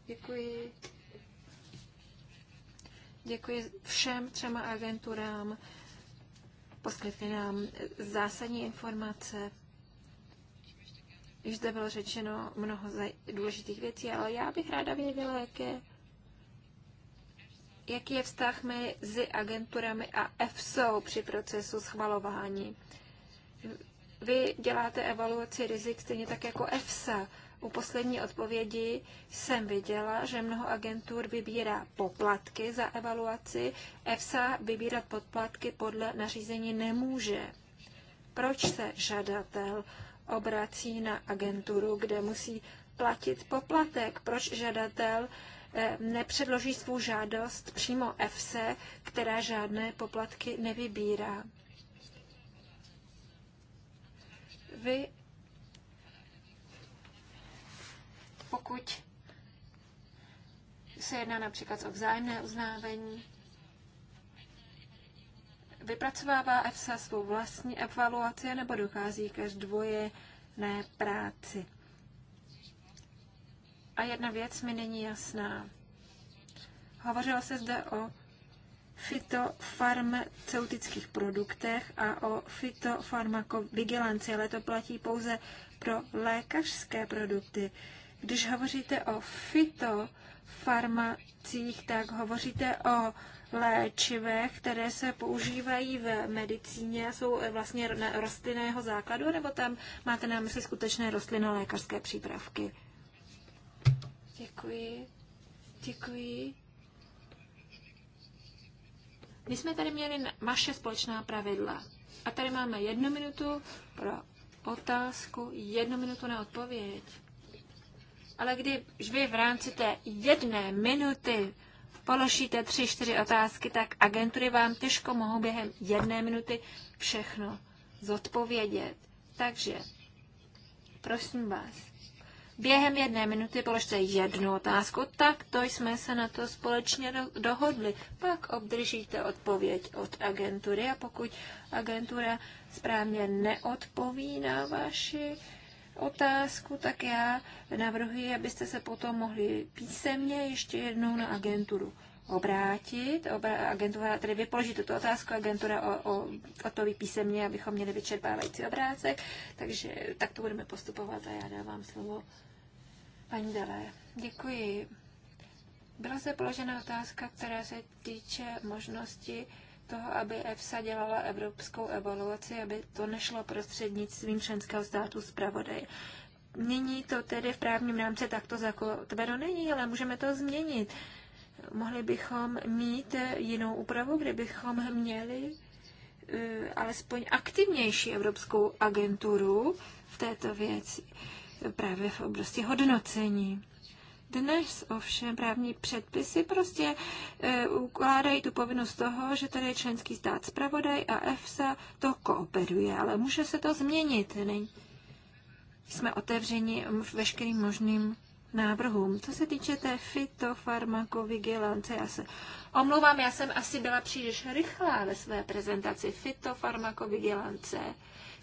Speaker 1: Děkuji. Děkuji všem třema agenturám. Poskytli nám zásadní informace. Již zde bylo řečeno mnoho důležitých věcí, ale já bych ráda věděla, jaké jaký je vztah mezi agenturami a EFSO při procesu schvalování. Vy děláte evaluaci rizik stejně tak jako EFSA. U poslední odpovědi jsem viděla, že mnoho agentur vybírá poplatky za evaluaci. EFSA vybírat poplatky podle nařízení nemůže. Proč se žadatel obrací na agenturu, kde musí platit poplatek? Proč žadatel Eh, nepředloží svou žádost přímo EFSE, která žádné poplatky nevybírá. Vy, pokud se jedná například o vzájemné uznávení, vypracovává EFSA svou vlastní evaluaci nebo dochází ke zdvoje práci. A jedna věc mi není jasná. Hovořilo se zde o fytofarmaceutických produktech a o fytofarmakovigilanci, ale to platí pouze pro lékařské produkty. Když hovoříte o fytofarmacích, tak hovoříte o léčivech, které se používají v medicíně, jsou eh, vlastně rostlinného základu, nebo tam máte na mysli skutečné rostlinolékařské přípravky? Děkuji. Děkuji. My jsme tady měli vaše společná pravidla. A tady máme jednu minutu pro otázku, jednu minutu na odpověď. Ale když vy v rámci té jedné minuty položíte tři, čtyři otázky, tak agentury vám těžko mohou během jedné minuty všechno zodpovědět. Takže, prosím vás, Během jedné minuty položte jednu otázku, tak to jsme se na to společně dohodli. Pak obdržíte odpověď od agentury a pokud agentura správně neodpoví na vaši otázku, tak já navrhuji, abyste se potom mohli písemně ještě jednou na agenturu obrátit. Obra, agentura, tedy vypoloží tuto otázku, agentura o, o, odpoví písemně, abychom měli vyčerpávající obrázek. Takže tak to budeme postupovat a já dávám slovo Paní Dele, děkuji. Byla se položena otázka, která se týče možnosti toho, aby EFSA dělala evropskou evaluaci, aby to nešlo prostřednictvím členského státu zpravodaje. Nyní to tedy v právním rámci takto zakotveno není, ale můžeme to změnit. Mohli bychom mít jinou úpravu, kdybychom měli eh, alespoň aktivnější evropskou agenturu v této věci právě v oblasti hodnocení. Dnes ovšem právní předpisy prostě e, ukládají tu povinnost toho, že tady je členský stát zpravodaj a EFSA to kooperuje, ale může se to změnit. Ne? Jsme otevřeni veškerým možným návrhům. Co se týče té fitofarmakovigilance, já se omlouvám, já jsem asi byla příliš rychlá ve své prezentaci fitofarmakovigilance.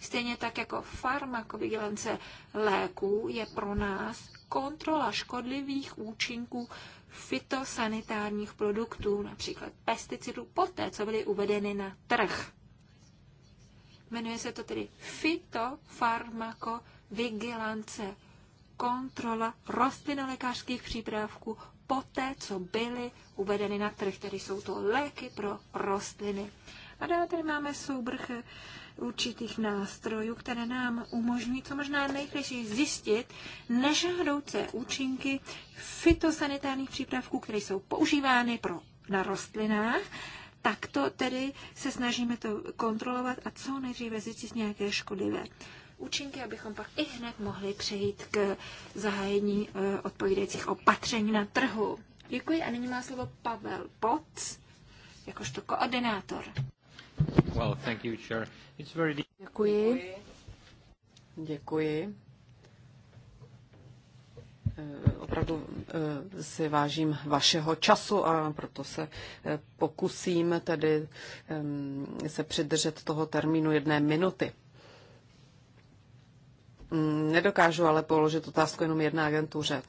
Speaker 1: Stejně tak jako farmakovigilance léků je pro nás kontrola škodlivých účinků fitosanitárních produktů, například pesticidů, poté, co byly uvedeny na trh. Jmenuje se to tedy fitofarmakovigilance, kontrola rostlinolékařských přípravků poté, co byly uvedeny na trh, tedy jsou to léky pro rostliny. A dále tady máme soubrh určitých nástrojů, které nám umožňují co možná nejrychleji zjistit nežádoucí účinky fitosanitárních přípravků, které jsou používány pro, na rostlinách. Takto tedy se snažíme to kontrolovat a co nejdříve zjistit nějaké škodlivé účinky, abychom pak i hned mohli přejít k zahájení eh, odpovídajících opatření na trhu. Děkuji a nyní má slovo Pavel Poc, jakožto koordinátor.
Speaker 4: Děkuji.
Speaker 3: Děkuji. Eh, opravdu eh, si vážím vašeho času a proto se eh, pokusím tedy ehm, se přidržet toho termínu jedné minuty. Mm, nedokážu ale položit otázku jenom jedné agentuře.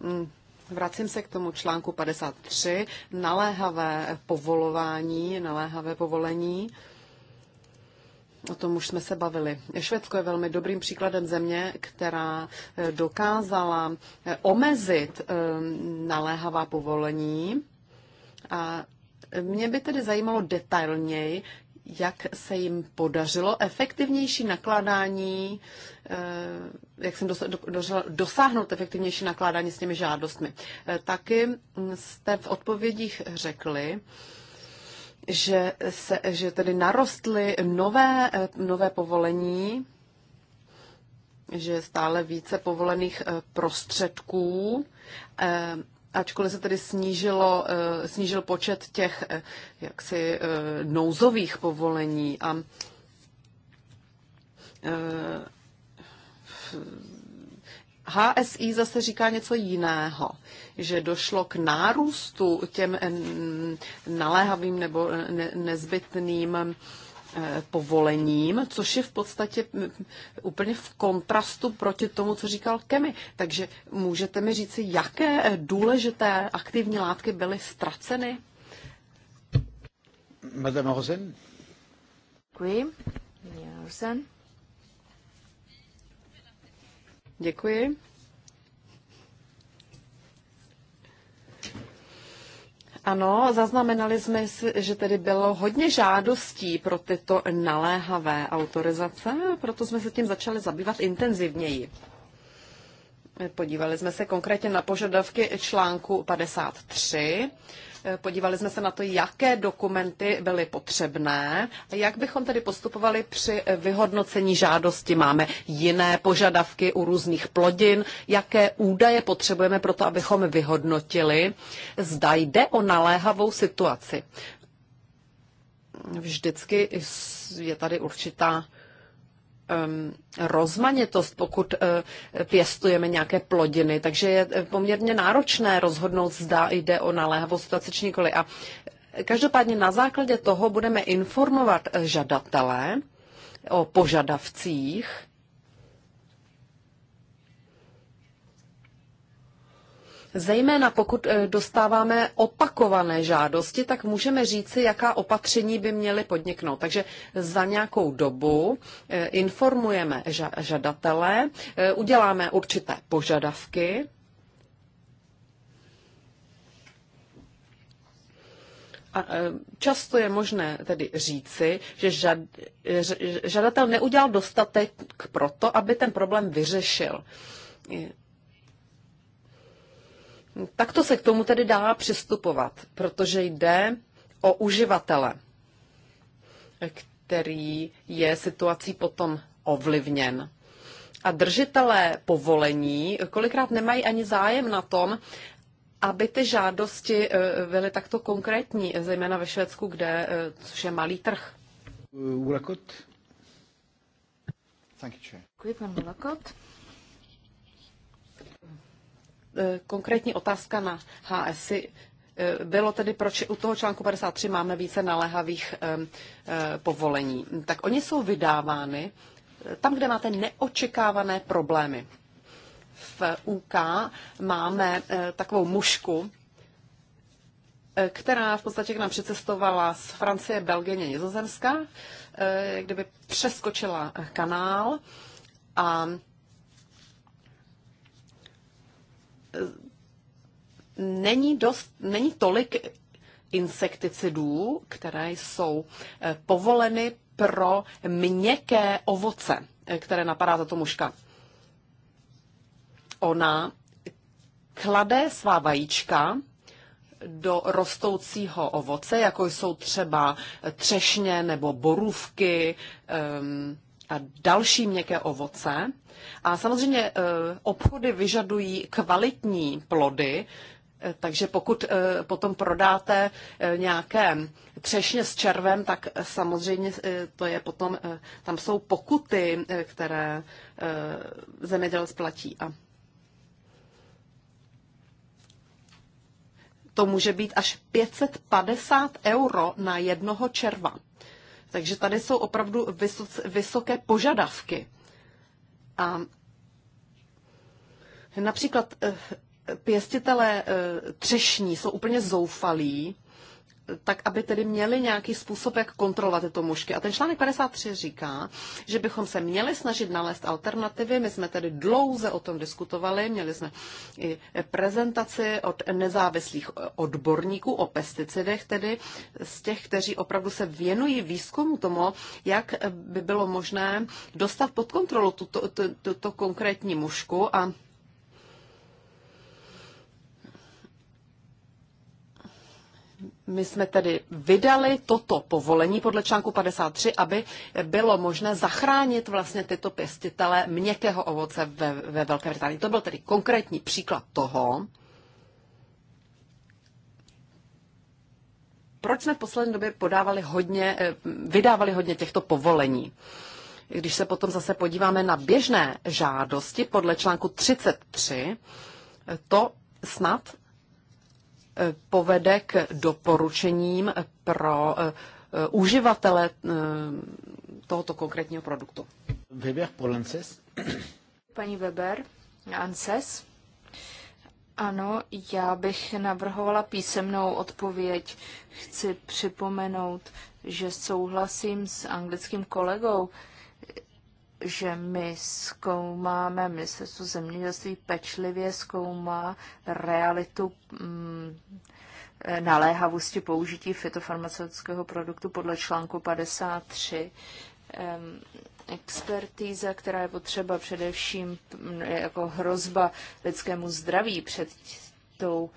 Speaker 3: Mm, Vracím se k tomu článku 53, naléhavé povolování, naléhavé povolení. O tom už jsme se bavili. Švédsko je velmi dobrým příkladem země, která eh, dokázala eh, omezit eh, naléhavá povolení. A mě by tedy zajímalo detailněji, jak se jim podařilo efektivnější nakládání, eh, jak jsem dosáhnout efektivnější nakládání s těmi žádostmi. Eh, taky jste v odpovědích řekli, že, se, že tedy narostly nové, eh, nové povolení, že je stále více povolených prostředků ačkoliv se tedy snížilo, eh, snížil počet těch eh, jaksi eh, nouzových povolení a HSI zase říká něco jiného, že došlo k nárůstu těm naléhavým nebo nezbytným Eh, povolením, což je v podstatě úplně v kontrastu proti tomu, co říkal Kemi. Takže můžete mi říci, jaké eh, důležité aktivní látky byly ztraceny?
Speaker 1: Madame Rosen.
Speaker 2: Děkuji. Děkuji.
Speaker 3: Ano, zaznamenali jsme, že tedy bylo hodně žádostí pro tyto naléhavé autorizace, proto jsme se tím začali zabývat intenzivněji. Podívali jsme se konkrétně na požadavky článku 53 Podívali jsme se na to, jaké dokumenty byly potřebné. Jak bychom tedy postupovali při vyhodnocení žádosti? Máme jiné požadavky u různých plodin? Jaké údaje potřebujeme pro to, abychom vyhodnotili? Zda jde o naléhavou situaci. Vždycky je tady určitá rozmanitost, pokud eh, pěstujeme nějaké plodiny, takže je eh, poměrně náročné rozhodnout, zda jde o naléhavou situaci či nikoli. A eh, každopádně na základě toho budeme informovat žadatele o požadavcích Zejména pokud eh, dostáváme opakované žádosti, tak můžeme říci, jaká opatření by měly podniknout. Takže za nějakou dobu eh, informujeme žadatele, eh, uděláme určité požadavky, A často je možné tedy říci, že žadatel neudělal dostatek pro to, aby ten problém vyřešil. Takto se k tomu tedy dá přistupovat, protože jde o uživatele, který je situací potom ovlivněn. A držitelé povolení kolikrát nemají ani zájem na tom, aby ty žádosti eh, byly takto konkrétní, zejména ve Švédsku, kde, eh, což je malý trh. Děkuji, pan Ulakot. E, konkrétní otázka na HS e, bylo tedy, proč u toho článku 53 máme více naléhavých e, povolení. Tak oni jsou vydávány tam, kde máte neočekávané problémy. V UK máme takovou mušku, která v podstatě k nám přicestovala z Francie, Belgie, Nizozemska, kdyby přeskočila kanál a není, dost, není tolik insekticidů, které jsou eh, povoleny pro měkké ovoce, eh, které napadá tato muška. Ona klade svá vajíčka do rostoucího ovoce, jako jsou třeba třešně nebo borůvky, ehm, další měkké ovoce. A samozřejmě eh, obchody vyžadují kvalitní plody, eh, takže pokud eh, potom prodáte nějaké třešně s červem, tak samozřejmě to je potom, tam jsou pokuty, které zemědělec platí. A to může být až 550 euro na jednoho červa. Takže tady jsou opravdu vysoké požadavky. A například eh, pěstitelé eh, třešní jsou úplně zoufalí, tak aby tedy měli nějaký způsob, jak kontrolovat tyto mušky. A ten článek 53 říká, že bychom se měli snažit nalézt alternativy. My jsme tedy dlouze o tom diskutovali, měli jsme i prezentaci od nezávislých odborníků o pesticidech, tedy z těch, kteří opravdu se věnují výzkumu tomu, jak by bylo možné dostat pod kontrolu tuto, tuto, tuto konkrétní mušku a My jsme tedy vydali toto povolení podle článku 53, aby bylo možné zachránit vlastně tyto pěstitele měkkého ovoce ve, ve Velké Británii. To byl tedy konkrétní příklad toho, proč jsme v poslední době podávali hodně, eh, vydávali hodně těchto povolení. Když se potom zase podíváme na běžné žádosti podle článku 33, eh, to snad povede k doporučením pro eh, eh, uživatele eh, tohoto konkrétního produktu. Weber pro
Speaker 2: ANSES. Paní Weber, ANSES. Ano, já bych navrhovala písemnou odpověď. Chci připomenout, že souhlasím s anglickým kolegou, že my zkoumáme, ministerstvo zemědělství pečlivě zkoumá realitu mm, eh, naléhavosti použití fitofarmaceutického produktu podle článku 53. Expertíza, která je potřeba především mm, jako hrozba lidskému zdraví před tou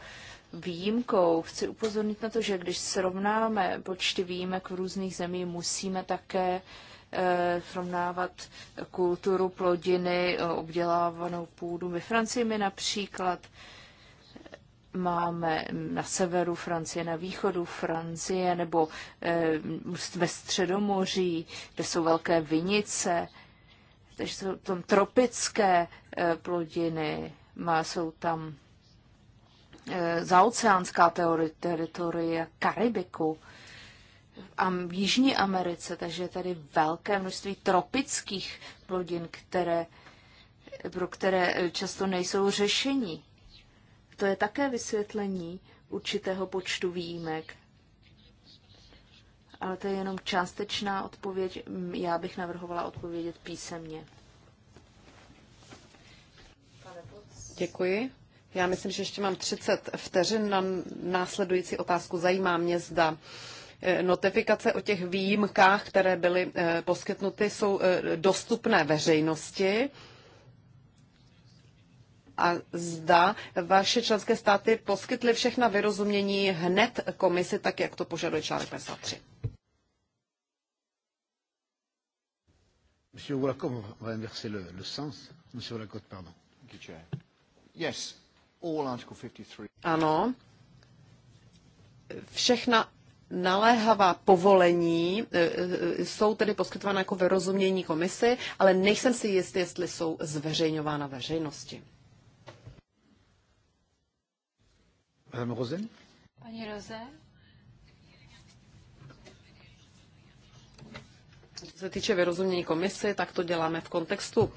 Speaker 2: výjimkou. Chci upozornit na to, že když srovnáme počty výjimek v různých zemích, musíme také uh, Eh, srovnávat kulturu plodiny, eh, obdělávanou půdu. My Francii my například máme na severu Francie, na východu Francie nebo eh, ve Středomoří, kde jsou velké vinice, takže jsou tam tropické plodiny, má, jsou tam zaoceánská teritoria Karibiku v Jižní Americe, takže je tady velké množství tropických plodin, které, pro které eh, často nejsou řešení. To je také vysvětlení určitého počtu výjimek. Ale to je jenom částečná odpověď. Já bych navrhovala odpovědět písemně. Děkuji. Já myslím, že ještě mám 30 vteřin na
Speaker 3: následující otázku. Zajímá mě, zda Eh, notifikace o těch výjimkách, které byly eh, poskytnuty, jsou eh, dostupné veřejnosti. A zda vaše členské státy poskytly všechna vyrozumění hned komisi, tak jak to požaduje článek 53.
Speaker 1: Monsieur Wolakov, on va inverser le, le sens. Monsieur
Speaker 3: Wolakov, pardon.
Speaker 4: Yes, all Article 53.
Speaker 3: Ano. Všechna naléhavá povolení e, e, jsou tedy poskytována jako vyrozumění komisy, ale nejsem si jistý, jestli jsou zveřejňována veřejnosti. Madame Rosen? Paní Roze? Co se týče vyrozumění komisy, tak to děláme v kontextu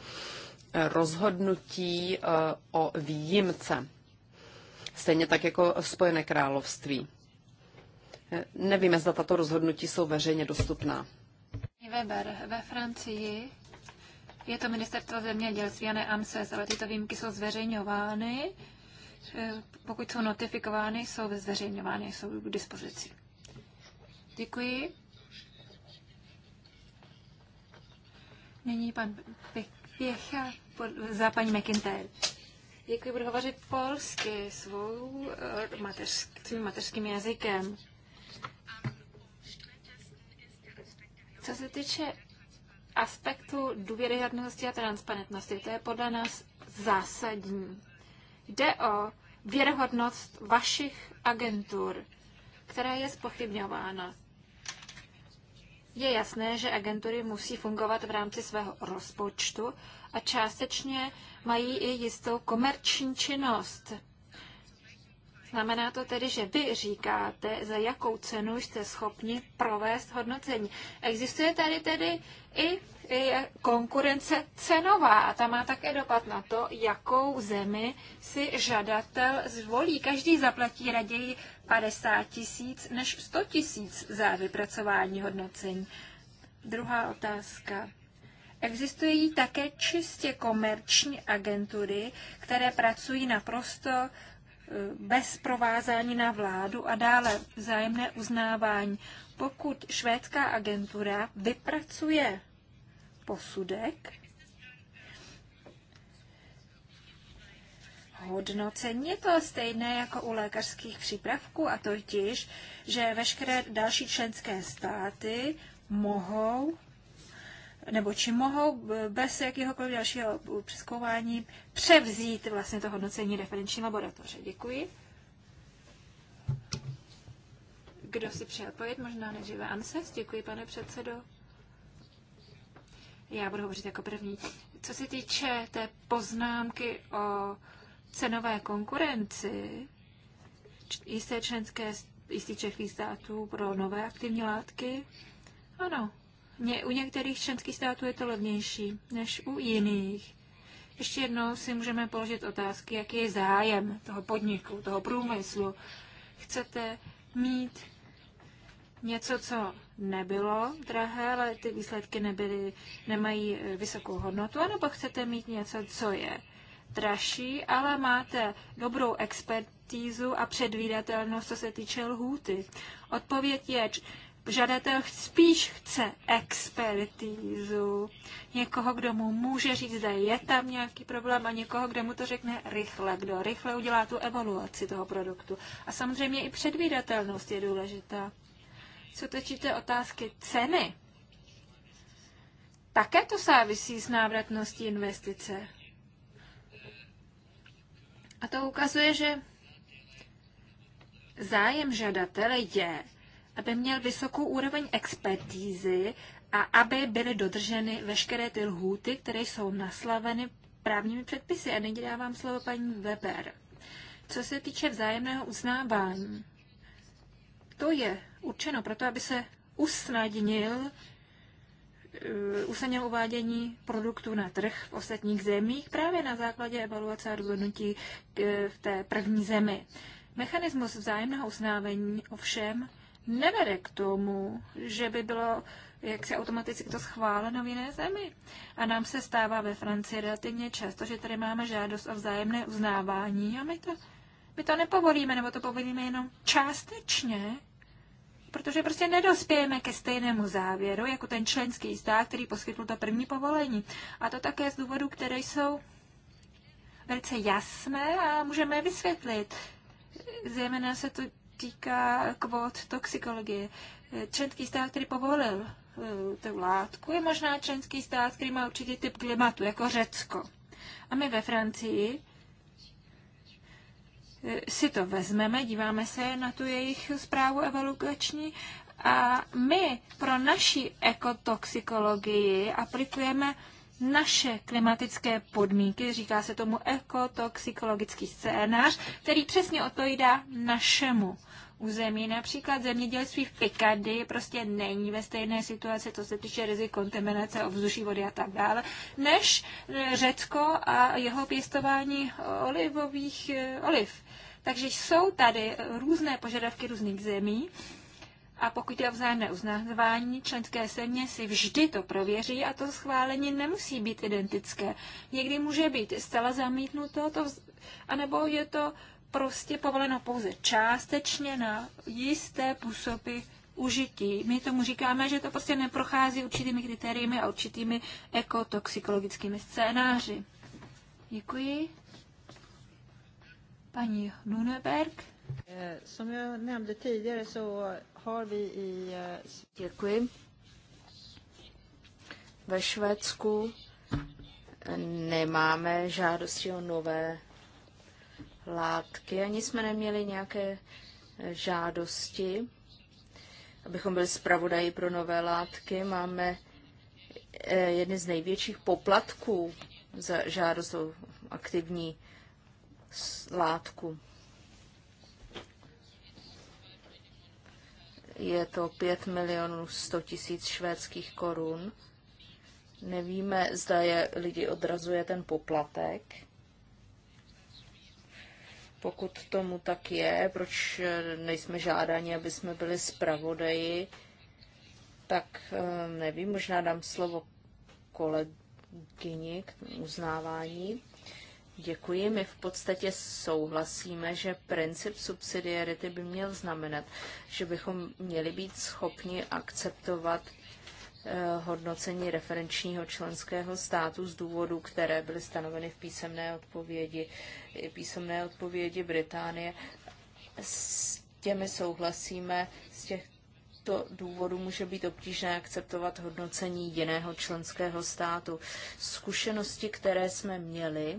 Speaker 3: e, rozhodnutí o výjimce. Stejně tak jako Spojené království. Nevíme, zda tato rozhodnutí jsou veřejně dostupná.
Speaker 1: Weber ve Francii je to ministerstvo zemědělství a ne AMSES, ale tyto výjimky jsou zveřejňovány. Eh, Pokud jsou notifikovány, jsou zveřejňovány, jsou k dispozici. Děkuji. Nyní pan Pěcha za paní McIntyre. Děkuji, budu hovořit polsky svou eh, mateř, svým mateřským jazykem. Co se týče aspektu důvěryhodnosti a transparentnosti, to je podle nás zásadní. Jde o věrohodnost vašich agentur, která je spochybňována. Je jasné, že agentury musí fungovat v rámci svého rozpočtu a částečně mají i jistou komerční činnost. Znamená to tedy, že vy říkáte, za jakou cenu jste schopni provést hodnocení. Existuje tady tedy i konkurence cenová a ta má také dopad na to, jakou zemi si žadatel zvolí. Každý zaplatí raději 50 tisíc než 100 tisíc za vypracování hodnocení. Druhá otázka. Existují také čistě komerční agentury, které pracují naprosto bez provázání na vládu a dále vzájemné uznávání. Pokud švédská agentura vypracuje posudek, hodnocení. Je to stejné jako u lékařských přípravků a totiž, že veškeré další členské státy mohou nebo či mohou bez jakéhokoliv dalšího přeskouvání převzít vlastně to hodnocení referenční laboratoře. Děkuji. Kdo si přeje odpověď? Možná nejdříve ANSES. Děkuji, pane předsedo. Já budu hovořit jako první. Co se týče té poznámky o cenové konkurenci, jisté členské, jistý členských států pro nové aktivní látky, ano, u některých členských států je to levnější než u jiných. Ještě jednou si můžeme položit otázky, jaký je zájem toho podniku, toho průmyslu. Chcete mít něco, co nebylo drahé, ale ty výsledky nebyly, nemají eh, vysokou hodnotu, anebo chcete mít něco, co je dražší, ale máte dobrou expertízu a předvídatelnost, co se týče lhůty. Odpověď je, žadatel spíš chce expertízu, někoho, kdo mu může říct, zda je tam nějaký problém a někoho, kdo mu to řekne rychle, kdo rychle udělá tu evaluaci toho produktu. A samozřejmě i předvídatelnost je důležitá. Co točíte otázky ceny? Také to závisí s návratností investice. A to ukazuje, že zájem žadatele je aby měl vysokou úroveň expertízy a aby byly dodrženy veškeré ty lhůty, které jsou naslaveny právními předpisy. A nyní dávám slovo paní Weber. Co se týče vzájemného uznávání, to je určeno proto, aby se usnadnil eh, usnadnil uvádění produktů na trh v ostatních zemích právě na základě evaluace a rozhodnutí eh, v té první zemi. Mechanismus vzájemného uznávání ovšem nevede k tomu, že by bylo jak se automaticky to schváleno v jiné zemi. A nám se stává ve Francii relativně často, že tady máme žádost o vzájemné uznávání a my to, my to nepovolíme, nebo to povolíme jenom částečně, protože prostě nedospějeme ke stejnému závěru jako ten členský stát, který poskytl to první povolení. A to také z důvodů, které jsou velice jasné a můžeme je vysvětlit. Zejména se to týká kvót toxikologie. Členský stát, který povolil eh, tu látku, je možná členský stát, který má určitý typ klimatu, jako Řecko. A my ve Francii eh, si to vezmeme, díváme se na tu jejich zprávu evolukační a my pro naši ekotoxikologii aplikujeme naše klimatické podmínky, říká se tomu ekotoxikologický scénář, který přesně odpovídá našemu území. Například zemědělství v Pikady prostě není ve stejné situaci, co se týče rizik kontaminace ovzduší vody a tak dále, než Řecko a jeho pěstování olivových eh, oliv. Takže jsou tady různé požadavky různých zemí a pokud je o vzájemné uznávání, členské země si vždy to prověří a to schválení nemusí být identické. Někdy může být zcela zamítnuto, to vz... anebo je to prostě povoleno pouze částečně na jisté působy užití. My tomu říkáme, že to prostě neprochází určitými kritériemi a určitými ekotoxikologickými scénáři.
Speaker 4: Děkuji. Paní Nuneberg. Eh, som jag nämnde tidigare så har vi i... Eh, Děkuji. Ve Švédsku nemáme
Speaker 2: žádosti o nové látky, ani jsme neměli nějaké žádosti, abychom byli zpravodají pro nové látky. Máme eh, jedny z největších poplatků za žádost o aktivní látku. je to 5 milionů 100 tisíc švédských korun. Nevíme, zda je lidi odrazuje ten poplatek. Pokud tomu tak je, proč nejsme žádáni, aby jsme byli zpravodaji, tak eh, nevím, možná dám slovo kolegyni k uznávání. Děkuji. My v podstatě souhlasíme, že princip subsidiarity by měl znamenat, že bychom měli být schopni akceptovat eh, hodnocení referenčního členského státu z důvodů, které byly stanoveny v písemné odpovědi, písemné odpovědi Británie. S těmi souhlasíme, z těchto důvodů může být obtížné akceptovat hodnocení jiného členského státu. Zkušenosti, které jsme měli,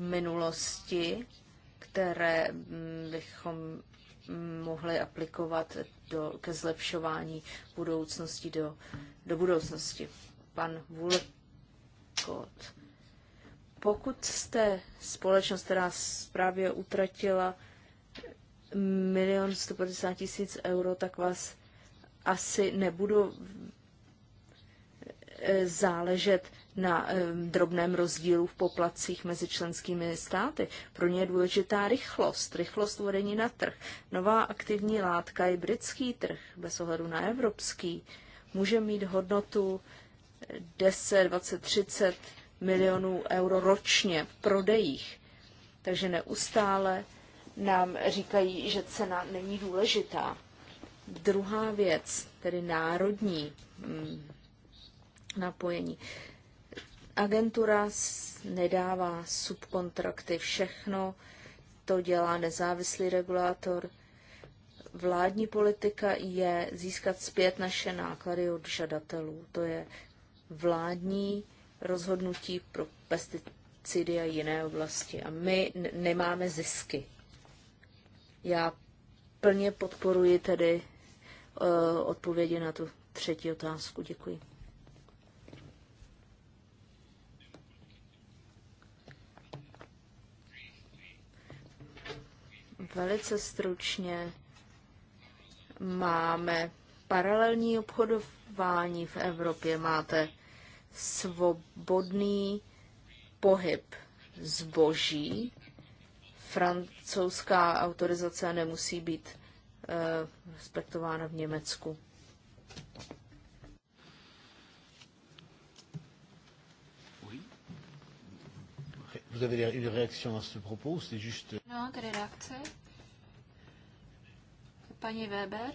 Speaker 2: minulosti, které mm, bychom mm, mohli aplikovat do, ke zlepšování budoucnosti do, do budoucnosti. Pan Vulekot. Pokud jste společnost, která právě utratila milion 150 tisíc euro, tak vás asi nebudu e, záležet na drobném rozdílu v poplacích mezi členskými státy. Pro ně je důležitá rychlost, rychlost uvedení na trh. Nová aktivní látka je britský trh, bez ohledu na evropský. Může mít hodnotu 10, 20, 30 milionů euro ročně v prodejích. Takže neustále nám říkají, že cena není důležitá. Druhá věc, tedy národní mm, napojení. Agentura nedává subkontrakty, všechno to dělá nezávislý regulátor. Vládní politika je získat zpět naše náklady od žadatelů. To je vládní rozhodnutí pro pesticidy a jiné oblasti. A my nemáme zisky. Já plně podporuji tedy uh, odpovědi na tu třetí otázku. Děkuji. Velice stručně máme paralelní obchodování v Evropě. Máte svobodný pohyb zboží. Francouzská autorizace nemusí být eh, respektována v Německu.
Speaker 1: Vous avez une réaction à ce propos ou c'est juste... Euh, non, No, tedy reakce. Pani Weber.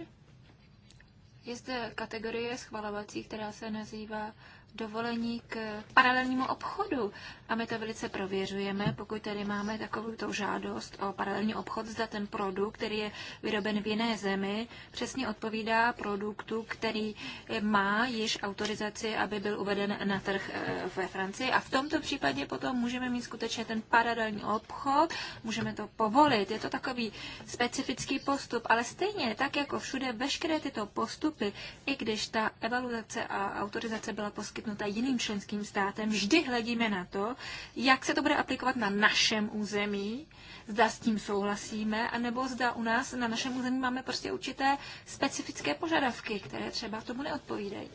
Speaker 1: Je zde kategorie schvalovací, která se nazývá dovolení k paralelnímu obchodu. A my to velice prověřujeme, pokud tady máme takovou tou žádost o paralelní obchod, zda ten produkt, který je vyroben v jiné zemi, přesně odpovídá produktu, který má již autorizaci, aby byl uveden na trh eh, ve Francii. A v tomto případě potom můžeme mít skutečně ten paralelní obchod, můžeme to povolit. Je to takový specifický postup, ale stejně tak jako všude veškeré tyto postupy, i když ta evaluace a autorizace byla poskytnuta, poskytnuta jiným členským státem, vždy hledíme na to, jak se to bude aplikovat na našem území, zda s tím souhlasíme, anebo zda u nás na našem území máme prostě určité specifické požadavky, které třeba tomu neodpovídají.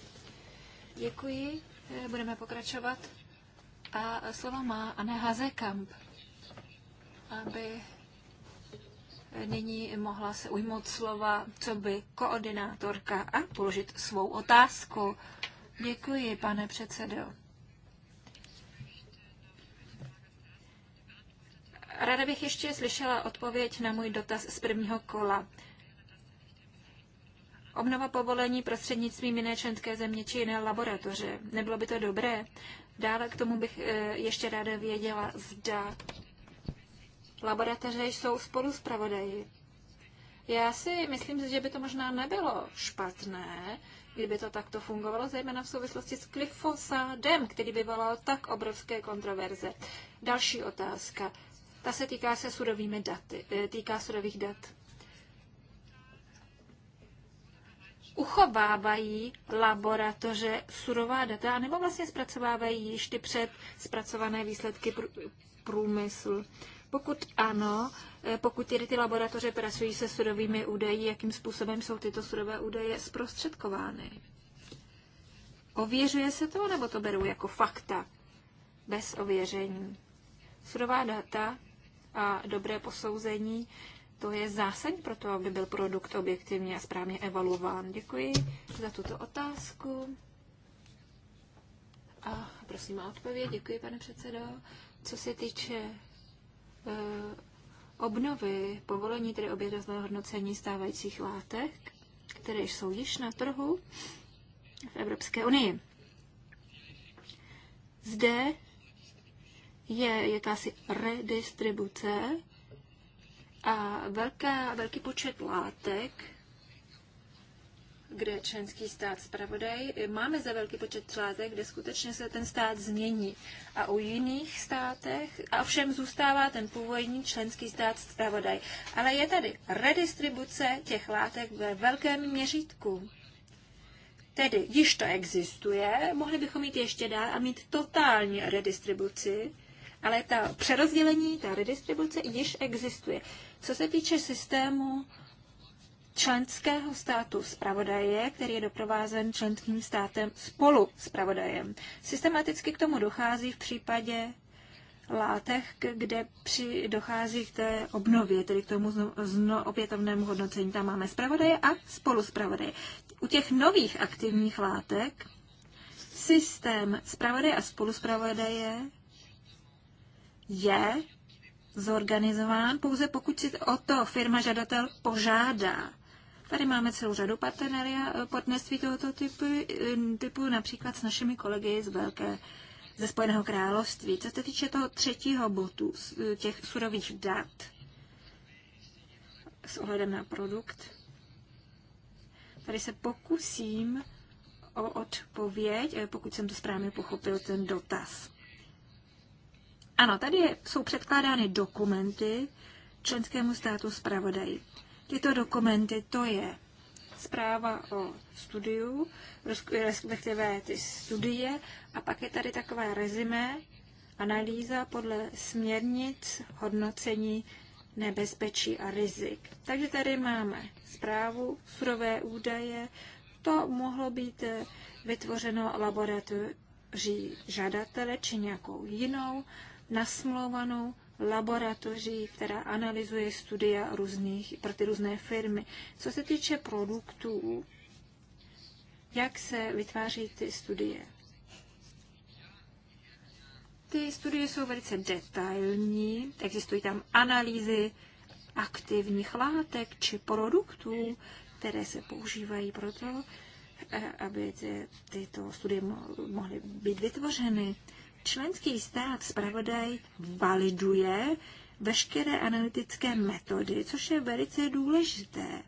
Speaker 1: Děkuji, eh, budeme pokračovat. A slovo má Anne Hazekamp, aby eh, nyní mohla se ujmout slova, co by koordinátorka a položit svou otázku. Děkuji, pane předsedo. Ráda bych ještě slyšela odpověď na můj dotaz z prvního kola. Obnova povolení prostřednictvím jiné členské země či jiné laboratoře. Nebylo by to dobré? Dále k tomu bych eh, ještě ráda věděla, zda laboratoře jsou spolu s pravodají. Já si myslím, že by to možná nebylo špatné, kdyby to takto fungovalo, zejména v souvislosti s glyfosádem, který volal tak obrovské kontroverze. Další otázka. Ta se týká se surovými daty, eh, týká surových dat. Uchovávají laboratoře surová data, nebo vlastně zpracovávají již ty před zpracované výsledky průmysl. Pokud ano, eh, pokud tedy ty laboratoře pracují se surovými údaji, jakým způsobem jsou tyto surové údaje zprostředkovány? Ověřuje se to, nebo to berou jako fakta? Bez ověření. Surová data a dobré posouzení, to je zásadní pro to, aby byl produkt objektivně a správně evaluován. Děkuji za tuto otázku. A prosím o odpověď. Děkuji, pane předsedo. Co se týče Eh, obnovy povolení, tedy obětazného hodnocení stávajících látek, které jsou již na trhu v Evropské unii. Zde je jakási redistribuce a velká, velký počet látek, kde členský stát zpravodaj. Máme za velký počet článek, kde skutečně se ten stát změní. A u jiných státech, a všem zůstává ten původní členský stát zpravodaj. Ale je tady redistribuce těch látek ve velkém měřítku. Tedy, když to existuje, mohli bychom jít ještě dál a mít totální redistribuci, ale ta přerozdělení, ta redistribuce již existuje. Co se týče systému členského státu zpravodaje, který je doprovázen členským státem spolu zpravodajem. Systematicky k tomu dochází v případě látek, kde při, dochází k té obnově, tedy k tomu zno, zno, opětovnému hodnocení. Tam máme zpravodaje a spolu zpravodaje. U těch nových aktivních látek systém zpravodaje a spolu zpravodaje je zorganizován pouze pokud si o to firma žadatel požádá. Tady máme celou řadu eh, partnerství tohoto typu, eh, typu, například s našimi kolegy z Velké ze Spojeného království. Co se týče toho třetího botu, eh, těch surových dat s ohledem na produkt, tady se pokusím o odpověď, pokud jsem to správně pochopil, ten dotaz. Ano, tady jsou předkládány dokumenty členskému státu zpravodají tyto dokumenty, to je zpráva o studiu, respektive ty studie, a pak je tady takové rezime, analýza podle směrnic hodnocení nebezpečí a rizik. Takže tady máme zprávu, surové údaje, to mohlo být eh, vytvořeno laboratoří žadatele či nějakou jinou nasmlouvanou laboratoří, která analyzuje studia různých, pro ty různé firmy. Co se týče produktů, jak se vytváří ty studie? Ty studie jsou velice detailní, existují tam analýzy aktivních látek či produktů, které se používají pro to, eh, aby tyto studie mohly být vytvořeny. Členský stát zpravodaj validuje veškeré analytické metody, což je velice důležité.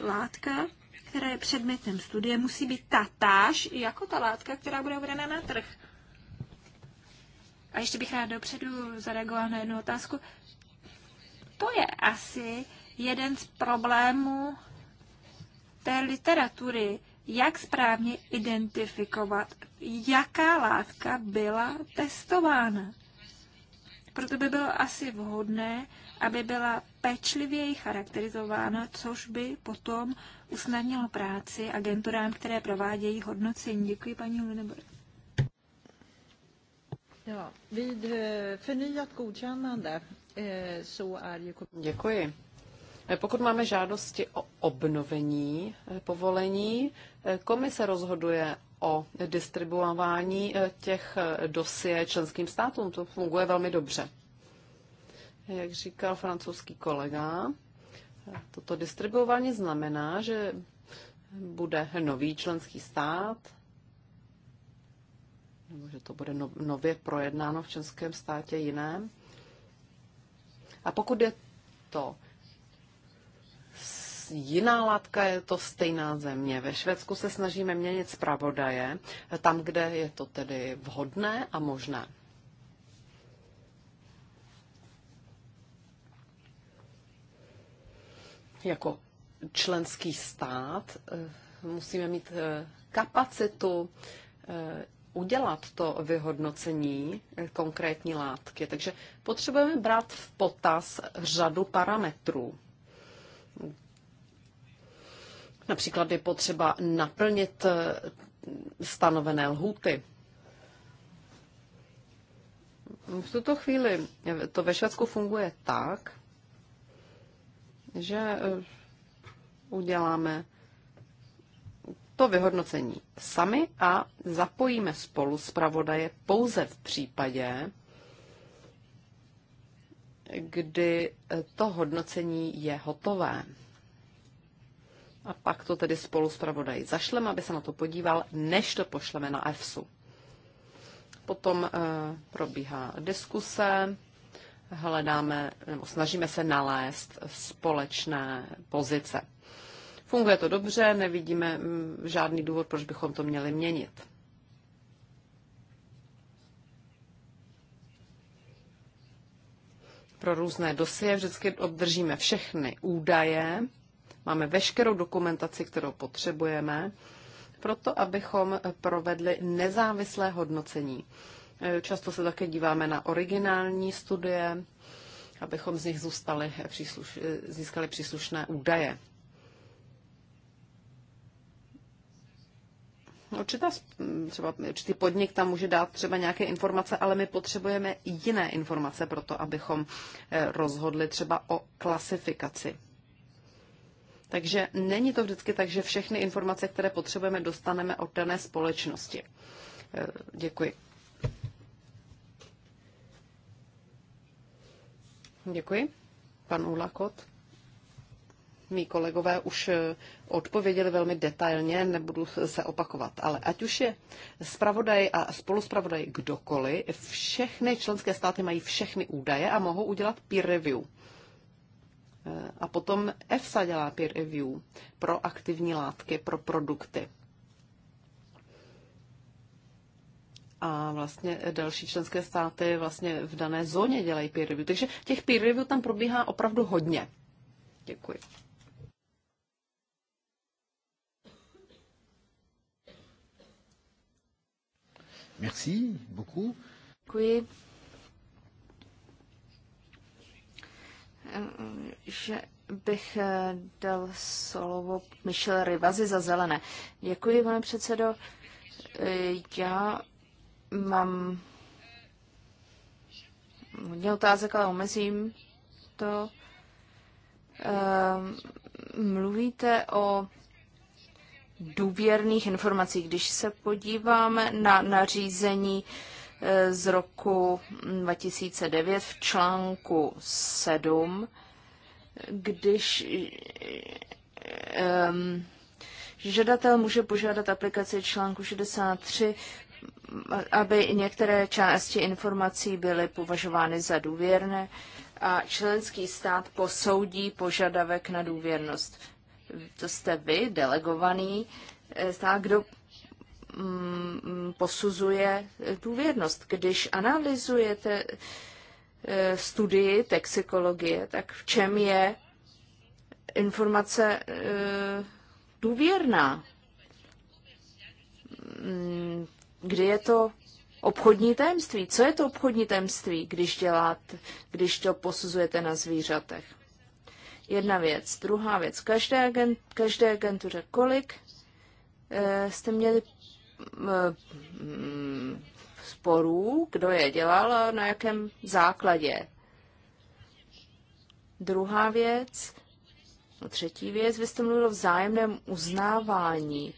Speaker 1: Látka, která je předmětem studie, musí být tatáž jako ta látka, která bude uvedena na trh. A ještě bych rád dopředu zareagovala na jednu otázku. To je asi jeden z problémů té literatury, jak správně identifikovat, jaká látka byla testována. Proto by bylo asi vhodné, aby byla pečlivěji charakterizována, což by potom usnadnilo práci agenturám, které provádějí hodnocení. Děkuji, paní Luneborg.
Speaker 4: Eh, eh, Děkuji.
Speaker 3: Eh, pokud máme žádosti o obnovení eh, povolení, eh, komise rozhoduje o distribuování těch dosie členským státům. To funguje velmi dobře. Jak říkal francouzský kolega, toto distribuování znamená, že bude nový členský stát, nebo že to bude no, nově projednáno v členském státě jiném. A pokud je to jiná látka, je to stejná země. Ve Švédsku se snažíme měnit zpravodaje tam, kde je to tedy vhodné a možné. Jako členský stát eh, musíme mít eh, kapacitu eh, udělat to vyhodnocení konkrétní látky. Takže potřebujeme brát v potaz řadu parametrů. Například je potřeba naplnit eh, stanovené lhuty. V tuto chvíli to ve Švédsku funguje tak, že eh, uděláme to vyhodnocení sami a zapojíme spolu zpravodaje pouze v případě, kdy to hodnocení je hotové. A pak to tedy spolu s pravodají zašleme, aby se na to podíval, než to pošleme na EFSU. Potom eh, probíhá diskuse, hledáme, nebo snažíme se nalézt společné pozice. Funguje to dobře, nevidíme mm, žádný důvod, proč bychom to měli měnit. Pro různé dosie vždycky obdržíme všechny údaje, Máme veškerou dokumentaci, kterou potřebujeme, proto abychom provedli nezávislé hodnocení. Často se také díváme na originální studie, abychom z nich zůstali, přísluš, získali příslušné údaje. Určitá, třeba, určitý podnik tam může dát třeba nějaké informace, ale my potřebujeme jiné informace pro to, abychom eh, rozhodli třeba o klasifikaci. Takže není to vždycky tak, že všechny informace, které potřebujeme, dostaneme od dané společnosti. E, děkuji. Děkuji. Pan Ulakot. Mí kolegové už e, odpověděli velmi detailně, nebudu se opakovat, ale ať už je zpravodaj a spoluspravodaj kdokoliv, všechny členské státy mají všechny údaje a mohou udělat peer review. A potom EFSA dělá peer review pro aktivní látky, pro produkty. A vlastně další členské státy vlastně v dané zóně dělají peer review. Takže těch peer review tam probíhá opravdu hodně.
Speaker 2: Děkuji. Merci beaucoup. Děkuji. že bych dal slovo Michel Rivazi za zelené. Děkuji, pane předsedo. Já mám hodně otázek, ale omezím to. Ehm, mluvíte o důvěrných informací. Když se podíváme na nařízení z roku 2009 v článku 7, když um, žadatel může požádat aplikaci článku 63, aby některé části informací byly považovány za důvěrné a členský stát posoudí požadavek na důvěrnost. To jste vy, delegovaný eh, stát, kdo Mm, posuzuje důvěrnost. Když analyzujete eh, studii toxikologie, tak v čem je informace eh, důvěrná? Mm, kdy je to obchodní tajemství? Co je to obchodní tajemství, když, dělat, když to posuzujete na zvířatech? Jedna věc. Druhá věc. Každé, agent, každé agentuře kolik eh, jste měli Eh, sporů, kdo je dělal a na jakém základě. Druhá věc, no třetí věc, vy jste mluvil o vzájemném uznávání.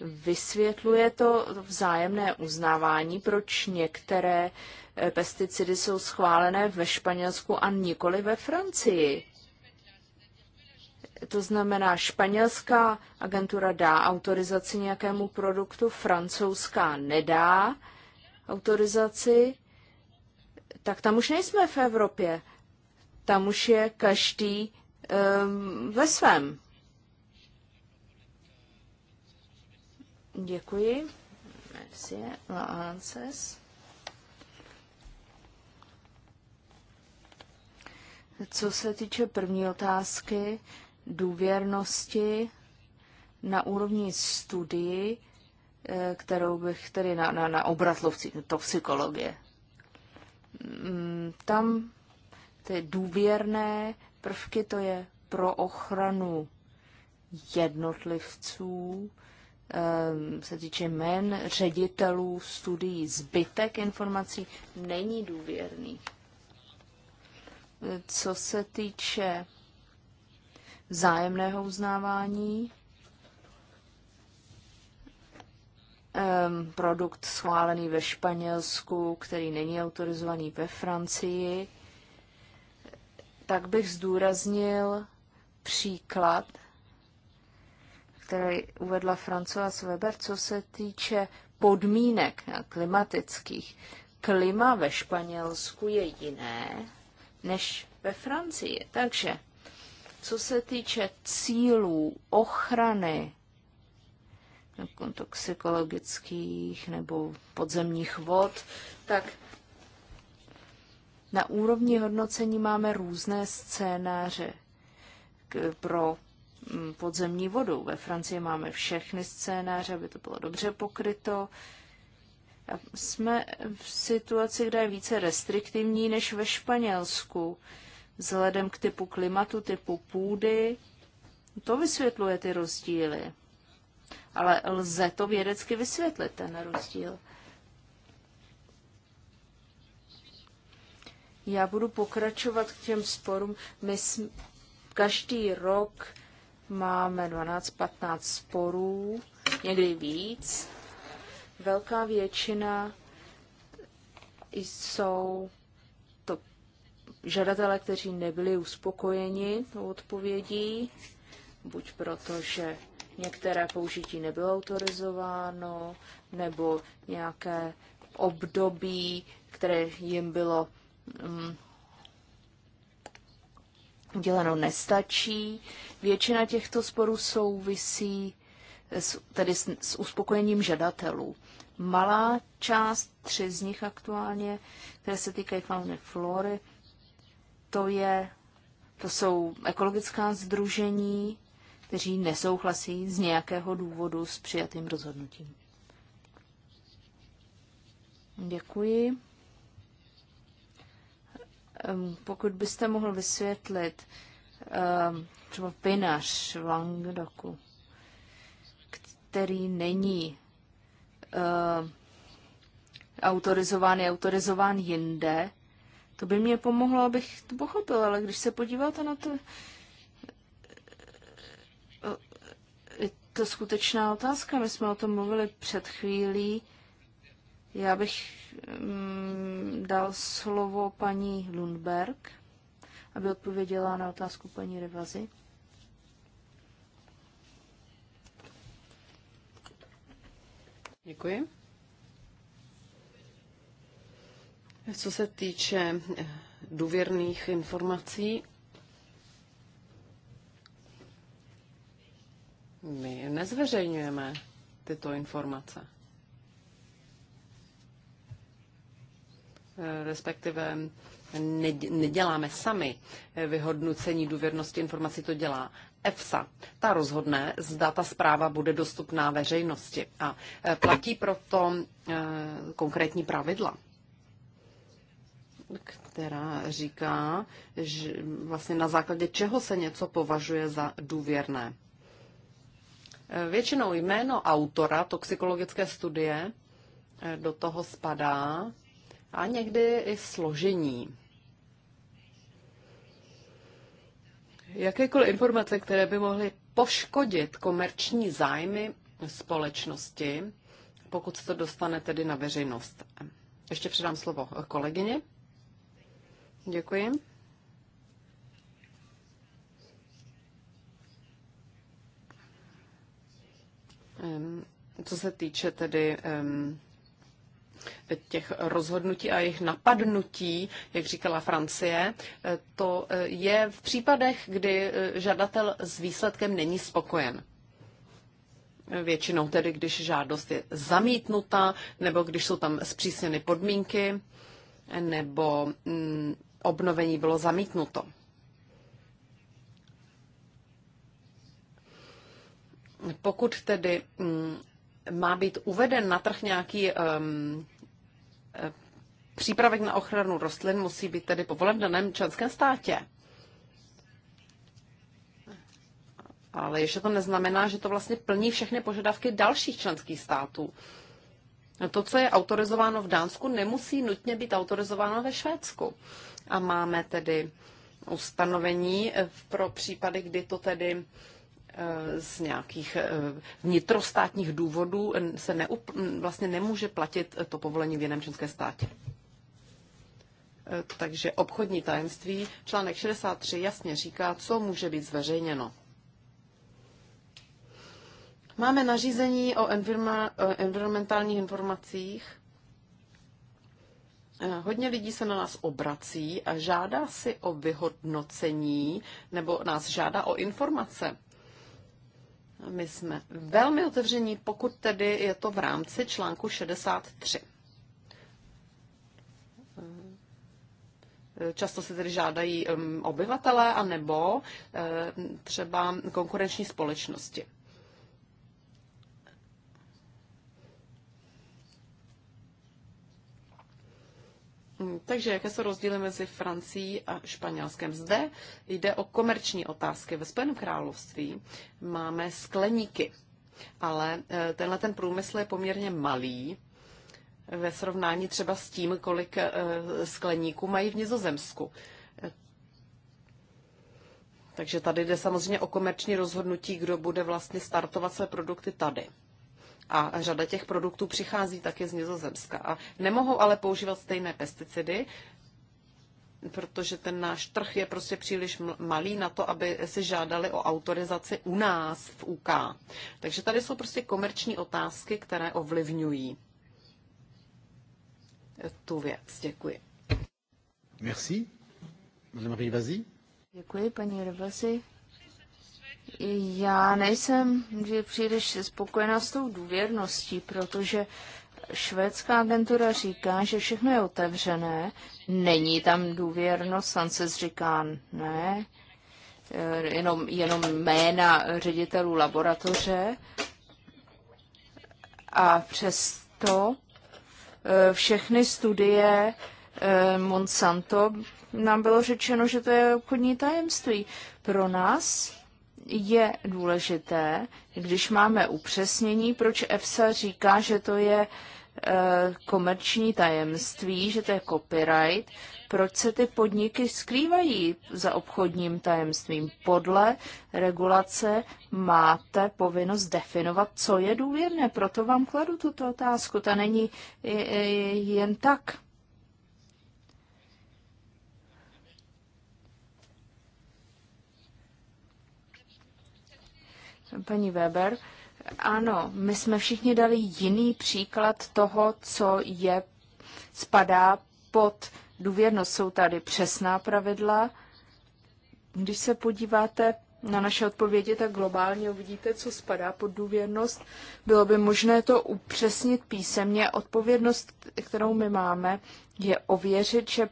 Speaker 2: Vysvětluje to vzájemné uznávání, proč některé eh, pesticidy jsou schválené ve Španělsku a nikoli ve Francii. To znamená, španělská agentura dá autorizaci nějakému produktu, francouzská nedá autorizaci, tak tam už nejsme v Evropě. Tam už je každý um, ve svém. Děkuji. Merci. La Anses. Co se týče první otázky, důvěrnosti na úrovni studii, eh, kterou bych tedy na, na, na obratlovci toxikologie. Mm, tam ty důvěrné prvky, to je pro ochranu jednotlivců, eh, se týče men, ředitelů studií, zbytek informací není důvěrný. Co se týče vzájemného uznávání, um, produkt schválený ve Španělsku, který není autorizovaný ve Francii, tak bych zdůraznil příklad, který uvedla Francois Weber, co se týče podmínek klimatických. Klima ve Španělsku je jiné než ve Francii, takže co se týče cílů ochrany toxikologických nebo podzemních vod, tak na úrovni hodnocení máme různé scénáře pro mm, podzemní vodu. Ve Francii máme všechny scénáře, aby to bylo dobře pokryto. A jsme v situaci, kde je více restriktivní než ve Španělsku vzhledem k typu klimatu, typu půdy. To vysvětluje ty rozdíly. Ale lze to vědecky vysvětlit, ten rozdíl. Já budu pokračovat k těm sporům. My jsme, každý rok máme 12-15 sporů, někdy víc. Velká většina jsou žadatele, kteří nebyli uspokojeni odpovědí, buď proto, že některé použití nebylo autorizováno, nebo nějaké období, které jim bylo um, mm, děleno, nestačí. Většina těchto sporů souvisí s, tedy s, s uspokojením žadatelů. Malá část, tři z nich aktuálně, které se týkají fauny flory, to, je, to jsou ekologická združení, kteří nesouhlasí z nějakého důvodu s přijatým rozhodnutím. Děkuji. Pokud byste mohl vysvětlit třeba Pinař v Langdoku, který není autorizován, je autorizován jinde, to by mě pomohlo, abych to pochopil, ale když se podíváte na to, eh, eh, je to skutečná otázka. My jsme o tom mluvili před chvílí. Já bych mm, dal slovo paní Lundberg, aby odpověděla na otázku paní Revazy.
Speaker 3: Děkuji. Co se týče eh, důvěrných informací, my nezveřejňujeme tyto informace. Eh, respektive neděláme sami vyhodnocení důvěrnosti informací, to dělá EFSA. Ta rozhodne, zda ta zpráva bude dostupná veřejnosti a eh, platí proto konkrétní pravidla která říká, že vlastně na základě čeho se něco považuje za důvěrné. Většinou jméno autora toxikologické studie eh, do toho spadá a někdy i složení. Jakékoliv informace, které by mohly poškodit komerční zájmy společnosti, pokud se to dostane tedy na veřejnost. Ještě předám slovo kolegyně. Děkuji. Co se týče tedy těch rozhodnutí a jejich napadnutí, jak říkala Francie, eh, to eh, je v případech, kdy eh, žadatel s výsledkem není spokojen. Většinou tedy, když žádost je zamítnuta, nebo když jsou tam zpřísněny podmínky, nebo mm, obnovení bylo zamítnuto. Pokud tedy mm, má být uveden na trh nějaký um, přípravek na ochranu rostlin, musí být tedy povolen v daném členském státě. Ale ještě to neznamená, že to vlastně plní všechny požadavky dalších členských států. To, co je autorizováno v Dánsku, nemusí nutně být autorizováno ve Švédsku. A máme tedy ustanovení eh, pro případy, kdy to tedy eh, z nějakých eh, vnitrostátních důvodů se neup, mm, vlastně nemůže platit to povolení v jiném členském státě. Takže obchodní tajemství, článek 63 jasně říká, co může být zveřejněno. Máme nařízení o environmentálních informacích Eh, hodně lidí se na nás obrací a žádá si o vyhodnocení nebo nás žádá o informace. My jsme velmi otevření, pokud tedy je to v rámci článku 63. Eh, často se tedy žádají ehm, obyvatelé anebo eh, třeba konkurenční společnosti. Mm, takže jaké jsou rozdíly mezi Francií a Španělskem? Zde jde o komerční otázky. Ve Spojeném království máme skleníky, ale e, tenhle ten průmysl je poměrně malý ve srovnání třeba s tím, kolik e, skleníků mají v Nizozemsku. E, takže tady jde samozřejmě o komerční rozhodnutí, kdo bude vlastně startovat své produkty tady a řada těch produktů přichází také z Nizozemska a nemohou ale používat stejné pesticidy, protože ten náš trh je prostě příliš malý na to, aby si žádali o autorizaci u nás v UK. Takže tady jsou prostě komerční otázky, které ovlivňují tu věc. Děkuji.
Speaker 1: Merci.
Speaker 2: Děkuji, paní Revasi. Já nejsem příliš spokojená s tou důvěrností, protože švédská agentura říká, že všechno je otevřené, není tam důvěrnost, Sanchez říká ne, eh, jenom, jenom jména ředitelů laboratoře a přesto eh, všechny studie eh, Monsanto nám bylo řečeno, že to je obchodní tajemství. Pro nás je důležité, když máme upřesnění, proč EFSA říká, že to je eh, komerční tajemství, že to je copyright, proč se ty podniky skrývají za obchodním tajemstvím. Podle regulace máte povinnost definovat, co je důvěrné. Proto vám kladu tuto otázku. Ta není jen tak. paní Weber. Ano, my jsme všichni dali jiný příklad toho, co je, spadá pod důvěrnost. Jsou tady přesná pravidla. Když se podíváte na naše odpovědi, tak globálně uvidíte, co spadá pod důvěrnost. Bylo by možné to upřesnit písemně. Odpovědnost, kterou my máme, je ověřit, že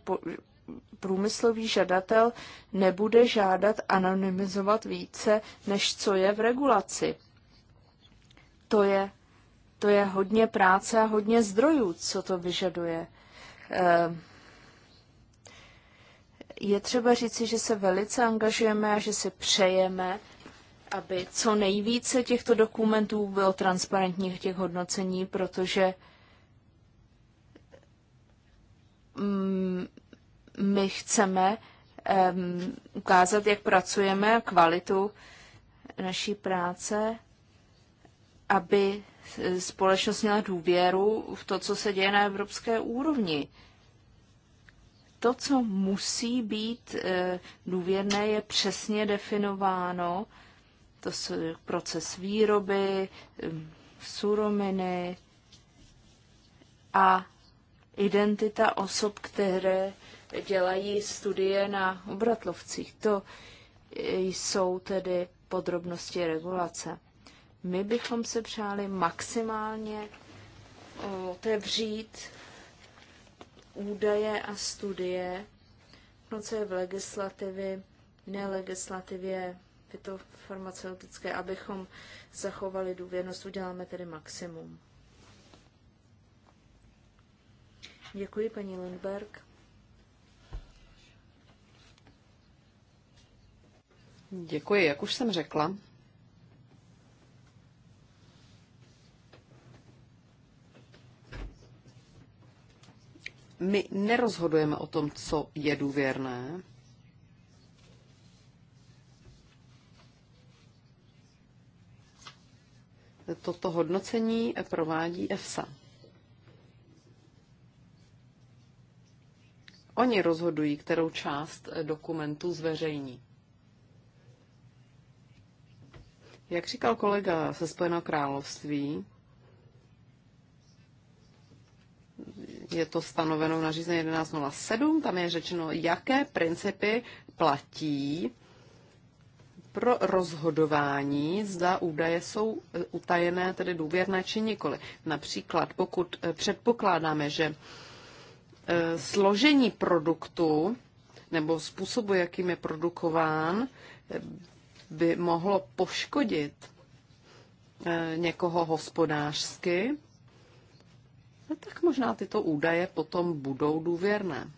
Speaker 2: průmyslový žadatel nebude žádat anonymizovat více, než co je v regulaci. To je, to je hodně práce a hodně zdrojů, co to vyžaduje. Ehm, je třeba říci, že se velice angažujeme a že si přejeme, aby co nejvíce těchto dokumentů bylo transparentních těch hodnocení, protože mm, my chceme um, ukázat, jak pracujeme a kvalitu naší práce, aby společnost měla důvěru v to, co se děje na evropské úrovni. To, co musí být e, důvěrné, je přesně definováno. To jsou proces výroby, suroviny a identita osob, které dělají studie na obratlovcích. To jsou tedy podrobnosti regulace. My bychom se přáli maximálně otevřít údaje a studie, no co je v legislativě, ne nelegislativě, farmaceutické, abychom zachovali důvěrnost, uděláme tedy maximum. Děkuji, paní Lindberg.
Speaker 3: Děkuji, jak už jsem řekla. My nerozhodujeme o tom, co je důvěrné. Toto hodnocení provádí EFSA. Oni rozhodují, kterou část dokumentu zveřejní. Jak říkal kolega ze Spojeného království, je to stanoveno v nařízení 1107, tam je řečeno, jaké principy platí pro rozhodování, zda údaje jsou e, utajené, tedy důvěrné či nikoli. Například pokud e, předpokládáme, že e, složení produktu nebo způsobu, jakým je produkován, by mohlo poškodit eh, někoho hospodářsky, no tak možná tyto údaje potom budou důvěrné.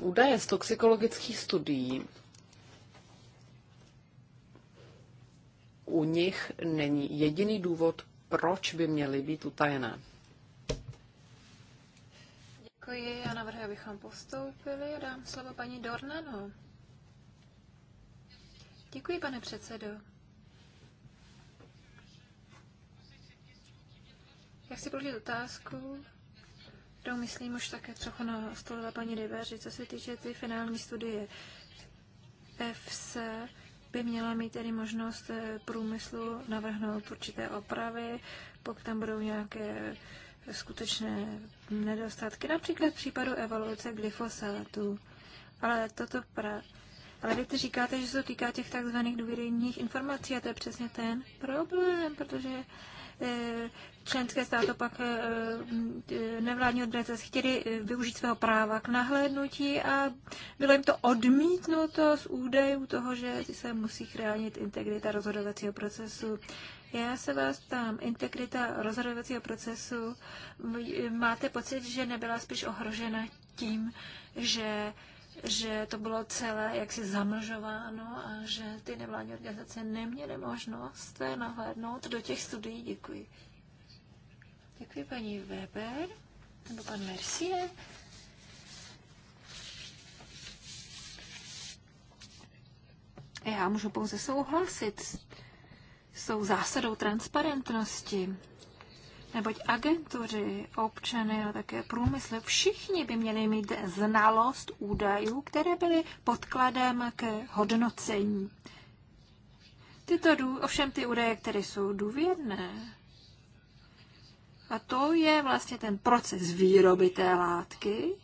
Speaker 3: Údaje z toxikologických studií u nich není jediný důvod, proč by měly být utajené.
Speaker 1: Děkuji a navrhuji, abychom postoupili. Dám slovo paní Dornano. Děkuji, pane předsedo. Já chci položit otázku, kterou myslím už také trochu na nastolila paní Diveři, co se týče ty finální studie. FC by měla mít tedy možnost průmyslu navrhnout určité opravy, pokud tam budou nějaké skutečné nedostatky, například v případu evoluce glyfosátu. Ale toto pra... Ale vy říkáte, že se to týká těch takzvaných důvěrných informací a to je přesně ten problém, protože eh, členské státy pak eh, eh, nevládní organizace chtěli využít svého práva k nahlédnutí a bylo jim to odmítnuto z údajů toho, že se musí chránit integrita rozhodovacího procesu. Já se vás ptám, integrita rozhodovacího procesu, máte pocit, že nebyla spíš ohrožena tím, že že to bylo celé jaksi zamlžováno a že ty nevládní organizace neměly možnost nahlédnout do těch studií. Děkuji. Děkuji paní Weber nebo pan Mercier. Já můžu pouze souhlasit jsou zásadou transparentnosti. Neboť agentury, občany a také průmysl, všichni by měli mít znalost údajů, které byly podkladem k hodnocení. Tyto, ovšem ty údaje, které jsou důvěrné, a to je vlastně ten proces výroby té látky,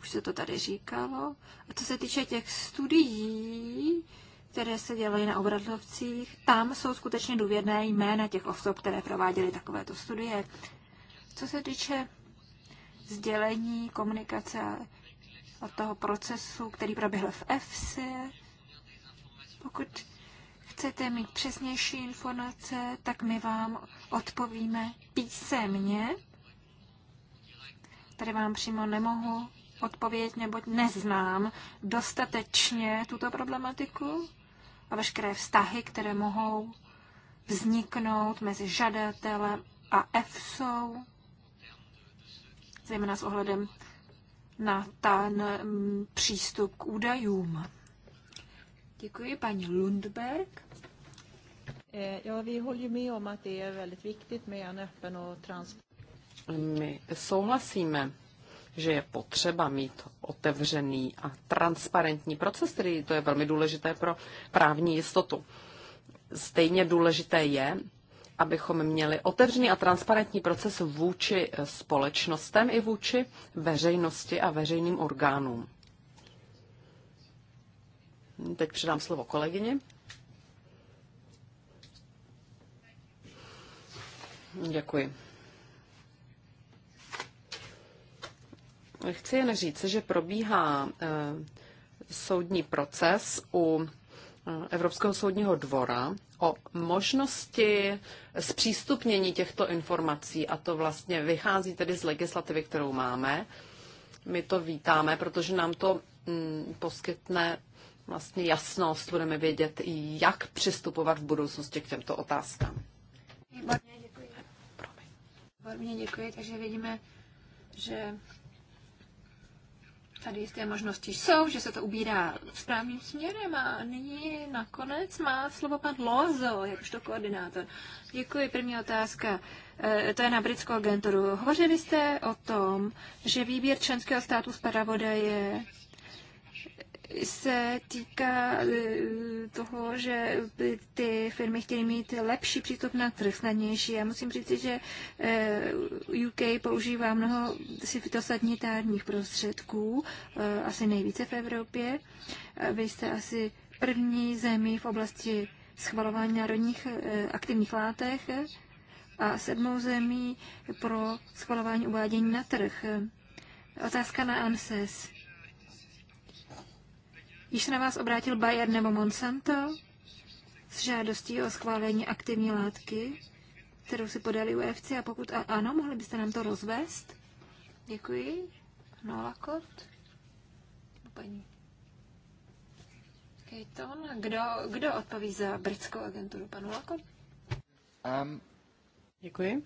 Speaker 1: už se to tady říkalo. A co se týče těch studií, které se dělají na obratlovcích, tam jsou skutečně důvěrné jména těch osob, které prováděly takovéto studie. Co se týče sdělení, komunikace a toho procesu, který proběhl v EFSI, pokud chcete mít přesnější informace, tak my vám odpovíme písemně. Tady vám přímo nemohu odpovědět, neboť neznám dostatečně tuto problematiku a veškeré vztahy, které mohou vzniknout mezi žadatelem a EFSou, zejména s ohledem na ten mm, přístup k údajům.
Speaker 4: Děkuji, paní Lundberg. Eh, ja, vi håller med om att det är väldigt viktigt med en öppen och transparent...
Speaker 3: My souhlasíme že je potřeba mít otevřený a transparentní proces, který to je velmi důležité pro právní jistotu. Stejně důležité je, abychom měli otevřený a transparentní proces vůči společnostem i vůči veřejnosti a veřejným orgánům. Teď předám slovo kolegyni. Děkuji. Chci jen říct, že probíhá eh, soudní proces u eh, Evropského soudního dvora o možnosti zpřístupnění těchto informací a to vlastně vychází tedy z legislativy, kterou máme. My to vítáme, protože nám to mm, poskytne vlastně jasnost, budeme vědět, jak přistupovat v budoucnosti k těmto otázkám.
Speaker 1: Výborně, děkuji. Výborně, děkuji, takže vidíme, že tady jisté možnosti jsou, že se to ubírá správným směrem a nyní nakonec má slovo pan Lozo, jakožto koordinátor. Děkuji, první otázka. E, to je na britskou agenturu. Hovořili jste o tom, že výběr členského státu z je se týká e, toho, že ty firmy chtěly mít lepší přístup na trh, snadnější. Já musím říct, že e, UK používá mnoho fitosanitárních prostředků, e, asi nejvíce v Evropě. Vy jste asi první zemí v oblasti schvalování národních aktivních látek a sedmou zemí pro schvalování uvádění na trh. Otázka na ANSES. Již se na vás obrátil Bayer nebo Monsanto s žádostí o schválení aktivní látky, kterou si podali UFC a pokud a ano, mohli byste nám to rozvést? Děkuji. Nolakot. Paní. Kejton, kdo, kdo odpoví za britskou agenturu? panu Lakot?
Speaker 4: Um. Děkuji.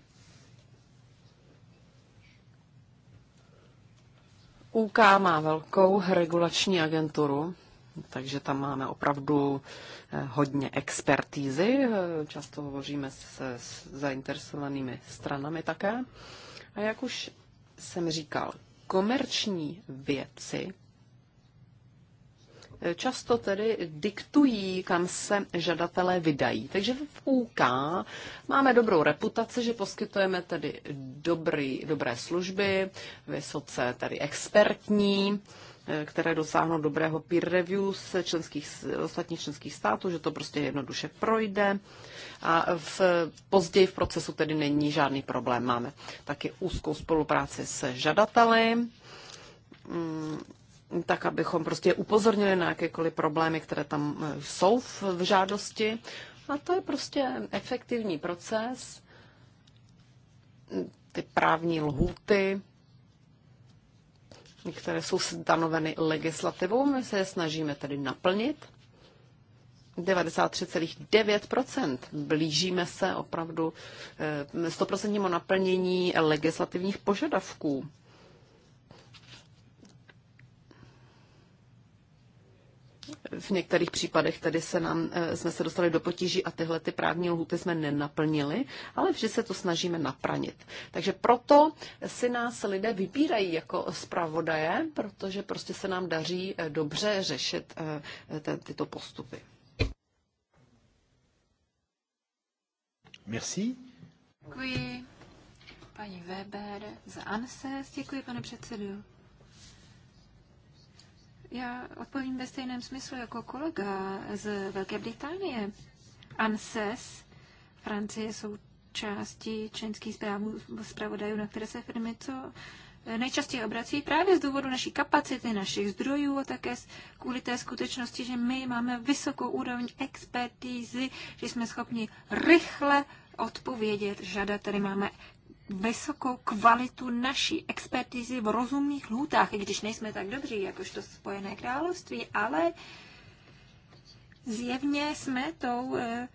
Speaker 3: UK má velkou regulační agenturu takže tam máme opravdu eh, hodně expertízy. Eh, často hovoříme se s zainteresovanými stranami také. A jak už jsem říkal, komerční věci eh, často tedy diktují, kam se žadatelé vydají. Takže v UK máme dobrou reputaci, že poskytujeme tedy dobrý, dobré služby, vysoce tedy expertní, Eh, které dosáhnou dobrého peer review z členských, ostatních členských států, že to prostě jednoduše projde. A v, později v procesu tedy není žádný problém. Máme taky úzkou spolupráci se žadateli, mm, tak abychom prostě upozornili na jakékoliv problémy, které tam eh, jsou v, v žádosti. A to je prostě efektivní proces. Ty právní lhuty, které jsou stanoveny legislativou. My se je snažíme tedy naplnit. 93,9%. Blížíme se opravdu 100% eh, naplnění legislativních požadavků. V některých případech tedy se nám, eh, jsme se dostali do potíží a tyhle ty právní lhuty jsme nenaplnili, ale vždy se to snažíme napranit. Takže proto si nás lidé vybírají jako zpravodaje, protože prostě se nám daří eh, dobře řešit eh, tyto postupy.
Speaker 1: Merci. Děkuji paní Weber za ANSES. Děkuji, pane předsedu. Já odpovím ve stejném smyslu jako kolega z Velké Británie. ANSES, Francie jsou části členských zprávů, zpravodajů, na které se firmy co nejčastěji obrací právě z důvodu naší kapacity, našich zdrojů a také kvůli té skutečnosti, že my máme vysokou úroveň expertízy, že jsme schopni rychle odpovědět žadateli, máme vysokou kvalitu naší expertizy v rozumných lhůtách, i když nejsme tak dobří, to Spojené království, ale zjevně jsme tou eh,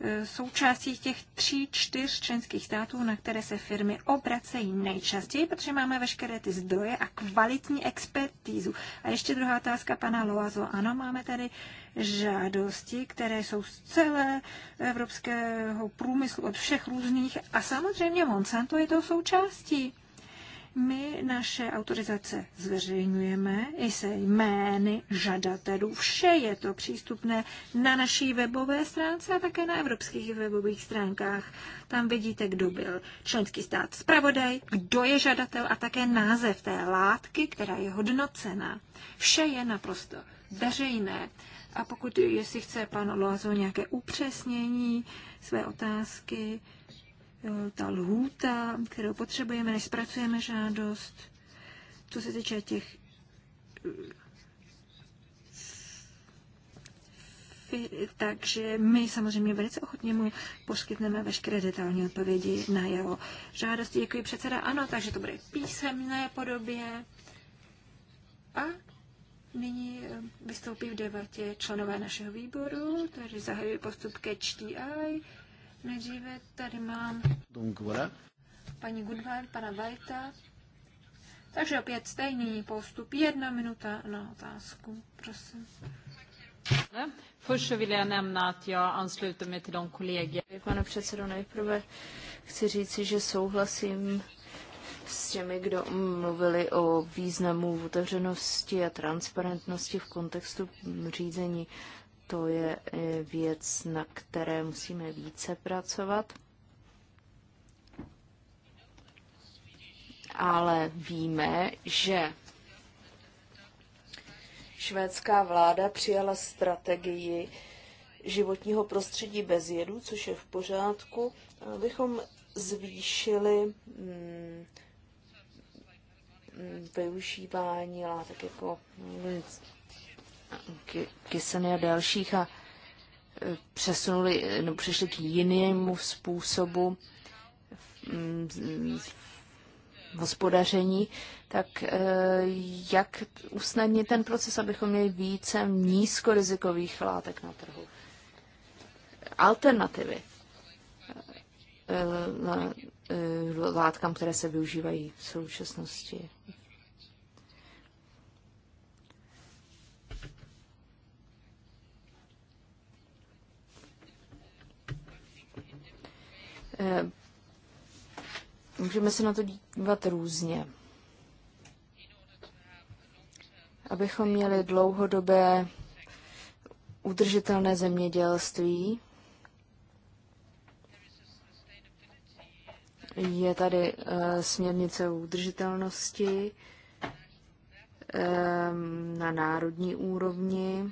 Speaker 1: eh, součástí těch tří, čtyř členských států, na které se firmy obracejí nejčastěji, protože máme veškeré ty zdroje a kvalitní expertízu. A ještě druhá otázka pana Loazo. Ano, máme tady uh, žádosti, které jsou z celé evropského průmyslu, od všech různých. A samozřejmě Monsanto je to součástí. My naše autorizace zveřejňujeme i se jmény žadatelů. Vše je to přístupné na naší webové stránce a také na evropských webových stránkách. Tam vidíte, kdo byl členský stát zpravodaj, kdo je žadatel a také název té látky, která je hodnocena. Vše je naprosto veřejné. A pokud, jestli chce pan Loazo nějaké upřesnění své otázky, ta lhůta, kterou potřebujeme, než zpracujeme žádost, co se týče těch eh, takže my samozřejmě velice ochotně mu poskytneme veškeré detailní odpovědi na jeho žádosti. Děkuji předseda. Ano, takže to bude písemné podobě. A Nyní eh, vystoupí v debatě členové našeho výboru, takže zahajuji postup ke HDI. Nejdříve tady mám paní Goodwine, pana Vajta. Takže opět stejný postup. Jedna minuta na otázku, prosím.
Speaker 2: Pane předsedo, nejprve chci říci, že souhlasím s těmi, kdo mluvili o významu otevřenosti a transparentnosti v kontextu řízení. To je věc, na které musíme více pracovat. Ale víme, že švédská vláda přijala strategii životního prostředí bez jedu, což je v pořádku, abychom zvýšili mm, využívání látek jako mm, kyseny a dalších a e, přesunuli, e, no, přišli k jinému způsobu mm, hospodaření, tak e, jak usnadnit ten proces, abychom měli více nízkorizikových látek na trhu? Alternativy Eh, látkám, které se využívají v současnosti. Eh, můžeme se na to dívat různě. Abychom měli dlouhodobé udržitelné zemědělství, Je tady eh, směrnice o udržitelnosti ehm, na národní úrovni,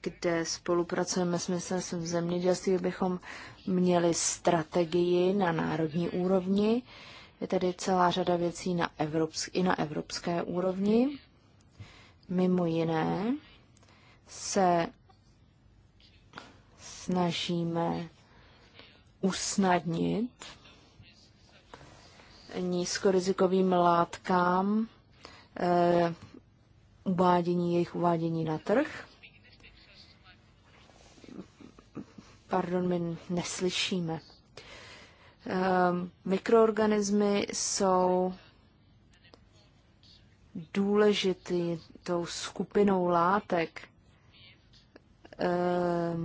Speaker 2: kde spolupracujeme s ministerstvem zemědělství, abychom měli strategii na národní úrovni. Je tady celá řada věcí na evropsk- i na evropské úrovni. Mimo jiné se snažíme usnadnit nízkorizikovým látkám eh, uvádění, jejich uvádění na trh. Pardon, my neslyšíme. Eh, mikroorganismy jsou důležitý tou skupinou látek, eh,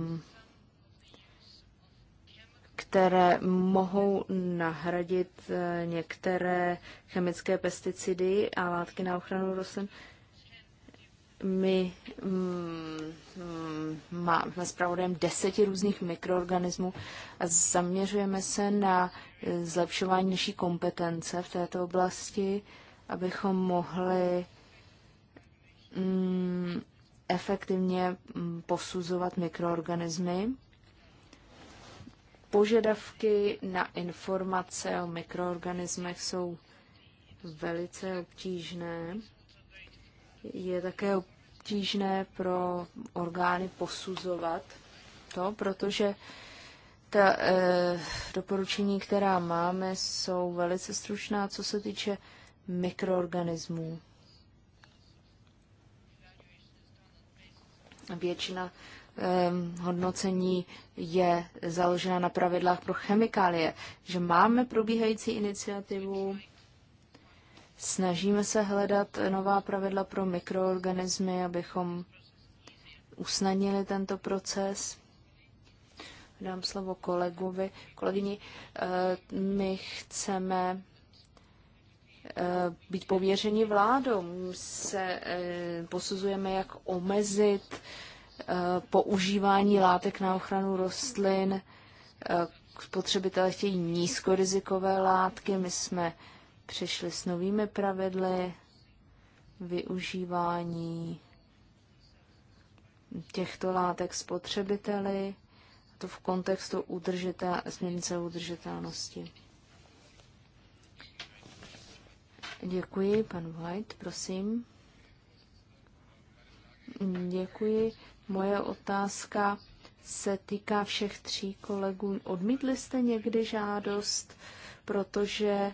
Speaker 2: které mohou nahradit eh, některé chemické pesticidy a látky na ochranu rostlin. My mm, mm, máme s pravodem deseti různých mikroorganismů a zaměřujeme se na eh, zlepšování naší kompetence v této oblasti, abychom mohli mm, efektivně posuzovat mikroorganismy Požadavky na informace o mikroorganismech jsou velice obtížné. Je také obtížné pro orgány posuzovat to, protože ta e, doporučení, která máme, jsou velice stručná, co se týče mikroorganismů. Většina Ehm, hodnocení je založena na pravidlách pro chemikálie, že máme probíhající iniciativu, snažíme se hledat nová pravidla pro mikroorganismy, abychom usnadnili tento proces. Dám slovo kolegovi. Kolegyni, ehm, my chceme ehm, být pověřeni vládou. My se posuzujeme, jak omezit Eh, používání látek na ochranu rostlin. Eh, spotřebitelé chtějí nízkorizikové látky. My jsme přišli s novými pravidly využívání těchto látek spotřebiteli, to v kontextu udržitá, směrnice udržitelnosti. Děkuji, pan White, prosím. Děkuji. Moje otázka se týká všech tří kolegů. Odmítli jste někdy žádost, protože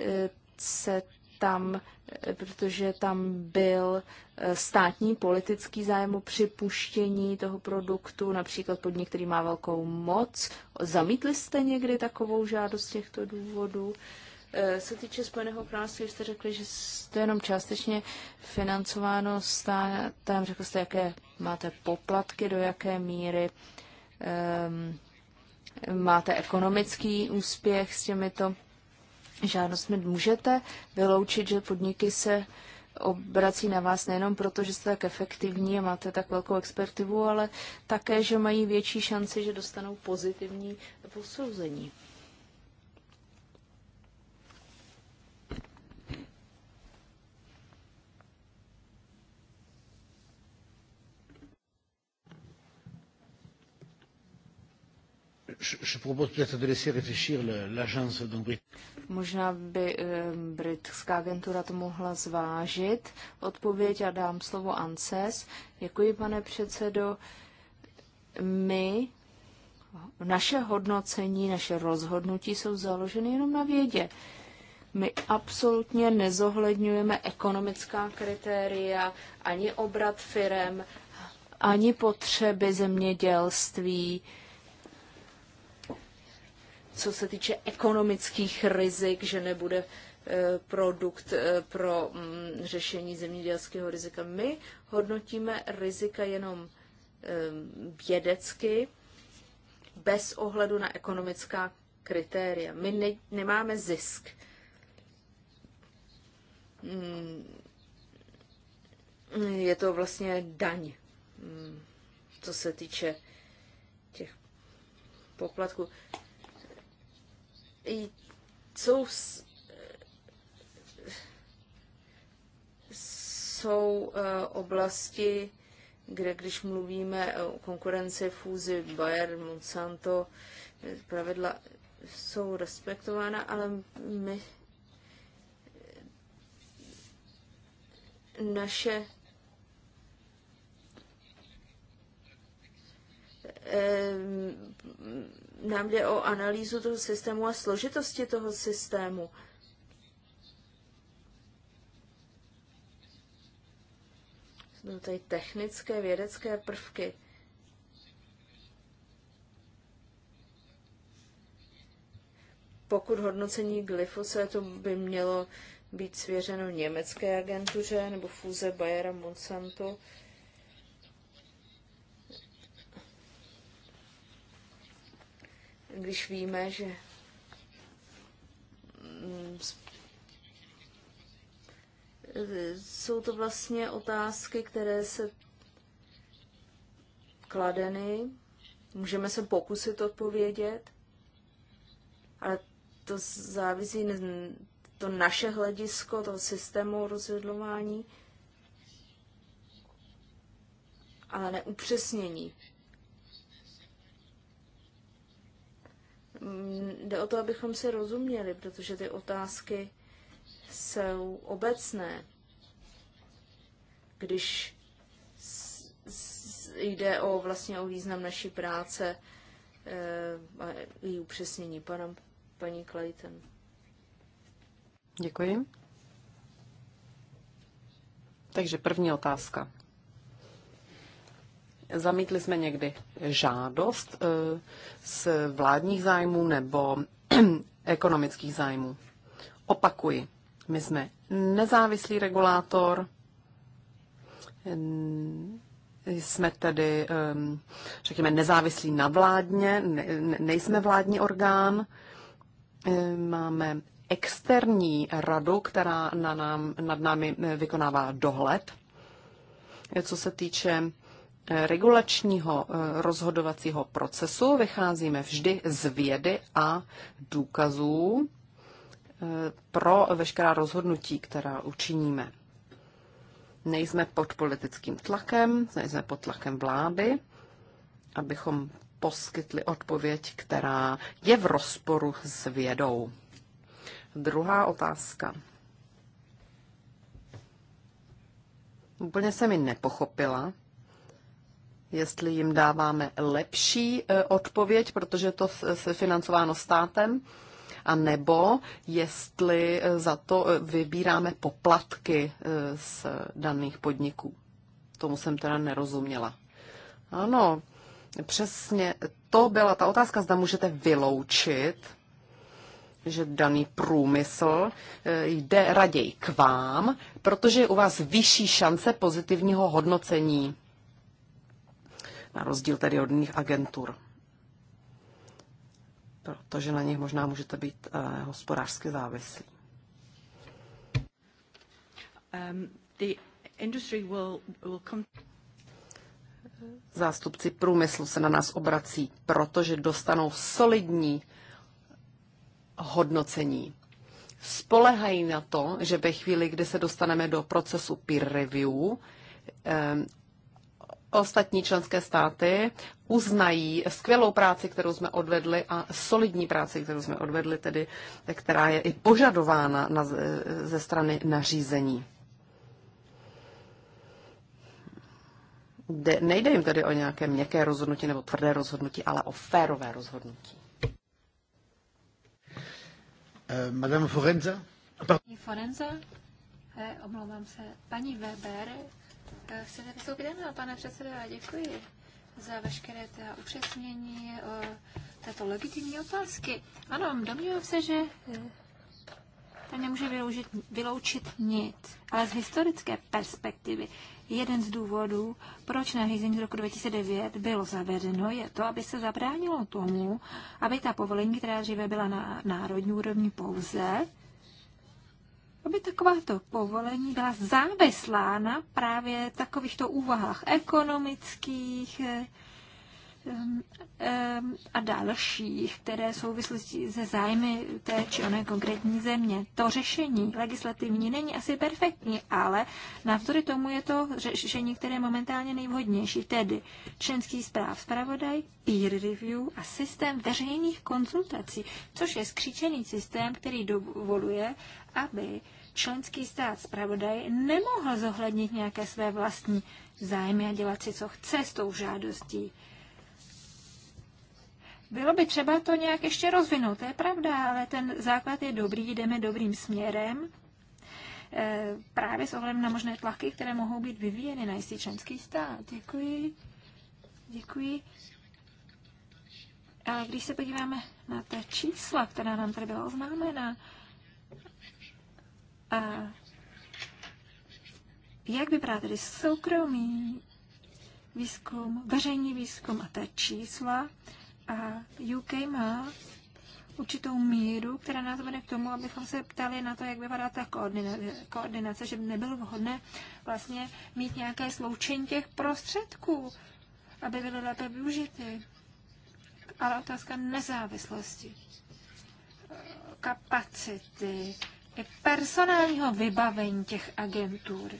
Speaker 2: eh, se tam, eh, protože tam byl eh, státní politický zájem o připuštění toho produktu, například podnik, který má velkou moc. Zamítli jste někdy takovou žádost těchto důvodů? Uh, Eh, se týče Spojeného království, jste řekli, že jste jenom částečně financováno státem. Řekl jste, jaké máte poplatky, do jaké míry um, máte ekonomický úspěch s těmito žádostmi. Můžete vyloučit, že podniky se obrací na vás nejenom proto, že jste tak efektivní a máte tak velkou expertivu, ale také, že mají větší šanci, že dostanou pozitivní posouzení.
Speaker 1: je propose peut-être de laisser réfléchir l'agence donc
Speaker 2: Možná by um, britská agentura to mohla zvážit. Odpověď a dám slovo ANSES. Děkuji, pane předsedo. My, naše hodnocení, naše rozhodnutí jsou založeny jenom na vědě. My absolutně nezohledňujeme ekonomická kritéria, ani obrat firem, ani potřeby zemědělství, uh, co se týče ekonomických rizik, že nebude eh, produkt eh, pro mm, řešení zemědělského rizika. My hodnotíme rizika jenom eh, vědecky, bez ohledu na ekonomická kritéria. My ne, nemáme zisk. Mm, je to vlastně daň, mm, co se týče těch poplatků jsou jsou eh, oblasti, kde když mluvíme o konkurenci, fúzi, Bayer, Monsanto, eh, pravidla jsou respektována, ale my naše eh, nám jde o analýzu toho systému a složitosti toho systému. Jsou tady technické, vědecké prvky. Pokud hodnocení glyfosátu by mělo být svěřeno německé agentuře nebo fúze Bayera Monsanto, když víme, že mm, jsou to vlastně otázky, které se kladeny, můžeme se pokusit odpovědět, ale to závisí to naše hledisko, toho systému rozhodování, ale neupřesnění Mm, jde o to, abychom si rozuměli, protože ty otázky jsou obecné. Když jde o vlastně o význam naší práce eh, a její upřesnění. Pana, paní Clayton.
Speaker 3: Děkuji. Takže první otázka zamítli jsme někdy žádost eh, z vládních zájmů nebo ekonomických zájmů. Opakuji, my jsme nezávislý regulátor, jsme tedy, ehm, řekněme, nezávislí na vládně, nejsme vládní orgán, eh, máme externí radu, která na nám, nad námi eh, vykonává dohled. Co se týče regulačního eh, rozhodovacího procesu vycházíme vždy z vědy a důkazů eh, pro veškerá rozhodnutí, která učiníme. Nejsme pod politickým tlakem, nejsme pod tlakem vlády, abychom poskytli odpověď, která je v rozporu s vědou. Druhá otázka. Úplně se mi nepochopila, jestli jim dáváme lepší e, odpověď, protože to se financováno státem, a nebo jestli e, za to e, vybíráme poplatky z daných podniků. Tomu jsem teda nerozuměla. Ano, přesně to byla ta otázka, zda můžete vyloučit, že daný průmysl jde raději k vám, protože je u vás vyšší šance pozitivního hodnocení na rozdíl tedy od jiných agentur. Protože na nich možná můžete být eh, hospodářsky závislí.
Speaker 4: Um, the industry will, will come...
Speaker 3: Zástupci průmyslu se na nás obrací, protože dostanou solidní hodnocení. Spolehají na to, že ve chvíli, kdy se dostaneme do procesu peer review, eh, ostatní členské státy uznají skvělou práci, kterou jsme odvedli a solidní práci, kterou jsme odvedli, tedy která je i požadována na, ze strany nařízení. De, nejde jim tedy o nějaké měkké rozhodnutí nebo tvrdé rozhodnutí, ale o férové rozhodnutí.
Speaker 4: Eh, Madame Forenza?
Speaker 1: Forenza? omlouvám se, paní Weber, eh, chcete vystoupit? Ano, pane předsedo, a děkuji za veškeré ta upřesnění o eh, této legitimní otázky. Ano, domnívám se, že tam eh, nemůže vyloučit, vyloučit nic. Ale z historické perspektivy jeden z důvodů, proč nařízení z roku 2009 bylo zavedeno, je to, aby se zabránilo tomu, aby ta povolení, která dříve byla na národní úrovni pouze, aby takováto povolení byla závislá na právě takovýchto úvahách ekonomických eh, ehm, ehm, a dalších, které souvisí se zájmy té či oné konkrétní země. To řešení legislativní není asi perfektní, ale navzdory tomu je to řešení, které je momentálně nejvhodnější, tedy členský zpráv zpravodaj, peer review a systém veřejných konzultací, což je skříčený systém, který dovoluje, aby členský stát zpravodaj nemohl zohlednit nějaké své vlastní zájmy a dělat si, co chce s tou žádostí. Bylo by třeba to nějak ještě rozvinout, to je pravda, ale ten základ je dobrý, jdeme dobrým směrem, e, právě s ohledem na možné tlaky, které mohou být vyvíjeny na jistý členský stát. Děkuji. Děkuji. Ale když se podíváme na ta čísla, která nám tady byla oznámena, a jak vypadá tedy soukromý výzkum, veřejný výzkum a ta čísla. A UK má určitou míru, která nás vede k tomu, abychom se ptali na to, jak vypadá ta koordinace, koordinace že by nebylo vhodné vlastně mít nějaké sloučení těch prostředků, aby byly lépe využity. Ale otázka nezávislosti, kapacity, personálního vybavení těch agentur.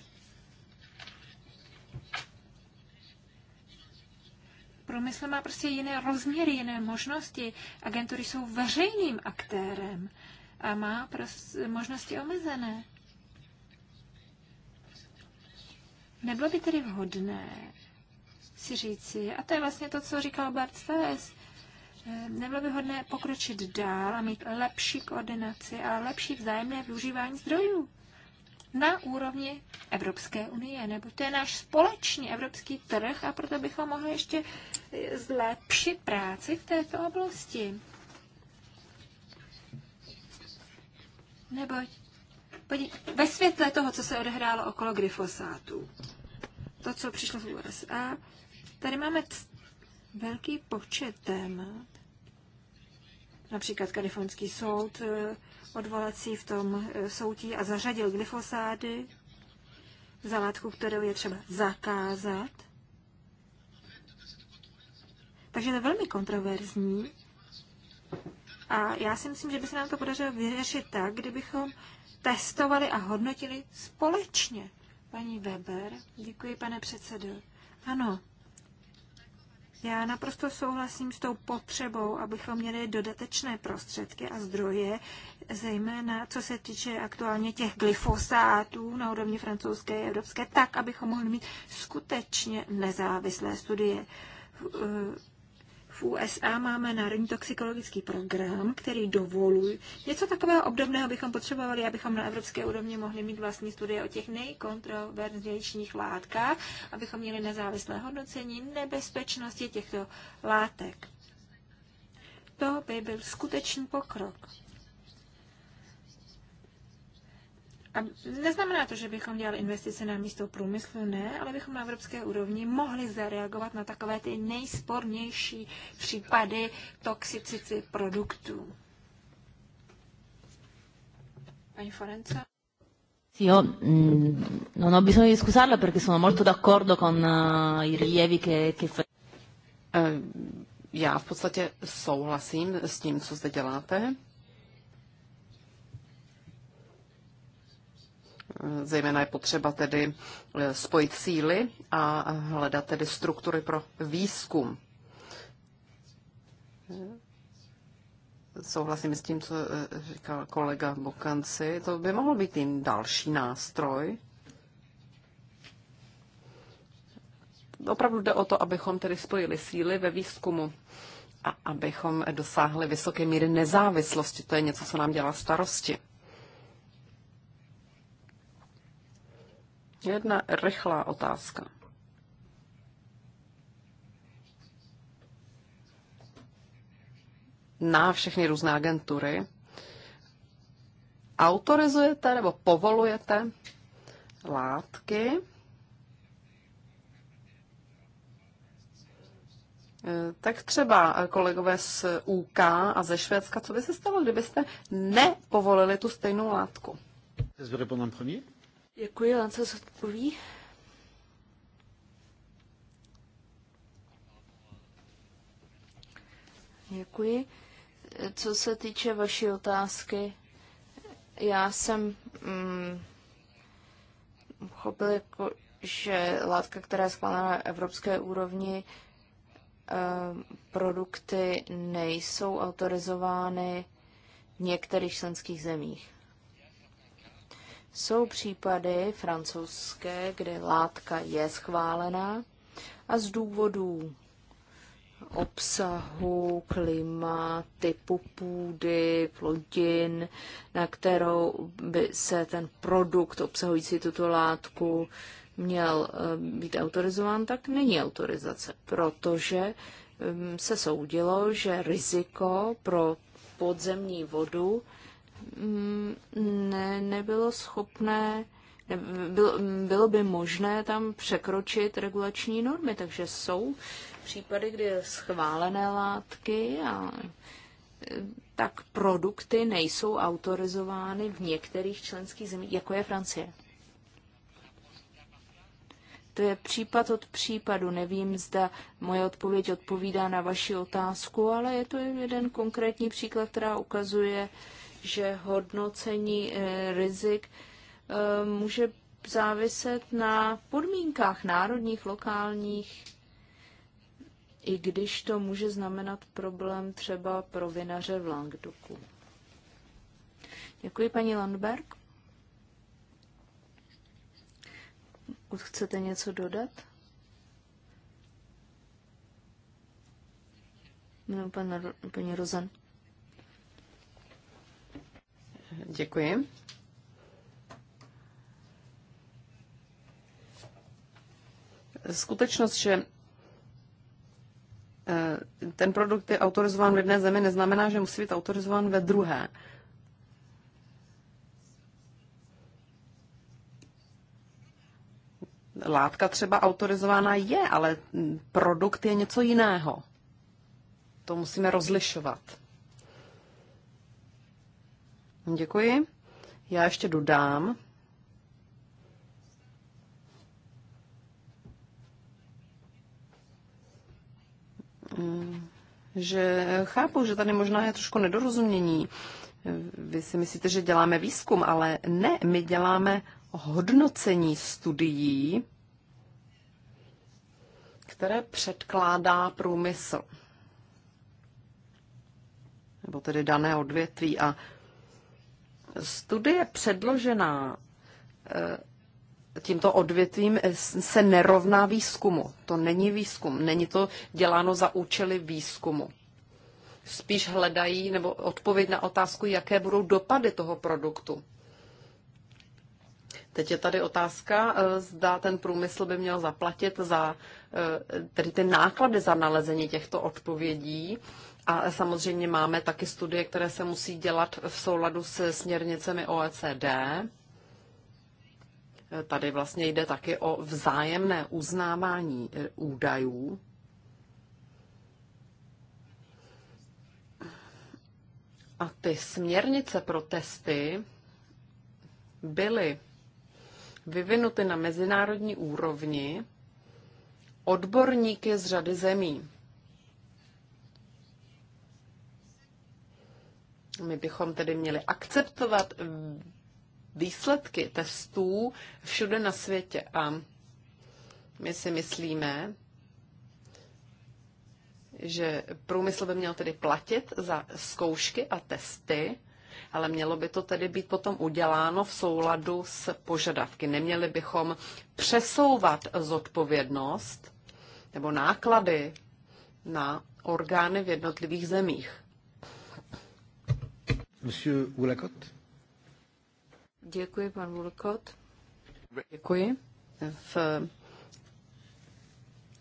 Speaker 1: Průmysl má prostě jiné rozměry, jiné možnosti. Agentury jsou veřejným aktérem a má prostě možnosti omezené. Nebylo by tedy vhodné si říci, a to je vlastně to, co říkal Bart Stes, Ehm, nebylo by hodné pokročit dál a mít lepší koordinaci a lepší vzájemné využívání zdrojů na úrovni Evropské unie, nebo to je náš společný evropský trh a proto bychom mohli ještě eh, zlepšit práci v této oblasti. Nebo podí, ve světle toho, co se odehrálo okolo glyfosátů, to, co přišlo z USA, tady máme velký počet témat, například kalifornský soud eh, odvolací v tom eh, soudí a zařadil glyfosády za látku, kterou je třeba zakázat. Takže to je velmi kontroverzní. A já si myslím, že by se nám to podařilo vyřešit tak, kdybychom testovali a hodnotili společně. Paní Weber, děkuji, pane předsedo. Ano, já naprosto souhlasím s tou potřebou, abychom měli dodatečné prostředky a zdroje, zejména co se týče aktuálně těch glyfosátů na úrovni francouzské a evropské, tak, abychom mohli mít skutečně nezávislé studie v USA máme národní toxikologický program, který dovoluje. Něco takového obdobného bychom potřebovali, abychom na evropské úrovni mohli mít vlastní studie o těch nejkontroverznějších látkách, abychom měli nezávislé hodnocení nebezpečnosti těchto látek. To by byl skutečný pokrok. A neznamená to, že bychom dělali investice na místo průmyslu, ne, ale bychom na evropské úrovni mohli zareagovat na takové ty nejspornější případy toxicity produktů. Pani Forenza?
Speaker 2: Io mh, mm, non ho bisogno di scusarla perché sono molto d'accordo con uh, i rilievi che, che fa. Eh, já v podstatě
Speaker 3: souhlasím s tím, co zde děláte. Zejména je potřeba tedy eh, spojit síly a hledat tedy struktury pro výzkum. Souhlasím s tím, co eh, říkal kolega Bokanci. To by mohl být tím další nástroj. Opravdu jde o to, abychom tedy spojili síly ve výzkumu a abychom dosáhli vysoké míry nezávislosti. To je něco, co nám dělá starosti. Jedna rychlá otázka. Na všechny různé agentury autorizujete nebo povolujete látky, Tak třeba eh, kolegové z UK a ze Švédska, co by se stalo, kdybyste nepovolili tu stejnou látku? Děkuji, Lance se odpoví.
Speaker 2: Děkuji. Co se týče vaší otázky, já jsem mm, chopil, jako, že látka, která je schválena na evropské úrovni, eh, produkty nejsou autorizovány v některých členských zemích. Jsou případy francouzské, kdy látka je schválená a z důvodů obsahu, klima, typu půdy, plodin, na kterou by se ten produkt obsahující tuto látku měl eh, být autorizován, tak není autorizace, protože hm, se soudilo, že riziko pro podzemní vodu Mm, ne, nebylo schopné, ne, bylo, bylo by možné tam překročit regulační normy, takže jsou případy, kdy schválené látky a eh, tak produkty nejsou autorizovány v některých členských zemích, jako je Francie. To je případ od případu. Nevím, zda moje odpověď odpovídá na vaši otázku, ale je to jeden konkrétní příklad, která ukazuje, uh, že hodnocení eh, rizik eh, může záviset na podmínkách národních, lokálních, i když to může znamenat problém třeba pro vinaře v Langduku. Děkuji, paní Landberg. Pokud chcete něco dodat? No, pan, paní Rozan.
Speaker 3: Děkuji. Skutečnost, že eh, ten produkt je autorizován v jedné zemi, neznamená, že musí být autorizován ve druhé. Látka třeba autorizovaná je, ale produkt je něco jiného. To musíme rozlišovat. Děkuji. Já ještě dodám, mm, že chápu, že tady možná je trošku nedorozumění. Vy si myslíte, že děláme výzkum, ale ne, my děláme hodnocení studií, které předkládá průmysl, nebo tedy dané odvětví. A Studie předložená eh, tímto odvětvím se nerovná výzkumu. To není výzkum, není to děláno za účely výzkumu. Spíš hledají nebo odpověď na otázku, jaké budou dopady toho produktu. Teď je tady otázka, eh, zda ten průmysl by měl zaplatit za eh, tedy ty náklady za nalezení těchto odpovědí a samozřejmě máme taky studie, které se musí dělat v souladu se směrnicemi OECD. Tady vlastně jde taky o vzájemné uznávání eh, údajů. A ty směrnice pro testy byly vyvinuty na mezinárodní úrovni odborníky z řady zemí. My bychom tedy měli akceptovat výsledky testů všude na světě a my si myslíme, že průmysl by měl tedy platit za zkoušky a testy, ale mělo by to tedy být potom uděláno v souladu s požadavky. Neměli bychom přesouvat zodpovědnost nebo náklady na orgány v jednotlivých zemích.
Speaker 4: Monsieur Ulakot.
Speaker 3: Děkuji, pan Ulakot. Děkuji. V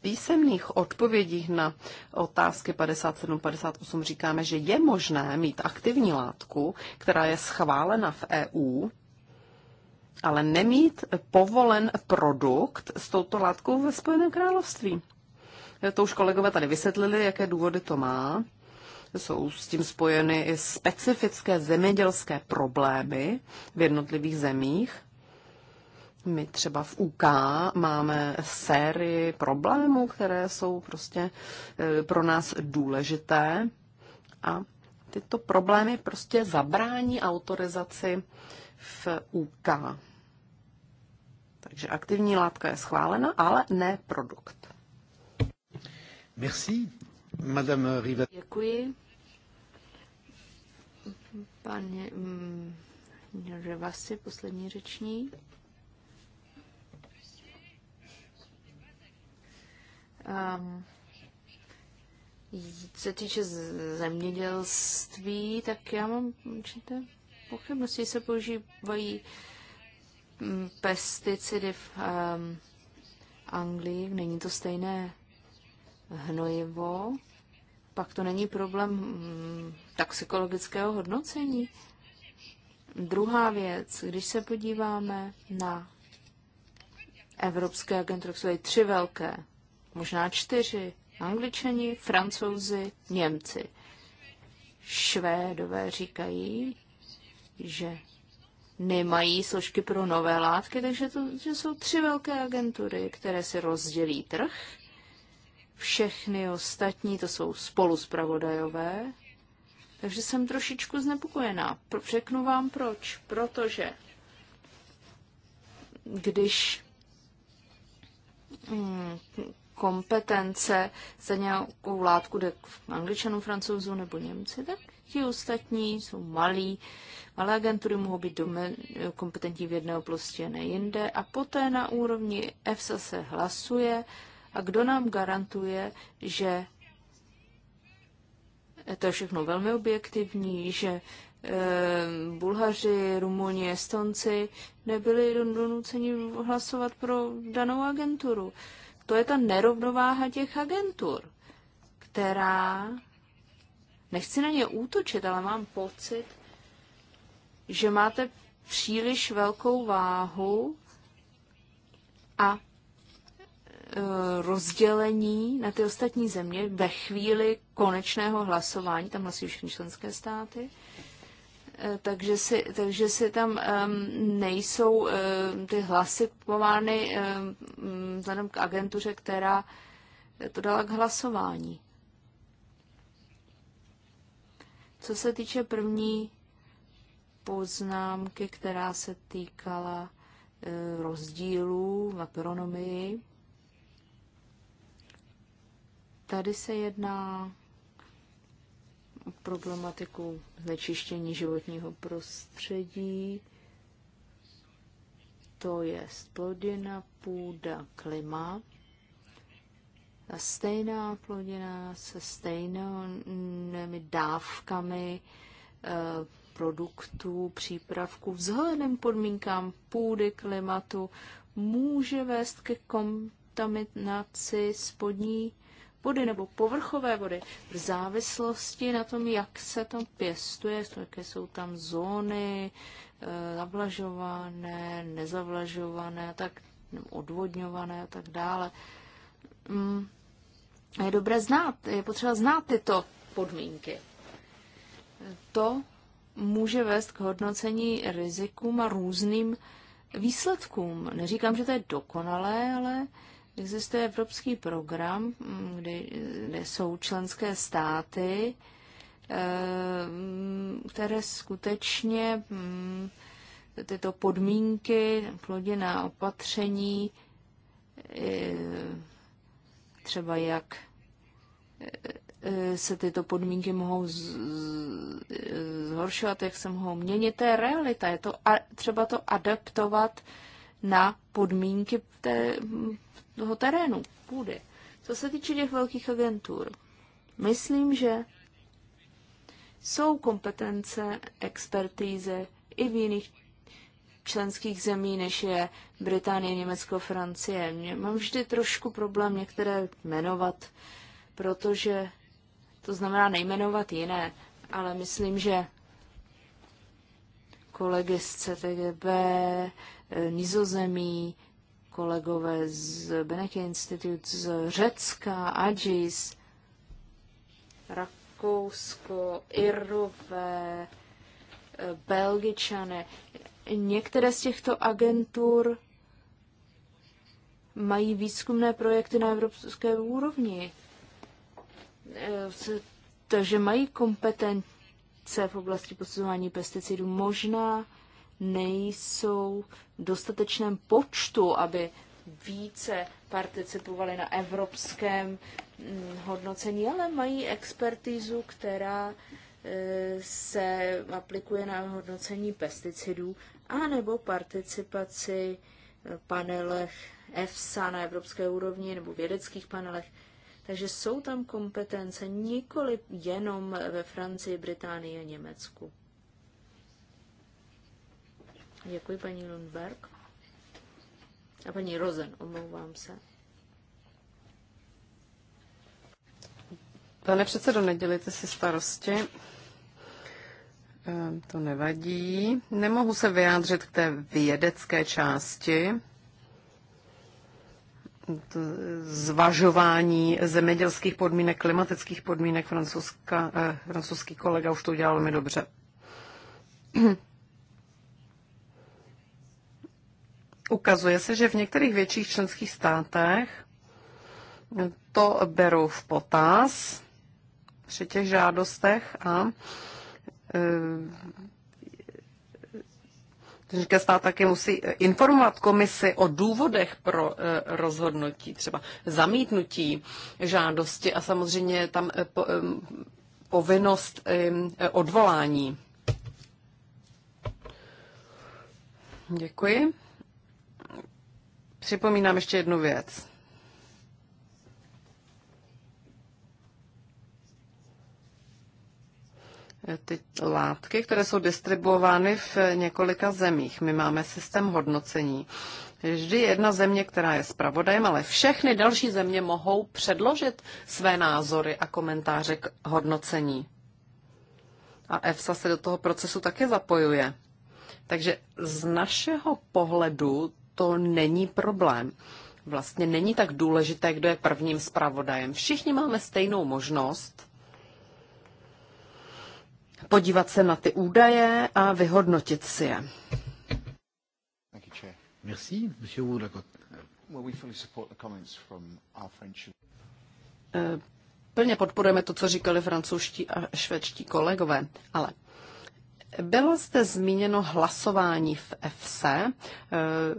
Speaker 3: písemných odpovědích na otázky 57-58 říkáme, že je možné mít aktivní látku, která je schválena v EU, ale nemít povolen produkt s touto látkou ve Spojeném království. To už kolegové tady vysvětlili, jaké důvody to má. Jsou s tím spojeny i specifické zemědělské problémy v jednotlivých zemích. My třeba v UK máme sérii problémů, které jsou prostě e, pro nás důležité a tyto problémy prostě zabrání autorizaci v UK. Takže aktivní látka je schválena, ale
Speaker 2: ne produkt.
Speaker 4: Merci. Madame Riva.
Speaker 2: Děkuji. Pane mm, Rivasi, poslední řečník. Um, se týče zemědělství, tak já mám určité pochybnosti, se používají mm, pesticidy v um, Anglii, není to stejné hnojivo pak to není problém mm, toxikologického hodnocení. Druhá věc, když se podíváme na evropské agentury, jsou tři velké, možná čtyři, angličani, francouzi, Němci. Švédové říkají, že nemají složky pro nové látky, takže to že jsou tři velké agentury, které si rozdělí trh všechny ostatní, to jsou spoluzpravodajové, takže jsem trošičku znepokojená. Řeknu vám proč. Protože když mm, kompetence za nějakou látku jde k angličanu, francouzu nebo Němci, tak ti ostatní jsou malí. Malé agentury mohou být kompetentní v jedné oblasti a ne jinde. A poté na úrovni EFSA se hlasuje a kdo nám garantuje, že to je všechno velmi objektivní, že eh, Bulhaři, Rumuni, Estonci nebyli donuceni hlasovat pro danou agenturu. To je ta nerovnováha těch agentur, která, nechci na ně útočit, ale mám pocit, že máte příliš velkou váhu a Eh, rozdělení na ty ostatní země ve chvíli konečného hlasování, tam hlasují všechny členské státy, eh, takže si, takže si tam um, nejsou um, ty hlasy povány um, vzhledem k agentuře, která to dala k hlasování. Co se týče první poznámky, která se týkala eh, rozdílů v agronomii, Tady se jedná o problematiku znečištění životního prostředí, to je plodina, půda, klima. A stejná plodina se stejnými dávkami e, produktů, přípravků vzhledem podmínkám půdy, klimatu může vést ke kontaminaci spodní vody nebo povrchové vody v závislosti na tom, jak se tam pěstuje, jaké jsou tam zóny eh, zavlažované, nezavlažované, tak odvodňované a tak dále. Mm, je dobré znát, je potřeba znát tyto podmínky. To může vést k hodnocení rizikům a různým výsledkům. Neříkám, že to je dokonalé, ale Existuje evropský program, mm, kde, kde jsou členské státy, eh, mm, které skutečně mm, tyto podmínky, plodina opatření, eh, třeba jak eh, se tyto podmínky mohou zhoršovat, jak se mohou měnit, to je realita. Je to a, třeba to adaptovat na podmínky té toho terénu, půdy. Co se týče těch velkých agentur, myslím, že jsou kompetence, expertíze i v jiných členských zemí, než je Británie, Německo, Francie. Mě mám vždy trošku problém některé jmenovat, protože to znamená nejmenovat jiné, ale myslím, že kolegy z CTGB, eh, Nizozemí, kolegové z Benetě Institute, z Řecka, Adžis, Rakousko, Irové, Belgičané. Některé z těchto agentur mají výzkumné projekty na evropské úrovni. E, takže mají kompetence v oblasti posuzování pesticidů. Možná nejsou v dostatečném počtu, aby více participovali na evropském mm, hodnocení, ale mají expertizu, která e, se aplikuje na hodnocení pesticidů a nebo participaci panelech EFSA na evropské úrovni nebo vědeckých panelech. Takže jsou tam kompetence nikoli jenom ve Francii, Británii a Německu. Děkuji, paní Lundberg. A paní Rozen, omlouvám se.
Speaker 3: Pane předsedo, nedělejte si starosti. Ehm, to nevadí. Nemohu se vyjádřit k té vědecké části zvažování zemědělských podmínek, klimatických podmínek. Francouzka, eh, francouzský kolega už to udělal mi dobře. Ukazuje se, že v některých větších členských státech to berou v potaz při těch žádostech a Říká e, stát taky musí informovat komisi o důvodech pro e, rozhodnutí, třeba zamítnutí žádosti a samozřejmě tam e, povinnost odvolání. Děkuji. Připomínám ještě jednu věc. Ty látky, které jsou distribuovány v několika zemích. My máme systém hodnocení. Vždy jedna země, která je zpravodajem, ale všechny další země mohou předložit své názory a komentáře k hodnocení. A EFSA se do toho procesu také zapojuje. Takže z našeho pohledu to není problém. Vlastně není tak důležité, kdo je prvním zpravodajem. Všichni máme stejnou možnost podívat se na ty údaje a vyhodnotit si je.
Speaker 4: Merci, monsieur
Speaker 3: eh, plně podporujeme to, co říkali francouzští a švédští kolegové, ale bylo zde zmíněno hlasování v FC. Eh,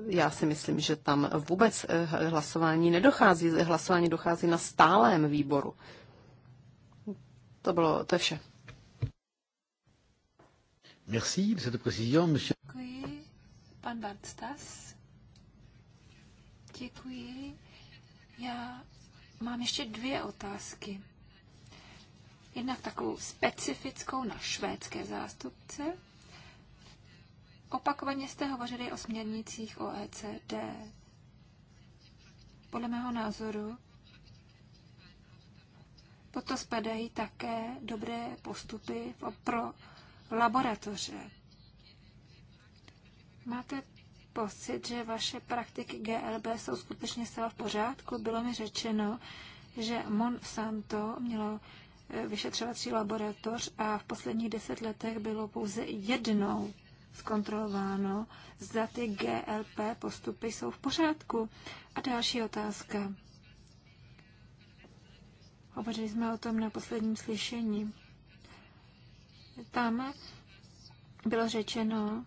Speaker 3: já si myslím, že tam vůbec eh, hlasování nedochází. Hlasování dochází na stálém výboru. To bylo, to je vše.
Speaker 1: Merci, cette précision, monsieur. Děkuji. Pan Bartstas. Děkuji. Já mám ještě dvě otázky jednak takovou specifickou na švédské zástupce. Opakovaně jste hovořili o směrnicích OECD. Podle mého názoru pod spadají také dobré postupy pro laboratoře. Máte pocit, že vaše praktiky GLB jsou skutečně stále v pořádku? Bylo mi řečeno, že Monsanto mělo vyšetřovací laboratoř a v posledních deset letech bylo pouze jednou zkontrolováno, zda ty GLP postupy jsou v pořádku. A další otázka. Hovořili jsme o tom na posledním slyšení. Tam bylo řečeno,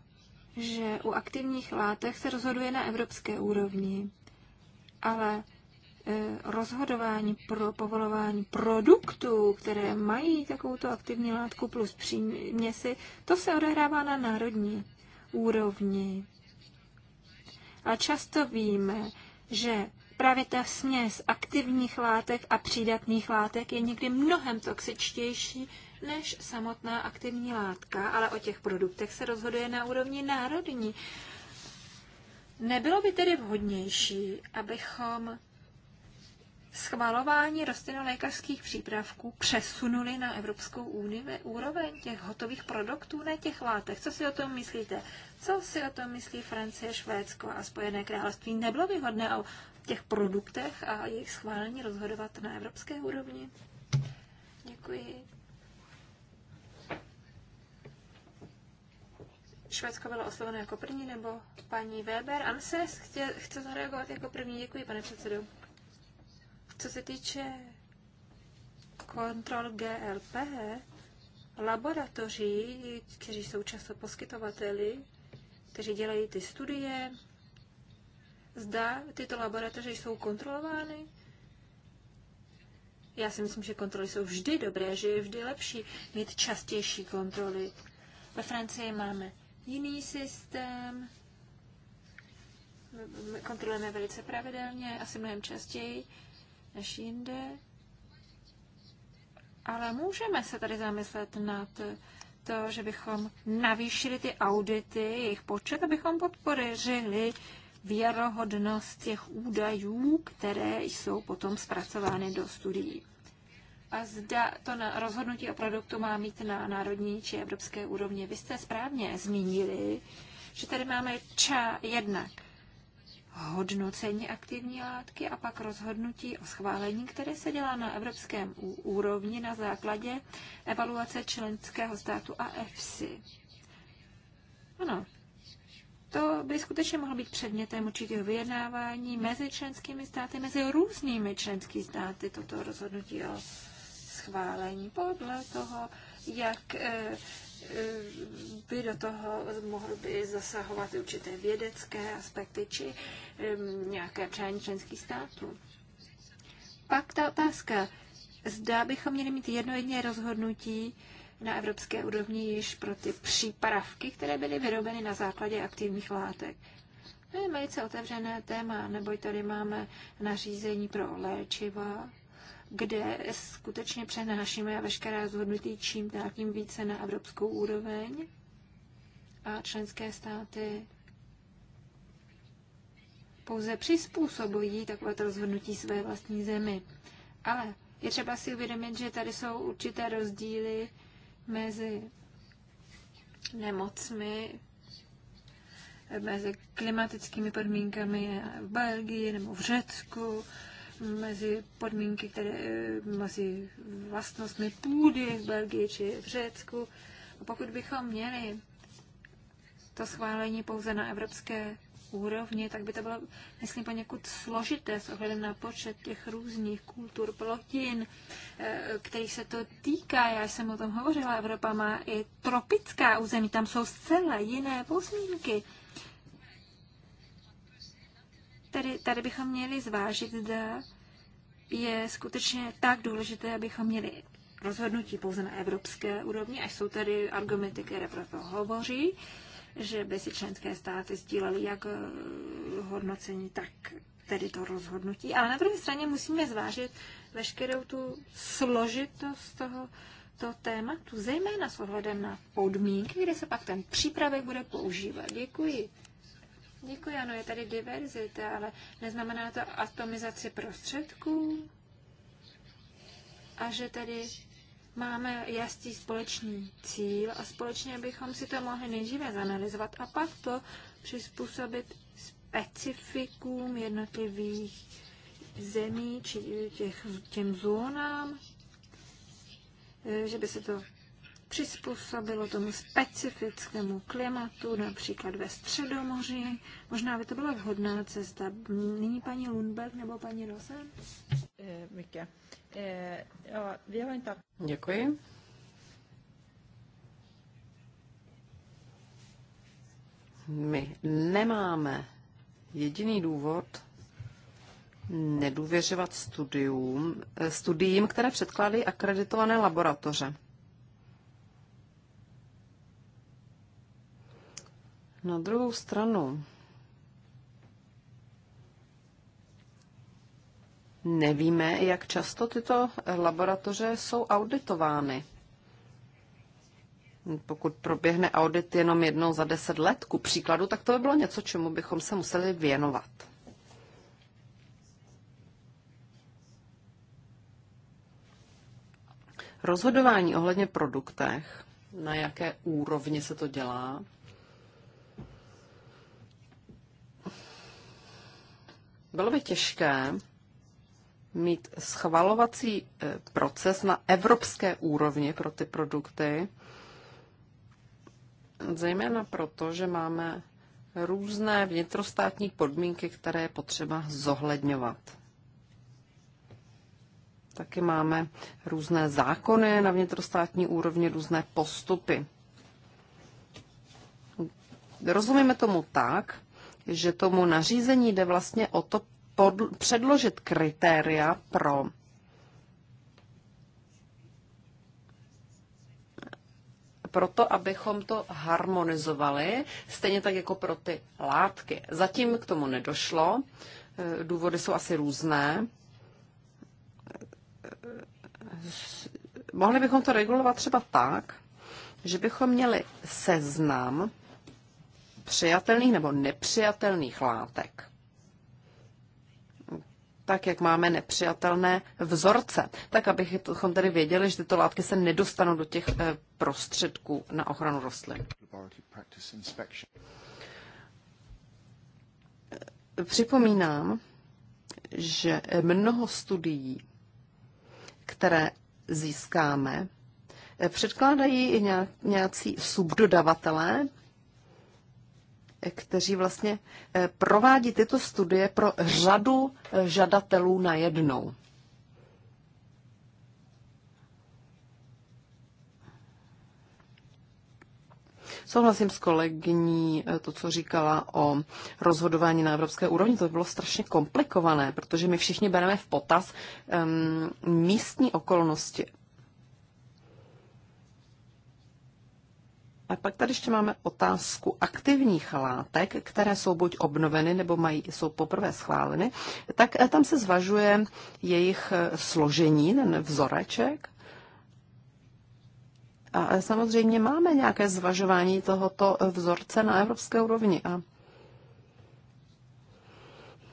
Speaker 1: že u aktivních látek se rozhoduje na evropské úrovni, ale Eh, rozhodování pro povolování produktů, které mají takovouto aktivní látku plus příměsi, to se odehrává na národní úrovni. A často víme, že právě ta směs aktivních látek a přídatných látek je někdy mnohem toxičtější než samotná aktivní látka, ale o těch produktech se rozhoduje na úrovni národní. Nebylo by tedy vhodnější, abychom schvalování rostlinolékařských přípravků přesunuli na Evropskou unii úroveň těch hotových produktů, ne těch látek. Co si o tom myslíte? Co si o tom myslí Francie, Švédsko a Spojené království? Nebylo by hodné o těch produktech a jejich schválení rozhodovat na evropské úrovni? Děkuji. Švédsko bylo osloveno jako první, nebo paní Weber. Anses chce, chce zareagovat jako první. Děkuji, pane předsedo. Co se týče kontrol GLP, laboratoří, kteří jsou často poskytovateli, kteří dělají ty studie, zda tyto laboratoře jsou kontrolovány. Já si myslím, že kontroly jsou vždy dobré, že je vždy lepší mít častější kontroly. Ve Francii máme jiný systém, kontrolujeme velice pravidelně, asi mnohem častěji, než jinde. Ale můžeme se tady zamyslet nad to, že bychom navýšili ty audity, jejich počet, abychom podpořili věrohodnost těch údajů, které jsou potom zpracovány do studií. A zda to na rozhodnutí o produktu má mít na národní či evropské úrovni. Vy jste správně zmínili, že tady máme ča jednak hodnocení aktivní látky a pak rozhodnutí o schválení, které se dělá na evropském úrovni na základě evaluace členského státu a EFSI. Ano, to by skutečně mohlo být předmětem určitého vyjednávání mezi členskými státy, mezi různými členskými státy toto rozhodnutí o schválení podle toho, jak eh, by do toho mohly by zasahovat určité vědecké aspekty či nějaké přání členských států. Pak ta otázka, zda bychom měli mít jedno jediné rozhodnutí na evropské úrovni již pro ty přípravky, které byly vyrobeny na základě aktivních látek. To je velice otevřené téma, neboť tady máme nařízení pro léčiva, kde skutečně přenášíme veškeré rozhodnutí čím dál tím více na evropskou úroveň a členské státy pouze přizpůsobují takovéto rozhodnutí své vlastní zemi. Ale je třeba si uvědomit, že tady jsou určité rozdíly mezi nemocmi, mezi klimatickými podmínkami v Belgii nebo v Řecku, mezi podmínky, které, eh, mezi vlastnostmi půdy v Belgii či v Řecku. A pokud bychom měli to schválení pouze na evropské úrovni, tak by to bylo, myslím, poněkud složité s ohledem na počet těch různých kultur, plotin, eh, kterých se to týká. Já jsem o tom hovořila, Evropa má i tropická území, tam jsou zcela jiné pozmínky. Tady tady bychom měli zvážit, zda je skutečně tak důležité, abychom měli rozhodnutí pouze na evropské úrovni, až jsou tady argumenty, které pro to hovoří, že by si členské státy sdílely jak eh, hodnocení, tak tedy to rozhodnutí. Ale na druhé straně musíme zvážit veškerou tu složitost toho to tématu, zejména s ohledem na podmínky, kde se pak ten přípravek bude používat. Děkuji. Děkuji, ano, je tady diverzita, ale neznamená to atomizaci prostředků? A že tady máme jasný společný cíl a společně bychom si to mohli nejdříve zanalizovat a pak to přizpůsobit specifikům jednotlivých zemí či těch, těm zónám, e, že by se to přizpůsobilo tomu specifickému klimatu, například ve Středomoří. Možná by to byla vhodná cesta. Nyní paní Lundberg nebo paní Rosen?
Speaker 3: Děkuji. My nemáme jediný důvod nedůvěřovat studium, eh, studiím, které předkládají akreditované laboratoře. Na druhou stranu nevíme, jak často tyto laboratoře jsou auditovány. Pokud proběhne audit jenom jednou za deset let, ku příkladu, tak to by bylo něco, čemu bychom se museli věnovat. Rozhodování ohledně produktech, na jaké úrovni se to dělá, Bylo by těžké mít schvalovací e, proces na evropské úrovni pro ty produkty, zejména proto, že máme různé vnitrostátní podmínky, které je potřeba zohledňovat. Taky máme různé zákony na vnitrostátní úrovni, různé postupy. Rozumíme tomu tak, že tomu nařízení jde vlastně o to podl- předložit kritéria pro proto, abychom to harmonizovali, stejně tak jako pro ty látky. Zatím k tomu nedošlo, eh, důvody jsou asi různé. Eh, mohli bychom to regulovat třeba tak, že bychom měli seznam přijatelných nebo nepřijatelných látek. Tak, jak máme nepřijatelné vzorce, tak abychom tedy věděli, že tyto látky se nedostanou do těch eh, prostředků na ochranu rostlin. Připomínám, že mnoho studií, které získáme, eh, předkládají i nějací subdodavatelé kteří vlastně eh, provádí tyto studie pro řadu eh, žadatelů na jednou. Souhlasím s kolegyní eh, to, co říkala o rozhodování na evropské úrovni. To by bylo strašně komplikované, protože my všichni bereme v potaz um, místní okolnosti. A pak tady ještě máme otázku aktivních látek, které jsou buď obnoveny nebo mají, jsou poprvé schváleny, tak eh, tam se zvažuje jejich eh, složení, ten vzoreček. A samozřejmě máme nějaké zvažování tohoto vzorce na evropské úrovni. A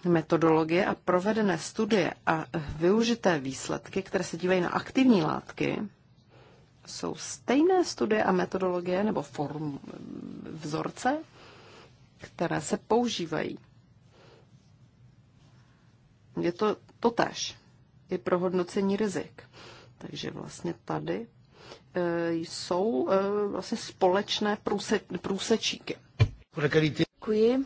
Speaker 3: metodologie a provedené studie a využité výsledky, které se dívají na aktivní látky, jsou stejné studie a metodologie nebo form, vzorce, které se používají. Je to totéž i pro hodnocení rizik. Takže vlastně tady e, jsou e, vlastně společné průse, průsečíky. Děkuji.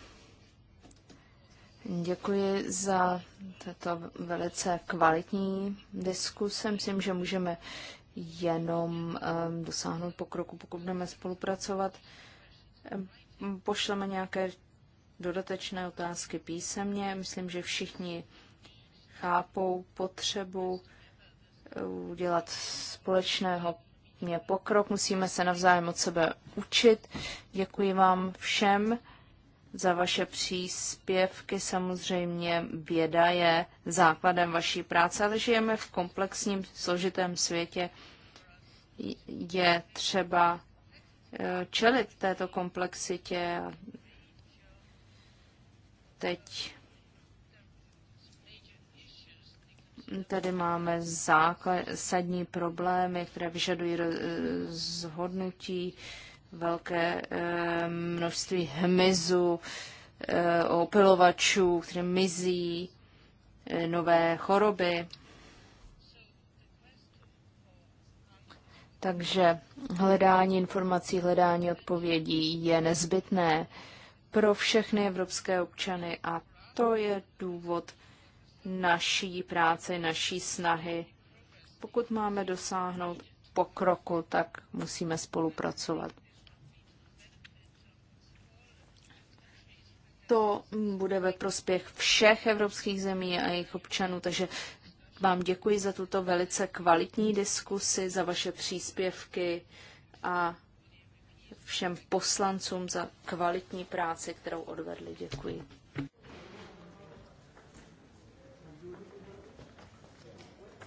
Speaker 2: Děkuji za tato velice kvalitní diskuse. Myslím, že můžeme jenom um, dosáhnout pokroku, pokud budeme spolupracovat. Ehm, pošleme nějaké dodatečné otázky písemně. Myslím, že všichni chápou potřebu eh, udělat společného mě pokrok. Musíme se navzájem od sebe učit. Děkuji vám všem za vaše příspěvky. Samozřejmě věda je základem vaší práce, ale žijeme v komplexním, složitém světě. Je třeba eh, čelit této komplexitě. Teď tady máme základní problémy, které vyžadují eh, zhodnutí. Uh, velké eh, množství hmyzu, eh, opilovačů, které mizí, eh, nové choroby. Takže hledání informací, hledání odpovědí je nezbytné pro všechny evropské občany a to je důvod naší práce, naší snahy. Pokud máme dosáhnout pokroku, tak musíme spolupracovat. to bude ve prospěch všech evropských zemí a jejich občanů, takže vám děkuji za tuto velice kvalitní diskusi, za vaše příspěvky a všem poslancům za kvalitní práci, kterou odvedli.
Speaker 4: Děkuji.